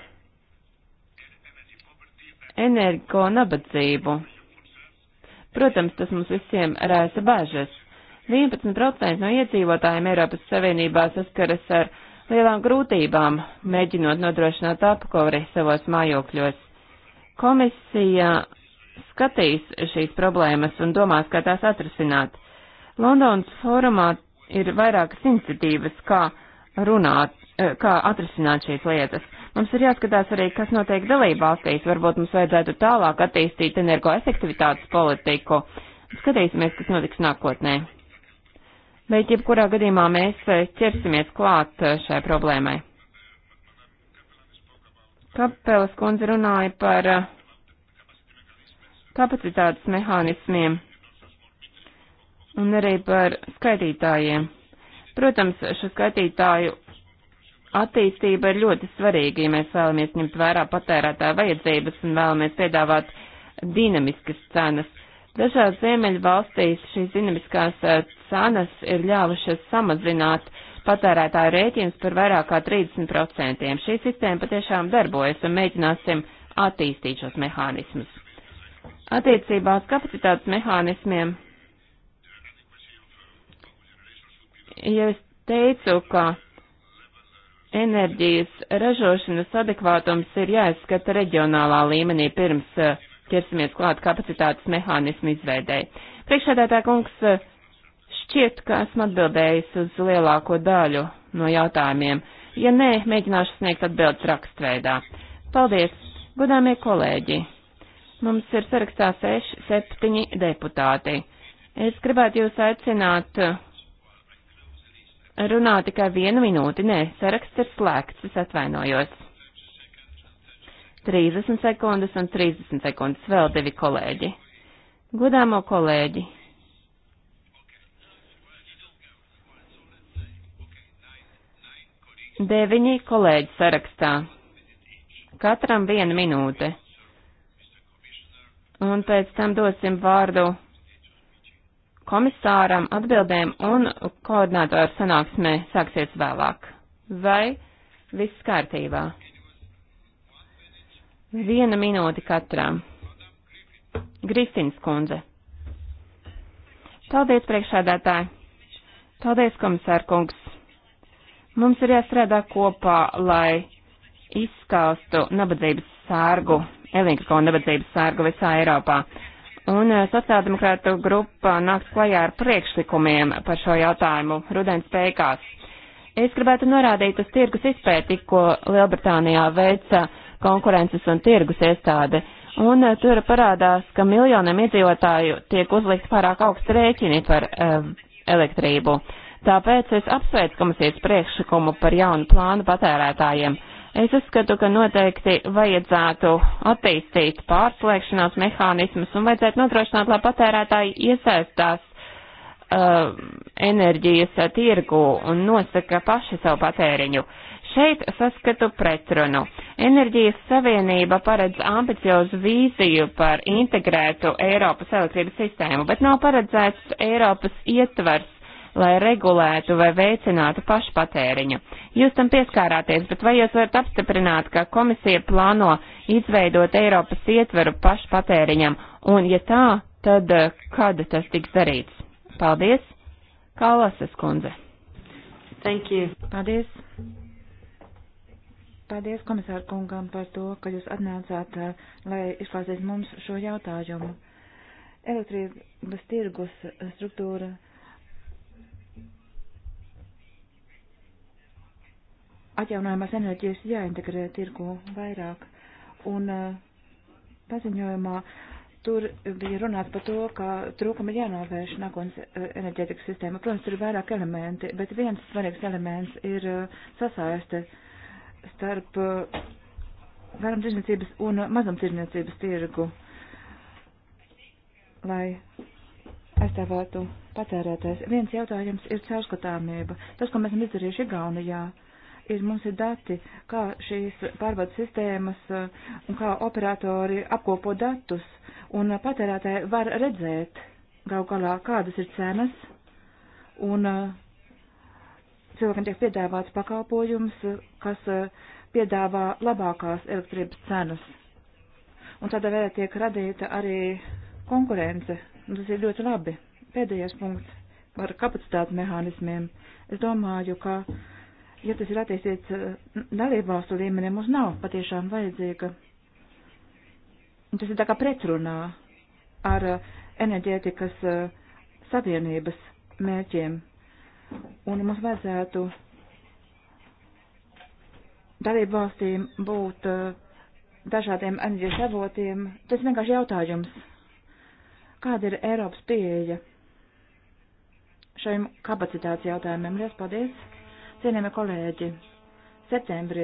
energo nabadzību. Protams, tas mums visiem rēsa bažas. 11% no iedzīvotājiem Eiropas Savienībā saskaras ar lielām grūtībām, mēģinot nodrošināt apkovri savos mājokļos. Komisija skatīs šīs problēmas un domās, kā tās atrisināt. Londonas fórumā ir vairākas iniciatīvas, kā runāt, eh, kā atrisināt šīs lietas. Mums ir jāskatās arī, kas notiek dalībvalstīs. Varbūt mums vajadzētu tālāk attīstīt energoefektivitātes politiku. Skatīsimies, kas notiks nākotnē. Bet jebkurā gadījumā mēs eh, ķersimies klāt eh, šai problēmai. Kapelas kundze runāja par kapacitātes mehānismiem un arī par skaitītājiem. Protams, šo skaitītāju attīstība ir ļoti svarīga, ja mēs vēlamies ņemt vērā patērētāju vajadzības un vēlamies piedāvāt dinamiskas cenas. Dažās ziemeļu valstīs šīs dinamiskās eh, cenas ir ļāvušas samazināt patērētāju rēķinus par vairāk kā 30%. Šī sistēma patiešām darbojas un mēģināsim attīstīt šos mehānismus. Attiecībā uz kapacitātes mehānismiem, ja es teicu, ka enerģijas ražošanas adekvātums ir jāizskata reģionālā līmenī pirms eh, ķersimies klāt kapacitātes mehānismu izveidēji. Priekšādētā kungs eh, šķiet, ka esmu atbildējis uz lielāko daļu no jautājumiem. Ja nē, mēģināšu sniegt atbildes rakstveidā. Paldies, godāmie kolēģi! Mums ir sarakstā 6, 7 deputāti. Es gribētu jūs aicināt runā tikai vienu minūti. Nē, saraksts ir slēgts, es atvainojos. 30 sekundes un 30 sekundes vēl divi kolēģi. Godāmo kolēģi. Deviņi kolēģi sarakstā. Katram viena minūte un pēc tam dosim vārdu komisāram atbildēm un koordinātoru sanāksmē sāksies vēlāk. Vai viss kārtībā? Viena minūte katram. Gristins kundze. Paldies, priekšādātāji. Paldies, komisārkungs. Mums ir jāstrādā kopā, lai izskaustu nabadzības sārgu elektronu debesības sārgu visā Eiropā. Un eh, sociāldemokrātu grupa nāks klajā ar priekšlikumiem par šo jautājumu rudens beigās. Es gribētu norādīt uz tirgus izpēti, ko Lielbritānijā veica konkurences un tirgus iestāde. Un eh, tur parādās, ka miljoniem iedzīvotāju tiek uzlikts pārāk augsts rēķini par um, elektrību. Tāpēc es apsveicu komisijas priekšlikumu par jaunu plānu patērētājiem. Es uzskatu, ka noteikti vajadzētu attīstīt pārslēgšanās mehānismus un vajadzētu nodrošināt, lai patērētāji iesaistās uh, enerģijas tirgu un nosaka paši savu patēriņu. Šeit saskatu pretrunu. Enerģijas savienība paredz ambiciozu vīziju par integrētu Eiropas elektrības sistēmu, bet nav paredzēts Eiropas ietvers lai regulētu vai veicinātu pašpatēriņu. Jūs tam pieskārāties, bet vai jūs varat apstiprināt, ka komisija plāno izveidot Eiropas ietveru pašpatēriņam, un ja tā, tad eh, kad tas tiks darīts? Paldies, Kalasas kundze. Thank you. Paldies. Paldies komisāru kungam par to, ka jūs atnācāt, eh, lai izklāstītu mums šo jautājumu. Elektrības tirgus struktūra atjaunojumās enerģijas jāintegrē tirgu vairāk. Un eh, paziņojumā tur bija runāts par to, ka trūkumi ir jānovērš nākotnes eh, enerģētikas sistēma. Protams, tur ir vairāk elementi, bet viens svarīgs elements ir eh, sasaiste starp vairumtirdzniecības un mazumtirdzniecības tirgu, lai aizstāvētu patērētājs. Viens jautājums ir caurskatāmība. Tas, ko mēs esam izdarījuši Igaunijā. Ja ir mums ir dati, kā šīs pārbaudas sistēmas uh, un kā operatori apkopo datus, un patērētāji var redzēt gal galā, kādas ir cenas, un uh, cilvēkam tiek piedāvāts pakalpojums, kas uh, piedāvā labākās elektrības cenas. Un tādā veidā tiek radīta arī konkurence, un tas ir ļoti labi. Pēdējais punkts par kapacitātes mehānismiem. Es domāju, ka uh, ja tas ir attīstīts eh, dalībvalstu līmenī, mums nav patiešām vajadzīga. Un tas ir tā kā pretrunā ar eh, enerģētikas eh, savienības mērķiem. Un mums vajadzētu dalībvalstīm būt dažādiem enerģijas avotiem. Tas vienkārši jautājums. Kāda ir Eiropas pieeja šajiem kapacitātes jautājumiem? Liels paldies! Cienījamie kolēģi, septembrī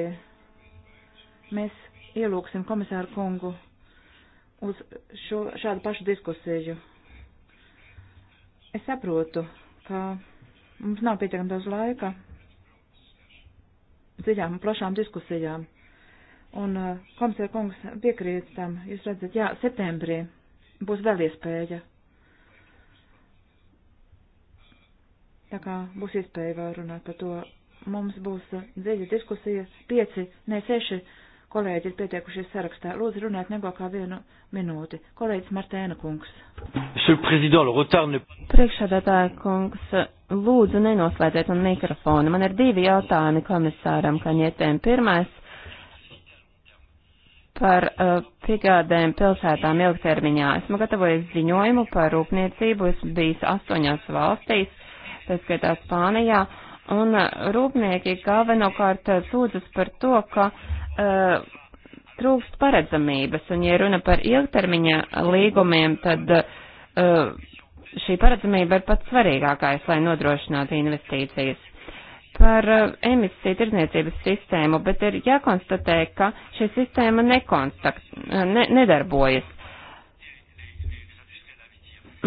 mēs ielūksim komisāru kungu uz šo, šādu pašu diskusiju. Es saprotu, ka mums nav pietiekami daudz laika dziļām un plašām diskusijām. Un uh, komisāra kungs piekrīt tam, jūs redzat, jā, septembrī būs vēl iespēja Tā kā būs iespēja vēl runāt par to mums būs dziļa diskusija. Pieci, ne seši kolēģi ir pietiekušies sarakstā. Lūdzu, runāt nego kā vienu minūti. Kolēģis Martēna kungs. Priekšādātāja kungs, lūdzu, nenoslēdziet man mikrofonu. Man ir divi jautājumi komisāram Kaņietēm. Pirmais par uh, piegādēm pilsētām ilgtermiņā. Esmu gatavojis ziņojumu par rūpniecību. Esmu bijis astoņās valstīs, tā skaitā Spānijā. Uh, Un uh, rūpnieki galvenokārt uh, sūdzas par to, ka uh, trūkst paredzamības, un ja runa par ilgtermiņa līgumiem, tad uh, šī paredzamība ir pats svarīgākais, lai nodrošinātu investīcijas. Par uh, emisiju tirdzniecības sistēmu, bet ir jākonstatē, ka šī sistēma nekonstakt, ne, nedarbojas.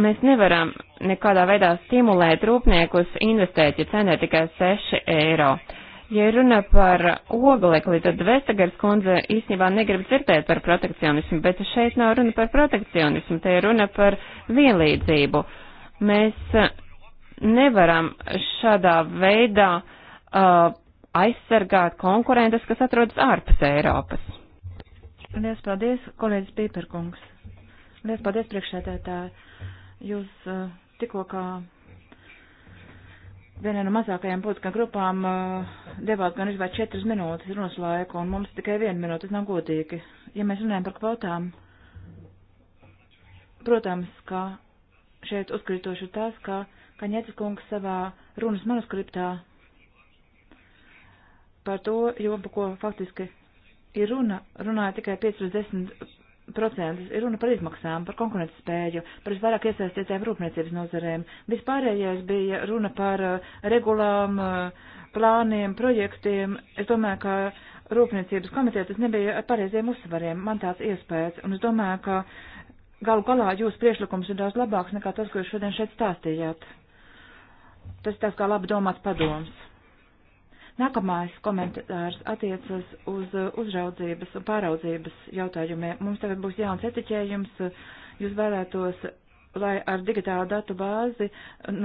Mēs nevaram nekādā veidā stimulēt rūpniekus investēt, ja cena ir tikai 6 eiro. Ja runa par oglekli, tad Vestagars kundze īstenībā negrib dzirdēt par protekcionismu, bet šeit nav runa par protekcionismu, te ir runa par vienlīdzību. Mēs nevaram šādā veidā uh, aizsargāt konkurentus, kas atrodas ārpus Eiropas. Lielas paldies, kolēģis Pīperkungs. Lielas paldies, priekšsēdētāji. Jūs tikko kā vienai no mazākajām politiskām grupām devāt gan izvērt četras minūtes runas laiku, un mums tikai viena minūte, tas nav godīgi. Ja mēs runājam par kvotām, protams, ka šeit uzkrītoši ir tas, ka Kaņēcis kungs savā runas manuskriptā par to jomu, par ko faktiski ir runa, runāja tikai 5 līdz 10 procentus ir runa par izmaksām, par konkurētspēju, par visvairāk iesaistītēm rūpniecības nozarēm. Vispārējais bija runa par eh, regulām, eh, plāniem, projektiem. Es domāju, ka rūpniecības komiteja tas nebija ar pareiziem uzsvariem. Man tāds iespējas, un es domāju, ka galu galā jūsu priešlikums ir daudz labāks nekā tas, ko jūs šodien šeit stāstījāt. Tas tās kā labi domāts padoms. Nākamais komentārs attiecas uz uzraudzības un pāraudzības jautājumiem. Mums tagad būs jauns etiķējums. Jūs vēlētos, lai ar digitālu datu bāzi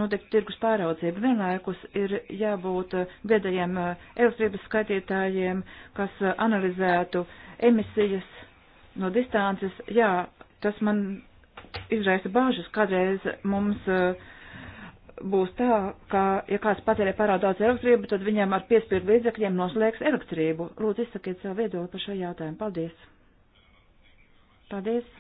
notiek tirgus pāraudzība. Vienlaikus ir jābūt viedajiem eh, elektrības skaitītājiem, kas analizētu emisijas no distances. Jā, tas man izraisa bāžas. Kādreiz mums uh, būs tā, ka, ja kāds patērē pārāk daudz elektrību, tad viņam ar piespiedu līdzekļiem noslēgs elektrību. Lūdzu, izsakiet savu viedokli par šo jautājumu. Paldies! Paldies!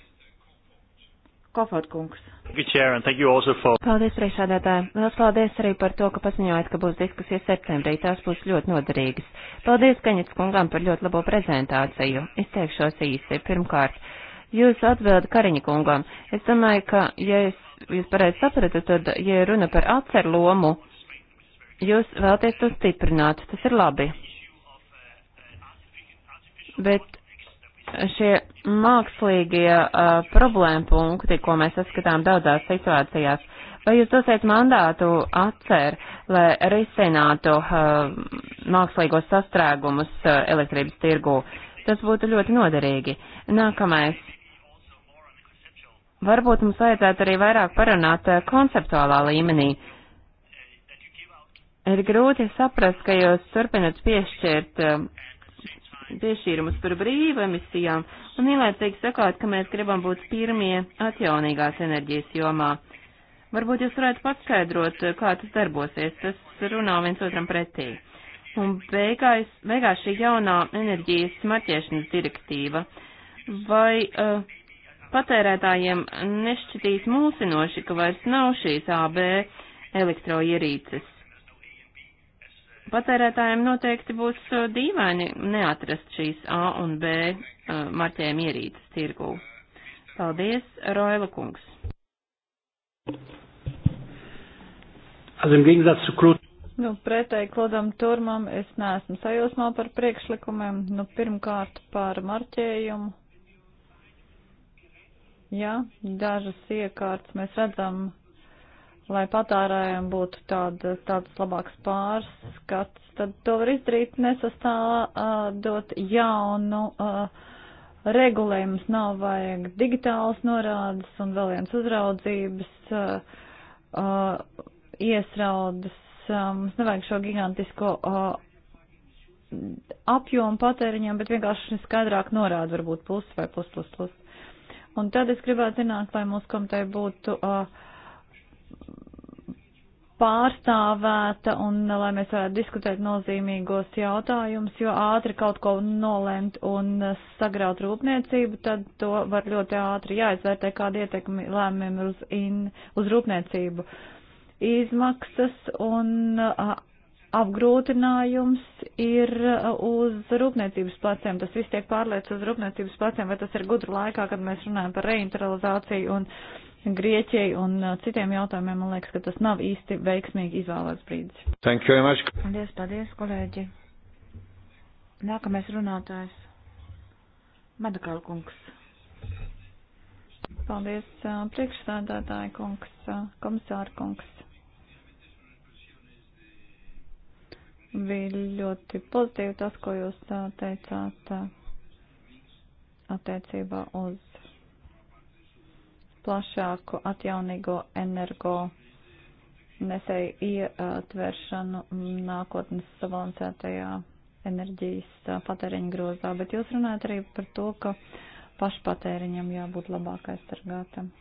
Kofot kungs. Paldies, priekšādātāji. Lielas paldies arī par to, ka paziņojāt, ka būs diskusijas septembrī. Tās būs ļoti noderīgas. Paldies Kaņets kungam par ļoti labo prezentāciju. Izteikšos īsi. Pirmkārt, Jūs atbildi Kariņa kungam. Es domāju, ka, ja es, jūs pareizi sapratu, tad, ja runa par atceru lomu, jūs vēlties to stiprināt. Tas ir labi. Bet šie mākslīgie uh, problēma punkti, ko mēs saskatām daudzās situācijās, vai jūs dosiet mandātu atcer, lai risinātu uh, mākslīgos sastrēgumus uh, elektrības tirgū? Tas būtu ļoti noderīgi. Nākamais varbūt mums vajadzētu arī vairāk parunāt eh, konceptuālā līmenī. Ir grūti saprast, ka jūs turpinat piešķirt eh, piešķīrumus par brīvu emisijām un ielēcīgi sakāt, ka mēs gribam būt pirmie atjaunīgās enerģijas jomā. Varbūt jūs varētu paskaidrot, eh, kā tas darbosies, tas runā viens otram pretī. Un beigās, beigās šī jaunā enerģijas marķēšanas direktīva. Vai uh, patērētājiem nešķitīs mūsinoši, ka vairs nav šīs AB elektroierīces. Patērētājiem noteikti būs dīvaini neatrast šīs A un B marķējuma ierīces tirgū. Paldies, Roila kungs. Also im Gegensatz zu Klot Nu, pretēji Klodam Turmam es neesmu sajūsmā par priekšlikumiem. Nu, pirmkārt par marķējumu. Ja dažas iekārtas mēs redzam, lai patārējiem būtu tāda, tāds labāks pārskats, tad to var izdarīt nesastādot jaunu uh, regulējumus, nav vajag digitālas norādes un vēl viens uzraudzības uh, uh, iesraudas. Mums um, nevajag šo gigantisko uh, apjomu patēriņam, bet vienkārši skaidrāk norāda varbūt plus vai plus plus plus. Un tad es gribētu zināt, vai mūsu komiteja būtu uh, pārstāvēta un lai mēs varētu diskutēt nozīmīgos jautājumus, jo ātri kaut ko nolēmt un sagraut rūpniecību, tad to var ļoti ātri jāizvērtē, kāda ietekme lēmumiem uz, in, uz rūpniecību. Izmaksas un apgrūtinājums ir uh, uz rūpniecības pleciem. Tas viss tiek pārliecis uz rūpniecības pleciem, vai tas ir gudri laikā, kad mēs runājam par reinteralizāciju un Grieķijai un uh, citiem jautājumiem. Man liekas, ka tas nav īsti veiksmīgi izvēlēts brīdis. Thank you very much. Paldies, paldies, kolēģi. Nākamais runātājs. Madakalkungs. Paldies, uh, priekšstādātāja kungs, komisāra kungs Bija ļoti pozitīvi tas, ko jūs teicāt attiecībā uz plašāku atjaunīgo energo nesēju ietveršanu nākotnes sabalansētajā enerģijas patēriņa grozā, bet jūs runājat arī par to, ka pašpatēriņam jābūt labāk aizsargātam.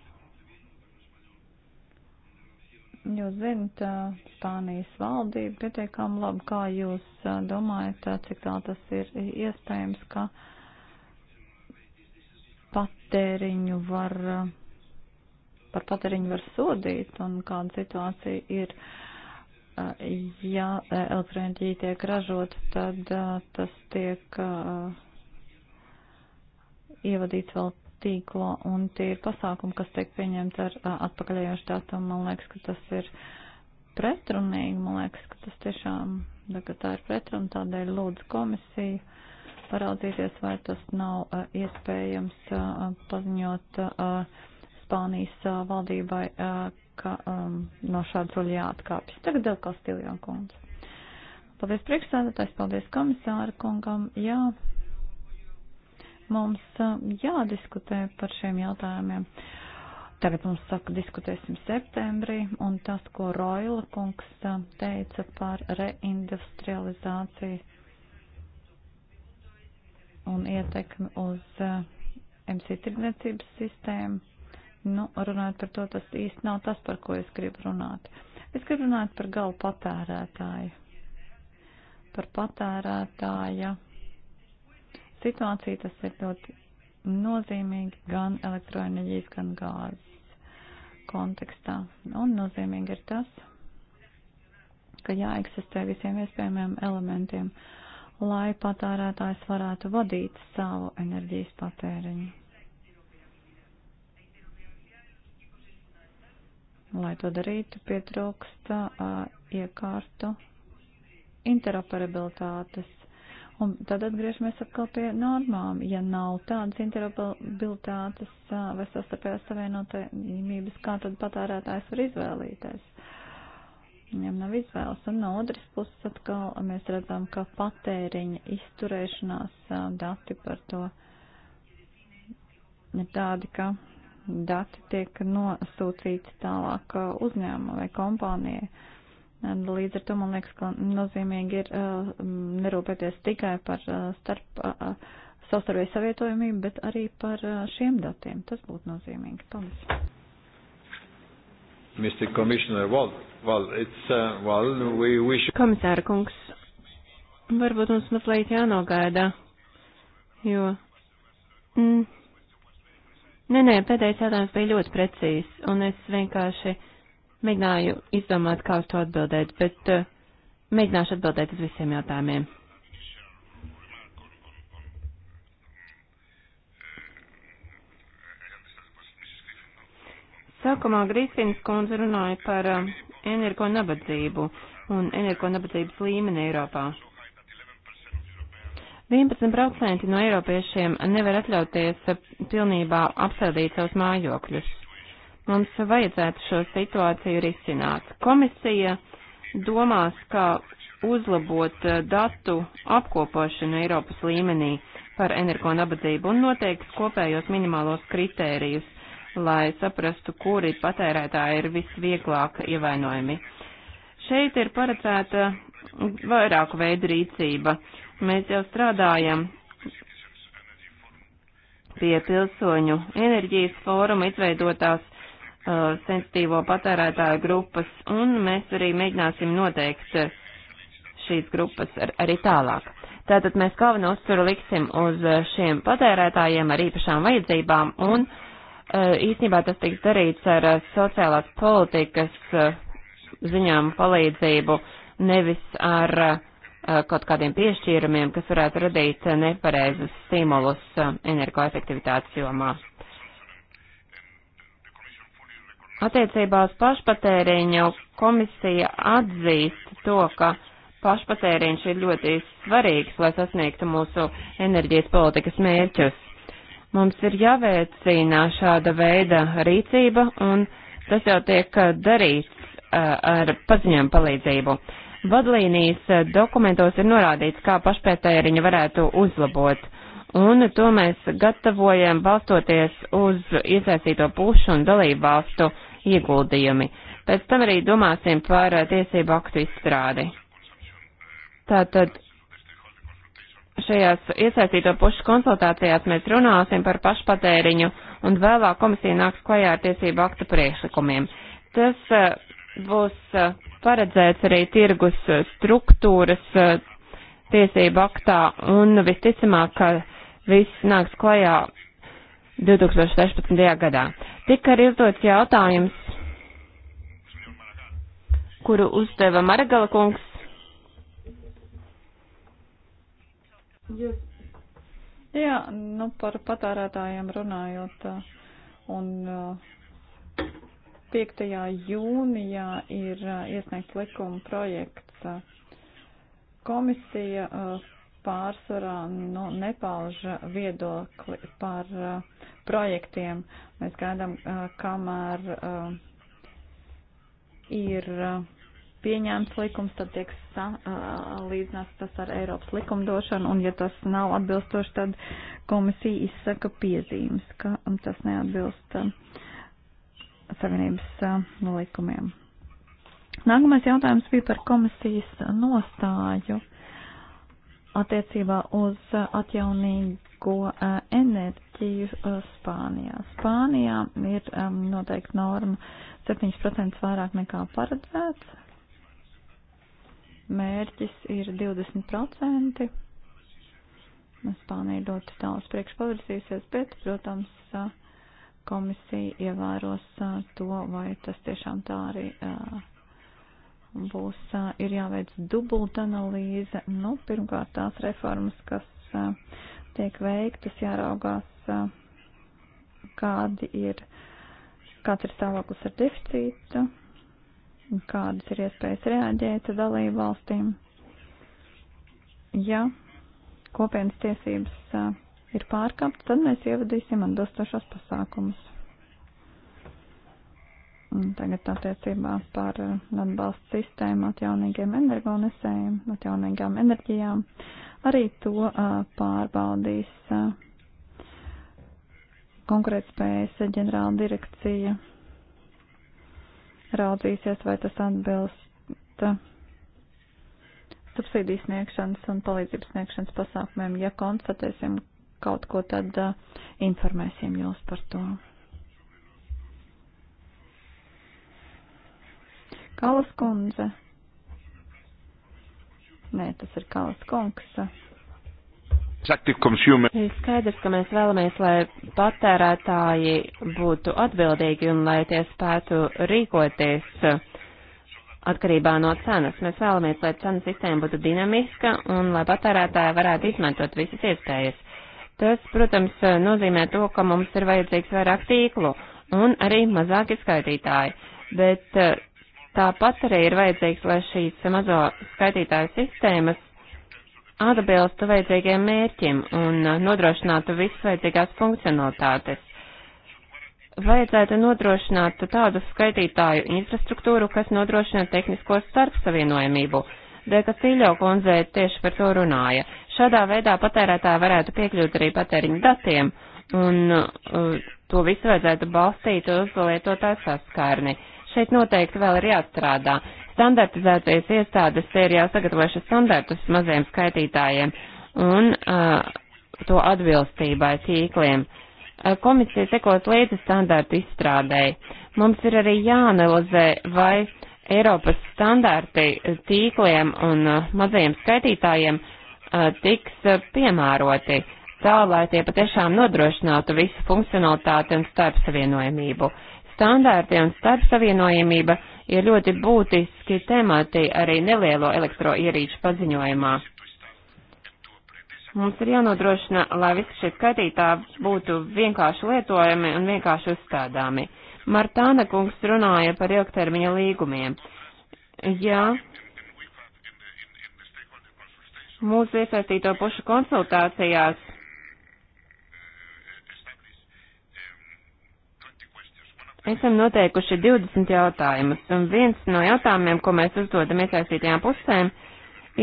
Jūs zinat, Spānijas valdība pietiekami labi, kā jūs domājat, cik tā tas ir iespējams, ka patēriņu var, par patēriņu var sodīt un kāda situācija ir. Ja elektroenerģija tiek ražota, tad tas tiek ievadīts vēl tīklo, un tie ir pasākumi, kas tiek pieņemti ar atpakaļējošu datumu. Man liekas, ka tas ir pretrunīgi, man liekas, ka tas tiešām, ka tā ir pretruna, tādēļ lūdzu komisiju paraudzīties, vai tas nav uh, iespējams uh, paziņot uh, Spānijas uh, valdībai, uh, ka um, no šāda soļa jāatkāpjas. Tagad vēl Kastiljon kundze. Paldies priekšsēdētājs, paldies komisāra kungam. Jā, mums jādiskutē par šiem jautājumiem. Tagad mums saka, diskutēsim septembrī, un tas, ko Roila kungs teica par reindustrializāciju un ietekmi uz MC tirdzniecības sistēmu, nu, runāt par to, tas īsti nav tas, par ko es gribu runāt. Es gribu runāt par galu patērētāju, par patērētāja situāciju. Tas ir ļoti nozīmīgi gan elektroenerģijas, gan gāzes kontekstā. Un nozīmīgi ir tas, ka jāeksistē visiem iespējamiem elementiem, lai patērētājs varētu vadīt savu enerģijas patēriņu. Lai to darītu, pietrūksta iekārtu interoperabilitātes Un tad atgriežamies atkal pie normām. Ja nav tādas interoperabilitātes vai sastarpējās savienotājumības, kā tad patērētājs var izvēlīties? Viņam nav izvēles. Un no otras puses atkal mēs redzam, ka patēriņa izturēšanās dati par to ir tādi, ka dati tiek nosūtīti tālāk uzņēmuma vai kompānijai Līdz ar to man liekas, ka nozīmīgi ir uh, nerūpēties tikai par uh, starp uh, uh savstarpēju savietojumību, bet arī par uh, šiem datiem. Tas būtu nozīmīgi. Paldies. Mr. Commissioner, well, well, it's, uh, well, we wish... Komisāra kungs, varbūt mums mazliet jānogaida, jo. Mm, nē, nē, pēdējais jautājums bija ļoti precīzs, un es vienkārši Mēģināju izdomāt, kā uz to atbildēt, bet uh, mēģināšu atbildēt uz visiem jautājumiem. Sākumā Grīsvīnas kundze runāja par uh, energo nabadzību un energo nabadzības līmeni Eiropā. 11% no eiropiešiem nevar atļauties eh, pilnībā apsēdīt savus mājokļus. Mums vajadzētu šo situāciju risināt. Komisija domās, kā uzlabot eh, datu apkopošanu Eiropas līmenī par energo nabadzību un noteiks kopējos minimālos kritērijus, lai saprastu, kuri patērētāji ir visvieglāk ievainojami. Šeit ir paredzēta vairāku veidu rīcība. Mēs jau strādājam pie pilsoņu enerģijas fóruma izveidotās uh, sensitīvo patērētāju grupas, un mēs arī mēģināsim noteikt uh, šīs grupas ar, arī tālāk. Tātad mēs galveno uzturu liksim uz uh, šiem patērētājiem ar īpašām vajadzībām, un uh, īstenībā tas tiks darīts ar uh, sociālās politikas uh, ziņām palīdzību, nevis ar uh, kaut kādiem piešķīrumiem, kas varētu radīt nepareizus stimulus energoefektivitātes jomā. Attiecībā uz pašpatēriņu komisija atzīst to, ka pašpatēriņš ir ļoti svarīgs, lai sasniegtu mūsu enerģijas politikas mērķus. Mums ir jāveicina šāda veida rīcība, un tas jau tiek darīts ar paziņojumu palīdzību. Vadlīnijas dokumentos ir norādīts, kā pašpētēriņu varētu uzlabot, un to mēs gatavojam balstoties uz iesaistīto pušu un dalību valstu ieguldījumi. Pēc tam arī domāsim par eh, tiesību aktu izstrādi. Tātad šajās iesaistīto pušu konsultācijās mēs runāsim par pašpatēriņu un vēlāk komisija nāks klajā ar tiesību aktu priekšlikumiem. Tas eh, būs eh, paredzēts arī tirgus struktūras tiesību aktā un visticamāk, ka viss nāks klajā 2016. gadā. Tika arī uzdots jautājums, kuru uzdeva Maragala kungs. Jūs. Jā, nu par patērētājiem runājot, un 5. jūnijā ir uh, iesniegts likuma projekts. Komisija uh, pārsvarā nu, nepauž viedokli par uh, projektiem. Mēs gaidām, uh, kamēr uh, ir uh, pieņēmts likums, tad tiek salīdzināts uh, tas ar Eiropas likumdošanu, un ja tas nav atbilstoši, tad komisija izsaka piezīmes, ka tas neatbilst uh, Savienības uh, likumiem. Nākamais jautājums bija par komisijas nostāju. Uh, attiecībā uz atjaunīgo enerģiju Spānijā. Spānijā ir noteikti norma 7% vairāk nekā paredzēts. Mērķis ir 20%. Spānija ir ļoti tālu priekš pavirzījusies, bet, protams, komisija ievēros to, vai tas tiešām tā arī uh, būs, ir jāveic dubulta analīze. Nu, pirmkārt, tās reformas, kas tiek veiktas, jāraugās, kādi ir, kāds ir stāvoklis ar deficītu, kādas ir iespējas reaģēt dalību valstīm. Ja kopienas tiesības ir pārkāptas, tad mēs ievadīsim atbilstošos pasākumus tagad attiecībā par eh, atbalstu sistēmu atjaunīgiem energonesējiem, atjaunīgām enerģijām. Arī to eh, pārbaudīs eh, konkurētspējas e ģenerāla direkcija. Raudzīsies, vai tas atbilst subsīdijas sniegšanas un palīdzības sniegšanas pasākumiem. Ja konstatēsim kaut ko, tad informēsim jūs par to. Kalas kundze. Nē, tas ir Kalas kungs. Ir skaidrs, ka mēs vēlamies, lai patērētāji būtu atbildīgi un lai tie spētu rīkoties atkarībā no cenas. Mēs vēlamies, lai cenas sistēma būtu dinamiska un lai patērētāji varētu izmantot visas iespējas. Tas, protams, nozīmē to, ka mums ir vajadzīgs vairāk tīklu un arī mazāki skaitītāji, bet Tāpat arī ir vajadzīgs, lai šīs mazo skaitītāju sistēmas atbilstu vajadzīgiem mērķim un nodrošinātu visas vajadzīgās funkcionalitātes. Vajadzētu nodrošināt tādu skaitītāju infrastruktūru, kas nodrošina tehnisko starpsavienojamību. Dēka Cīļo kundze tieši par to runāja. Šādā veidā patērētāji varētu piekļūt arī patēriņu datiem, un uh, to visu vajadzētu balstīt uz lietotāju saskārni. Uh, Šeit noteikti vēl ir jāstrādā. Standartizētais iestādes te ir jāsagatavojuši standartus maziem skaitītājiem un uh, to atbilstībai tīkliem. Uh, komisija sekos līdzi standartu izstrādēji. Mums ir arī jāanalizē, vai Eiropas standarti tīkliem un uh, mazajiem skaitītājiem uh, tiks uh, piemēroti tā, lai tie patiešām nodrošinātu visu funkcionalitāti un starpsavienojamību standārti un starpsavienojamība ir ļoti būtiski temati arī nelielo elektroierīču paziņojumā. Mums ir jānodrošina, lai visi šie skaitītāji būtu vienkārši lietojami un vienkārši uzstādāmi. Martāna kungs runāja par ilgtermiņa līgumiem. Jā, mūsu iesaistīto pušu konsultācijās Esam noteikuši 20 jautājumus, un viens no jautājumiem, ko mēs uzdodam iesaistītajām pusēm,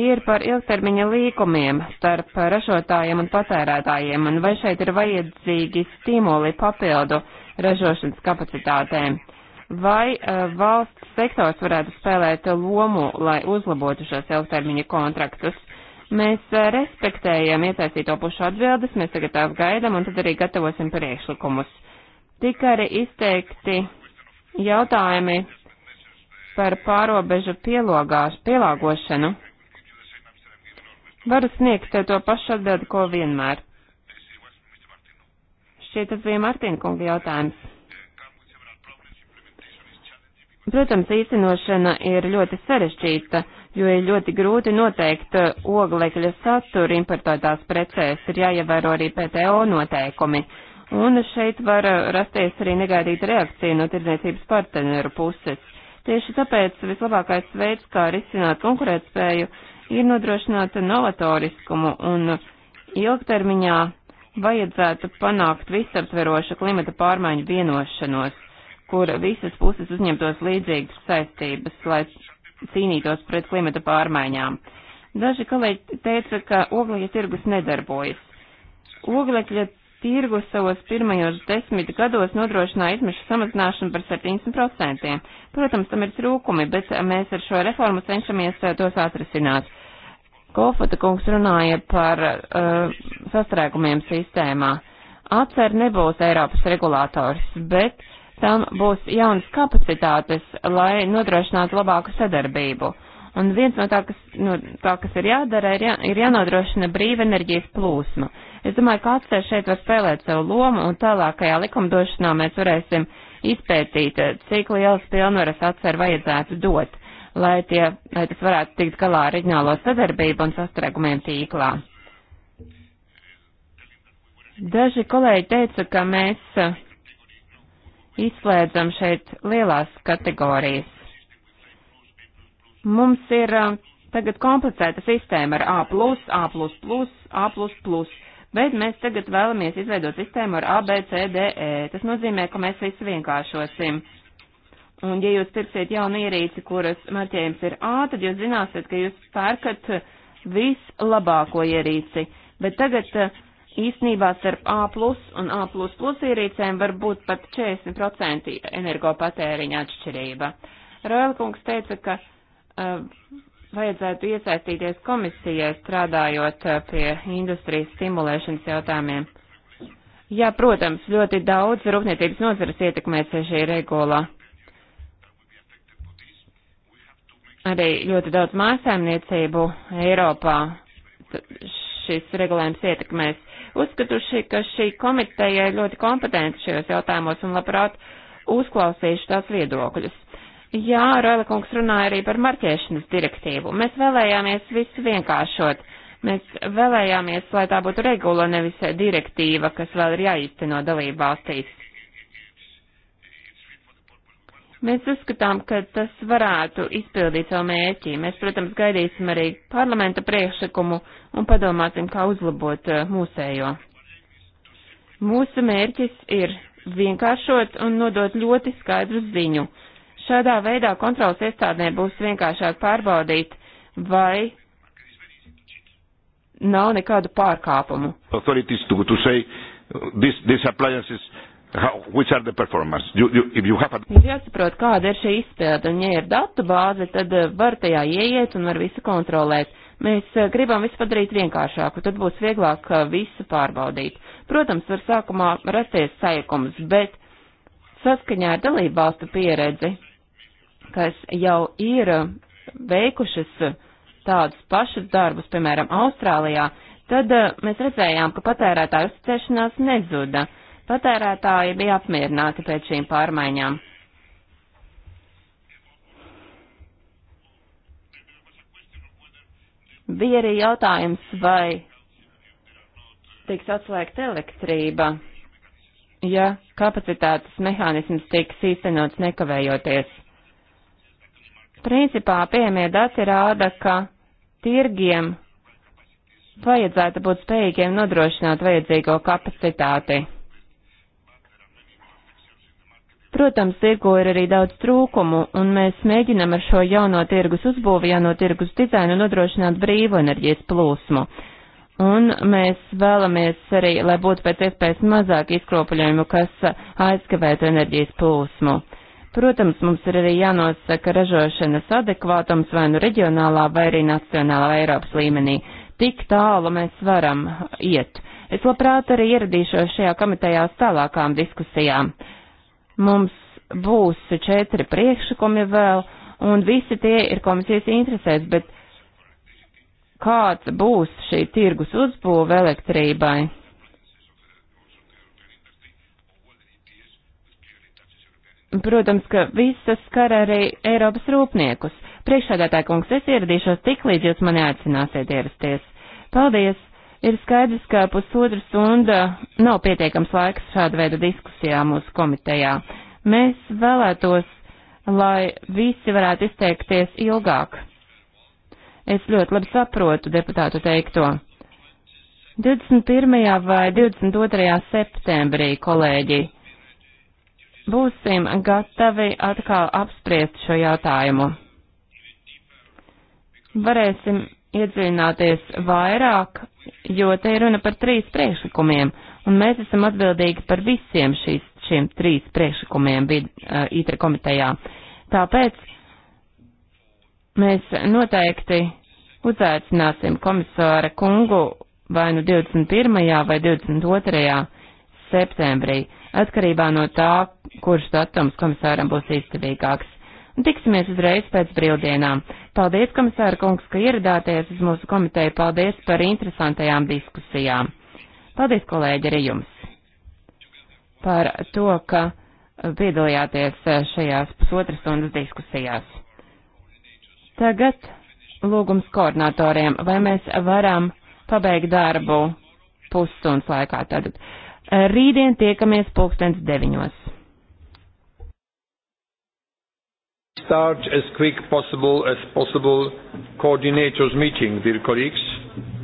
ir par ilgtermiņa līkumiem starp ražotājiem un patērētājiem, un vai šeit ir vajadzīgi stimuli papildu ražošanas kapacitātēm. Vai uh, valsts sektors varētu spēlēt lomu, lai uzlabotu šos ilgtermiņa kontraktus? Mēs uh, respektējam iesaistīto pušu atbildes, mēs tagad tās gaidām, un tad arī gatavosim priekšlikumus. Uh, Tika arī izteikti jautājumi par pārobežu pielogās, pielāgošanu. Varu sniegt to pašu atbildi, ko vienmēr. Šķiet, tas bija Martīna kunga jautājums. Protams, īstenošana ir ļoti sarežģīta, jo ir ļoti grūti noteikt oglekļa saturu importētās precēs, ir jāievēro arī PTO noteikumi. Uh, Un šeit var uh, rasties arī negaidīta reakcija no tirdzniecības partneru puses. Tieši tāpēc vislabākais veids, kā risināt konkurētspēju, ir nodrošināt novatoriskumu un ilgtermiņā vajadzētu panākt visaptverošu klimata pārmaiņu vienošanos, kur visas puses uzņemtos līdzīgas saistības, lai cīnītos pret klimata pārmaiņām. Daži kolēģi teica, ka oglekļa tirgus nedarbojas. Oglekļa tirgu savos pirmajos desmit gados nodrošināja izmešu samazināšanu par 70%. Protams, tam ir trūkumi, bet mēs ar šo reformu cenšamies eh, tos atrisināt. Kofota kungs runāja par uh, sastrēgumiem sistēmā. Atcer nebūs Eiropas regulators, bet tam būs jaunas kapacitātes, lai nodrošinātu labāku sadarbību. Uh, Un viens no tā, kas, no tā, kas ir jādara, ir, jā, ir jānodrošina brīva enerģijas plūsma. Es domāju, ka atcer šeit var spēlēt savu lomu, un tālākajā likumdošanā mēs varēsim izpētīt, eh, cik lielas pilnvaras atcer vajadzētu dot, lai, tie, lai tas varētu tikt galā ar reģionālo sadarbību un sastrēgumiem tīklā. Daži kolēģi teica, ka mēs eh, izslēdzam šeit lielās kategorijas Mums ir um, tagad komplicēta sistēma ar A, A, A, bet mēs tagad vēlamies izveidot sistēmu ar A, B, C, D, E. Tas nozīmē, ka mēs visu vienkāršosim. Un ja jūs pirksiet jaunu ierīci, kuras marķējums ir A, tad jūs zināsiet, ka jūs pērkat vislabāko ierīci. Bet tagad uh, īsnībā starp A plus un A plus plus ierīcēm var būt pat 40% energopatēriņa atšķirība. Roelkungs teica, ka Eh, vajadzētu iesaistīties komisijai strādājot eh, pie industrijas stimulēšanas jautājumiem. Jā, protams, ļoti daudz rūpniecības nozares ietekmēs šī regulā. Arī ļoti daudz mājasēmniecību Eiropā šis regulējums ietekmēs. Uzskatuši, ka šī komiteja ir ļoti kompetenta šajos jautājumos un labprāt uzklausīšu tās viedokļus. Jā, Roila kungs runāja arī par marķēšanas direktīvu. Mēs vēlējāmies visu vienkāršot. Mēs vēlējāmies, lai tā būtu regula, nevis direktīva, kas vēl ir jāīsteno dalību valstīs. Mēs uzskatām, ka tas varētu izpildīt savu mērķi. Mēs, protams, gaidīsim arī parlamenta priekšlikumu un padomāsim, kā uzlabot eh, mūsējo. Mūsu mērķis ir vienkāršot un nodot ļoti skaidru ziņu Šādā veidā kontrols iestādnē būs vienkāršāk pārbaudīt, vai nav nekādu pārkāpumu. To, to say, this, this How, which are the performance? You, you, if you have a... Ir jāsaprot, kāda ir šī izpēta, un ja ir datu bāze, tad eh, var tajā ieiet un var visu kontrolēt. Mēs eh, gribam visu padarīt vienkāršāku, tad būs vieglāk eh, visu pārbaudīt. Protams, var sākumā rasties sajukums, bet saskaņā ar dalību valstu pieredzi kas jau ir veikušas tādus pašus darbus, piemēram, Austrālijā, tad eh, mēs redzējām, ka patērētāju uzticēšanās nezuda. Patērētāji bija apmierināti pēc šīm pārmaiņām. Bija arī jautājums, vai tiks atslēgta elektrība, ja kapacitātes mehānisms tiks īstenots nekavējoties. Principā pieejamie dati rāda, ka tirgiem vajadzētu būt spējīgiem nodrošināt vajadzīgo kapacitāti. Protams, tirgo ir arī daudz trūkumu, un mēs mēģinam ar šo jauno tirgus uzbūvi, jauno tirgus dizainu nodrošināt brīvu enerģijas plūsmu. Un mēs vēlamies arī, lai būtu pēc iespējas mazāk izkropuļojumu, kas aizskavētu enerģijas plūsmu. Protams, mums ir arī jānosaka ražošanas adekvātums vai nu reģionālā, vai arī nacionālā vai Eiropas līmenī. Tik tālu mēs varam iet. Es labprāt arī ieradīšos šajā komitejā uz tālākām diskusijām. Mums būs četri priekšlikumi vēl, un visi tie ir komisijas interesēs, bet kāds būs šī tirgus uzbūve elektrībai? Protams, ka viss tas skar arī Eiropas rūpniekus. Priekšādātāja kungs, es ieradīšos tik līdz jūs mani aicināsiet ierasties. Paldies! Ir skaidrs, ka pusotra stunda nav pietiekams laiks šāda veida diskusijā mūsu komitejā. Mēs vēlētos, lai visi varētu izteikties ilgāk. Es ļoti labi saprotu deputātu teikto. 21. vai 22. septembrī, kolēģi, būsim gatavi atkal apspriest šo jautājumu. Varēsim iedziļināties vairāk, jo te ir runa par trīs priekšlikumiem, un mēs esam atbildīgi par visiem šīs, šiem trīs priekšlikumiem bija uh, ITRA komitejā. Tāpēc mēs noteikti uzaicināsim komisāra kungu vai nu 21. vai 22. septembrī atkarībā no tā, kurš datums komisāram būs izdevīgāks. Tiksimies uzreiz pēc brīvdienām. Paldies, komisāra kungs, ka ieradāties uz mūsu komiteju. Paldies par interesantajām diskusijām. Paldies, kolēģi, arī jums par to, ka piedalījāties šajās pusotras stundas diskusijās. Tagad lūgums koordinatoriem, vai mēs varam pabeigt darbu pusstundas laikā. Tad Eh, rītdien tiekamies pulkstens deviņos. Start as quick possible as possible coordinators meeting, dear colleagues.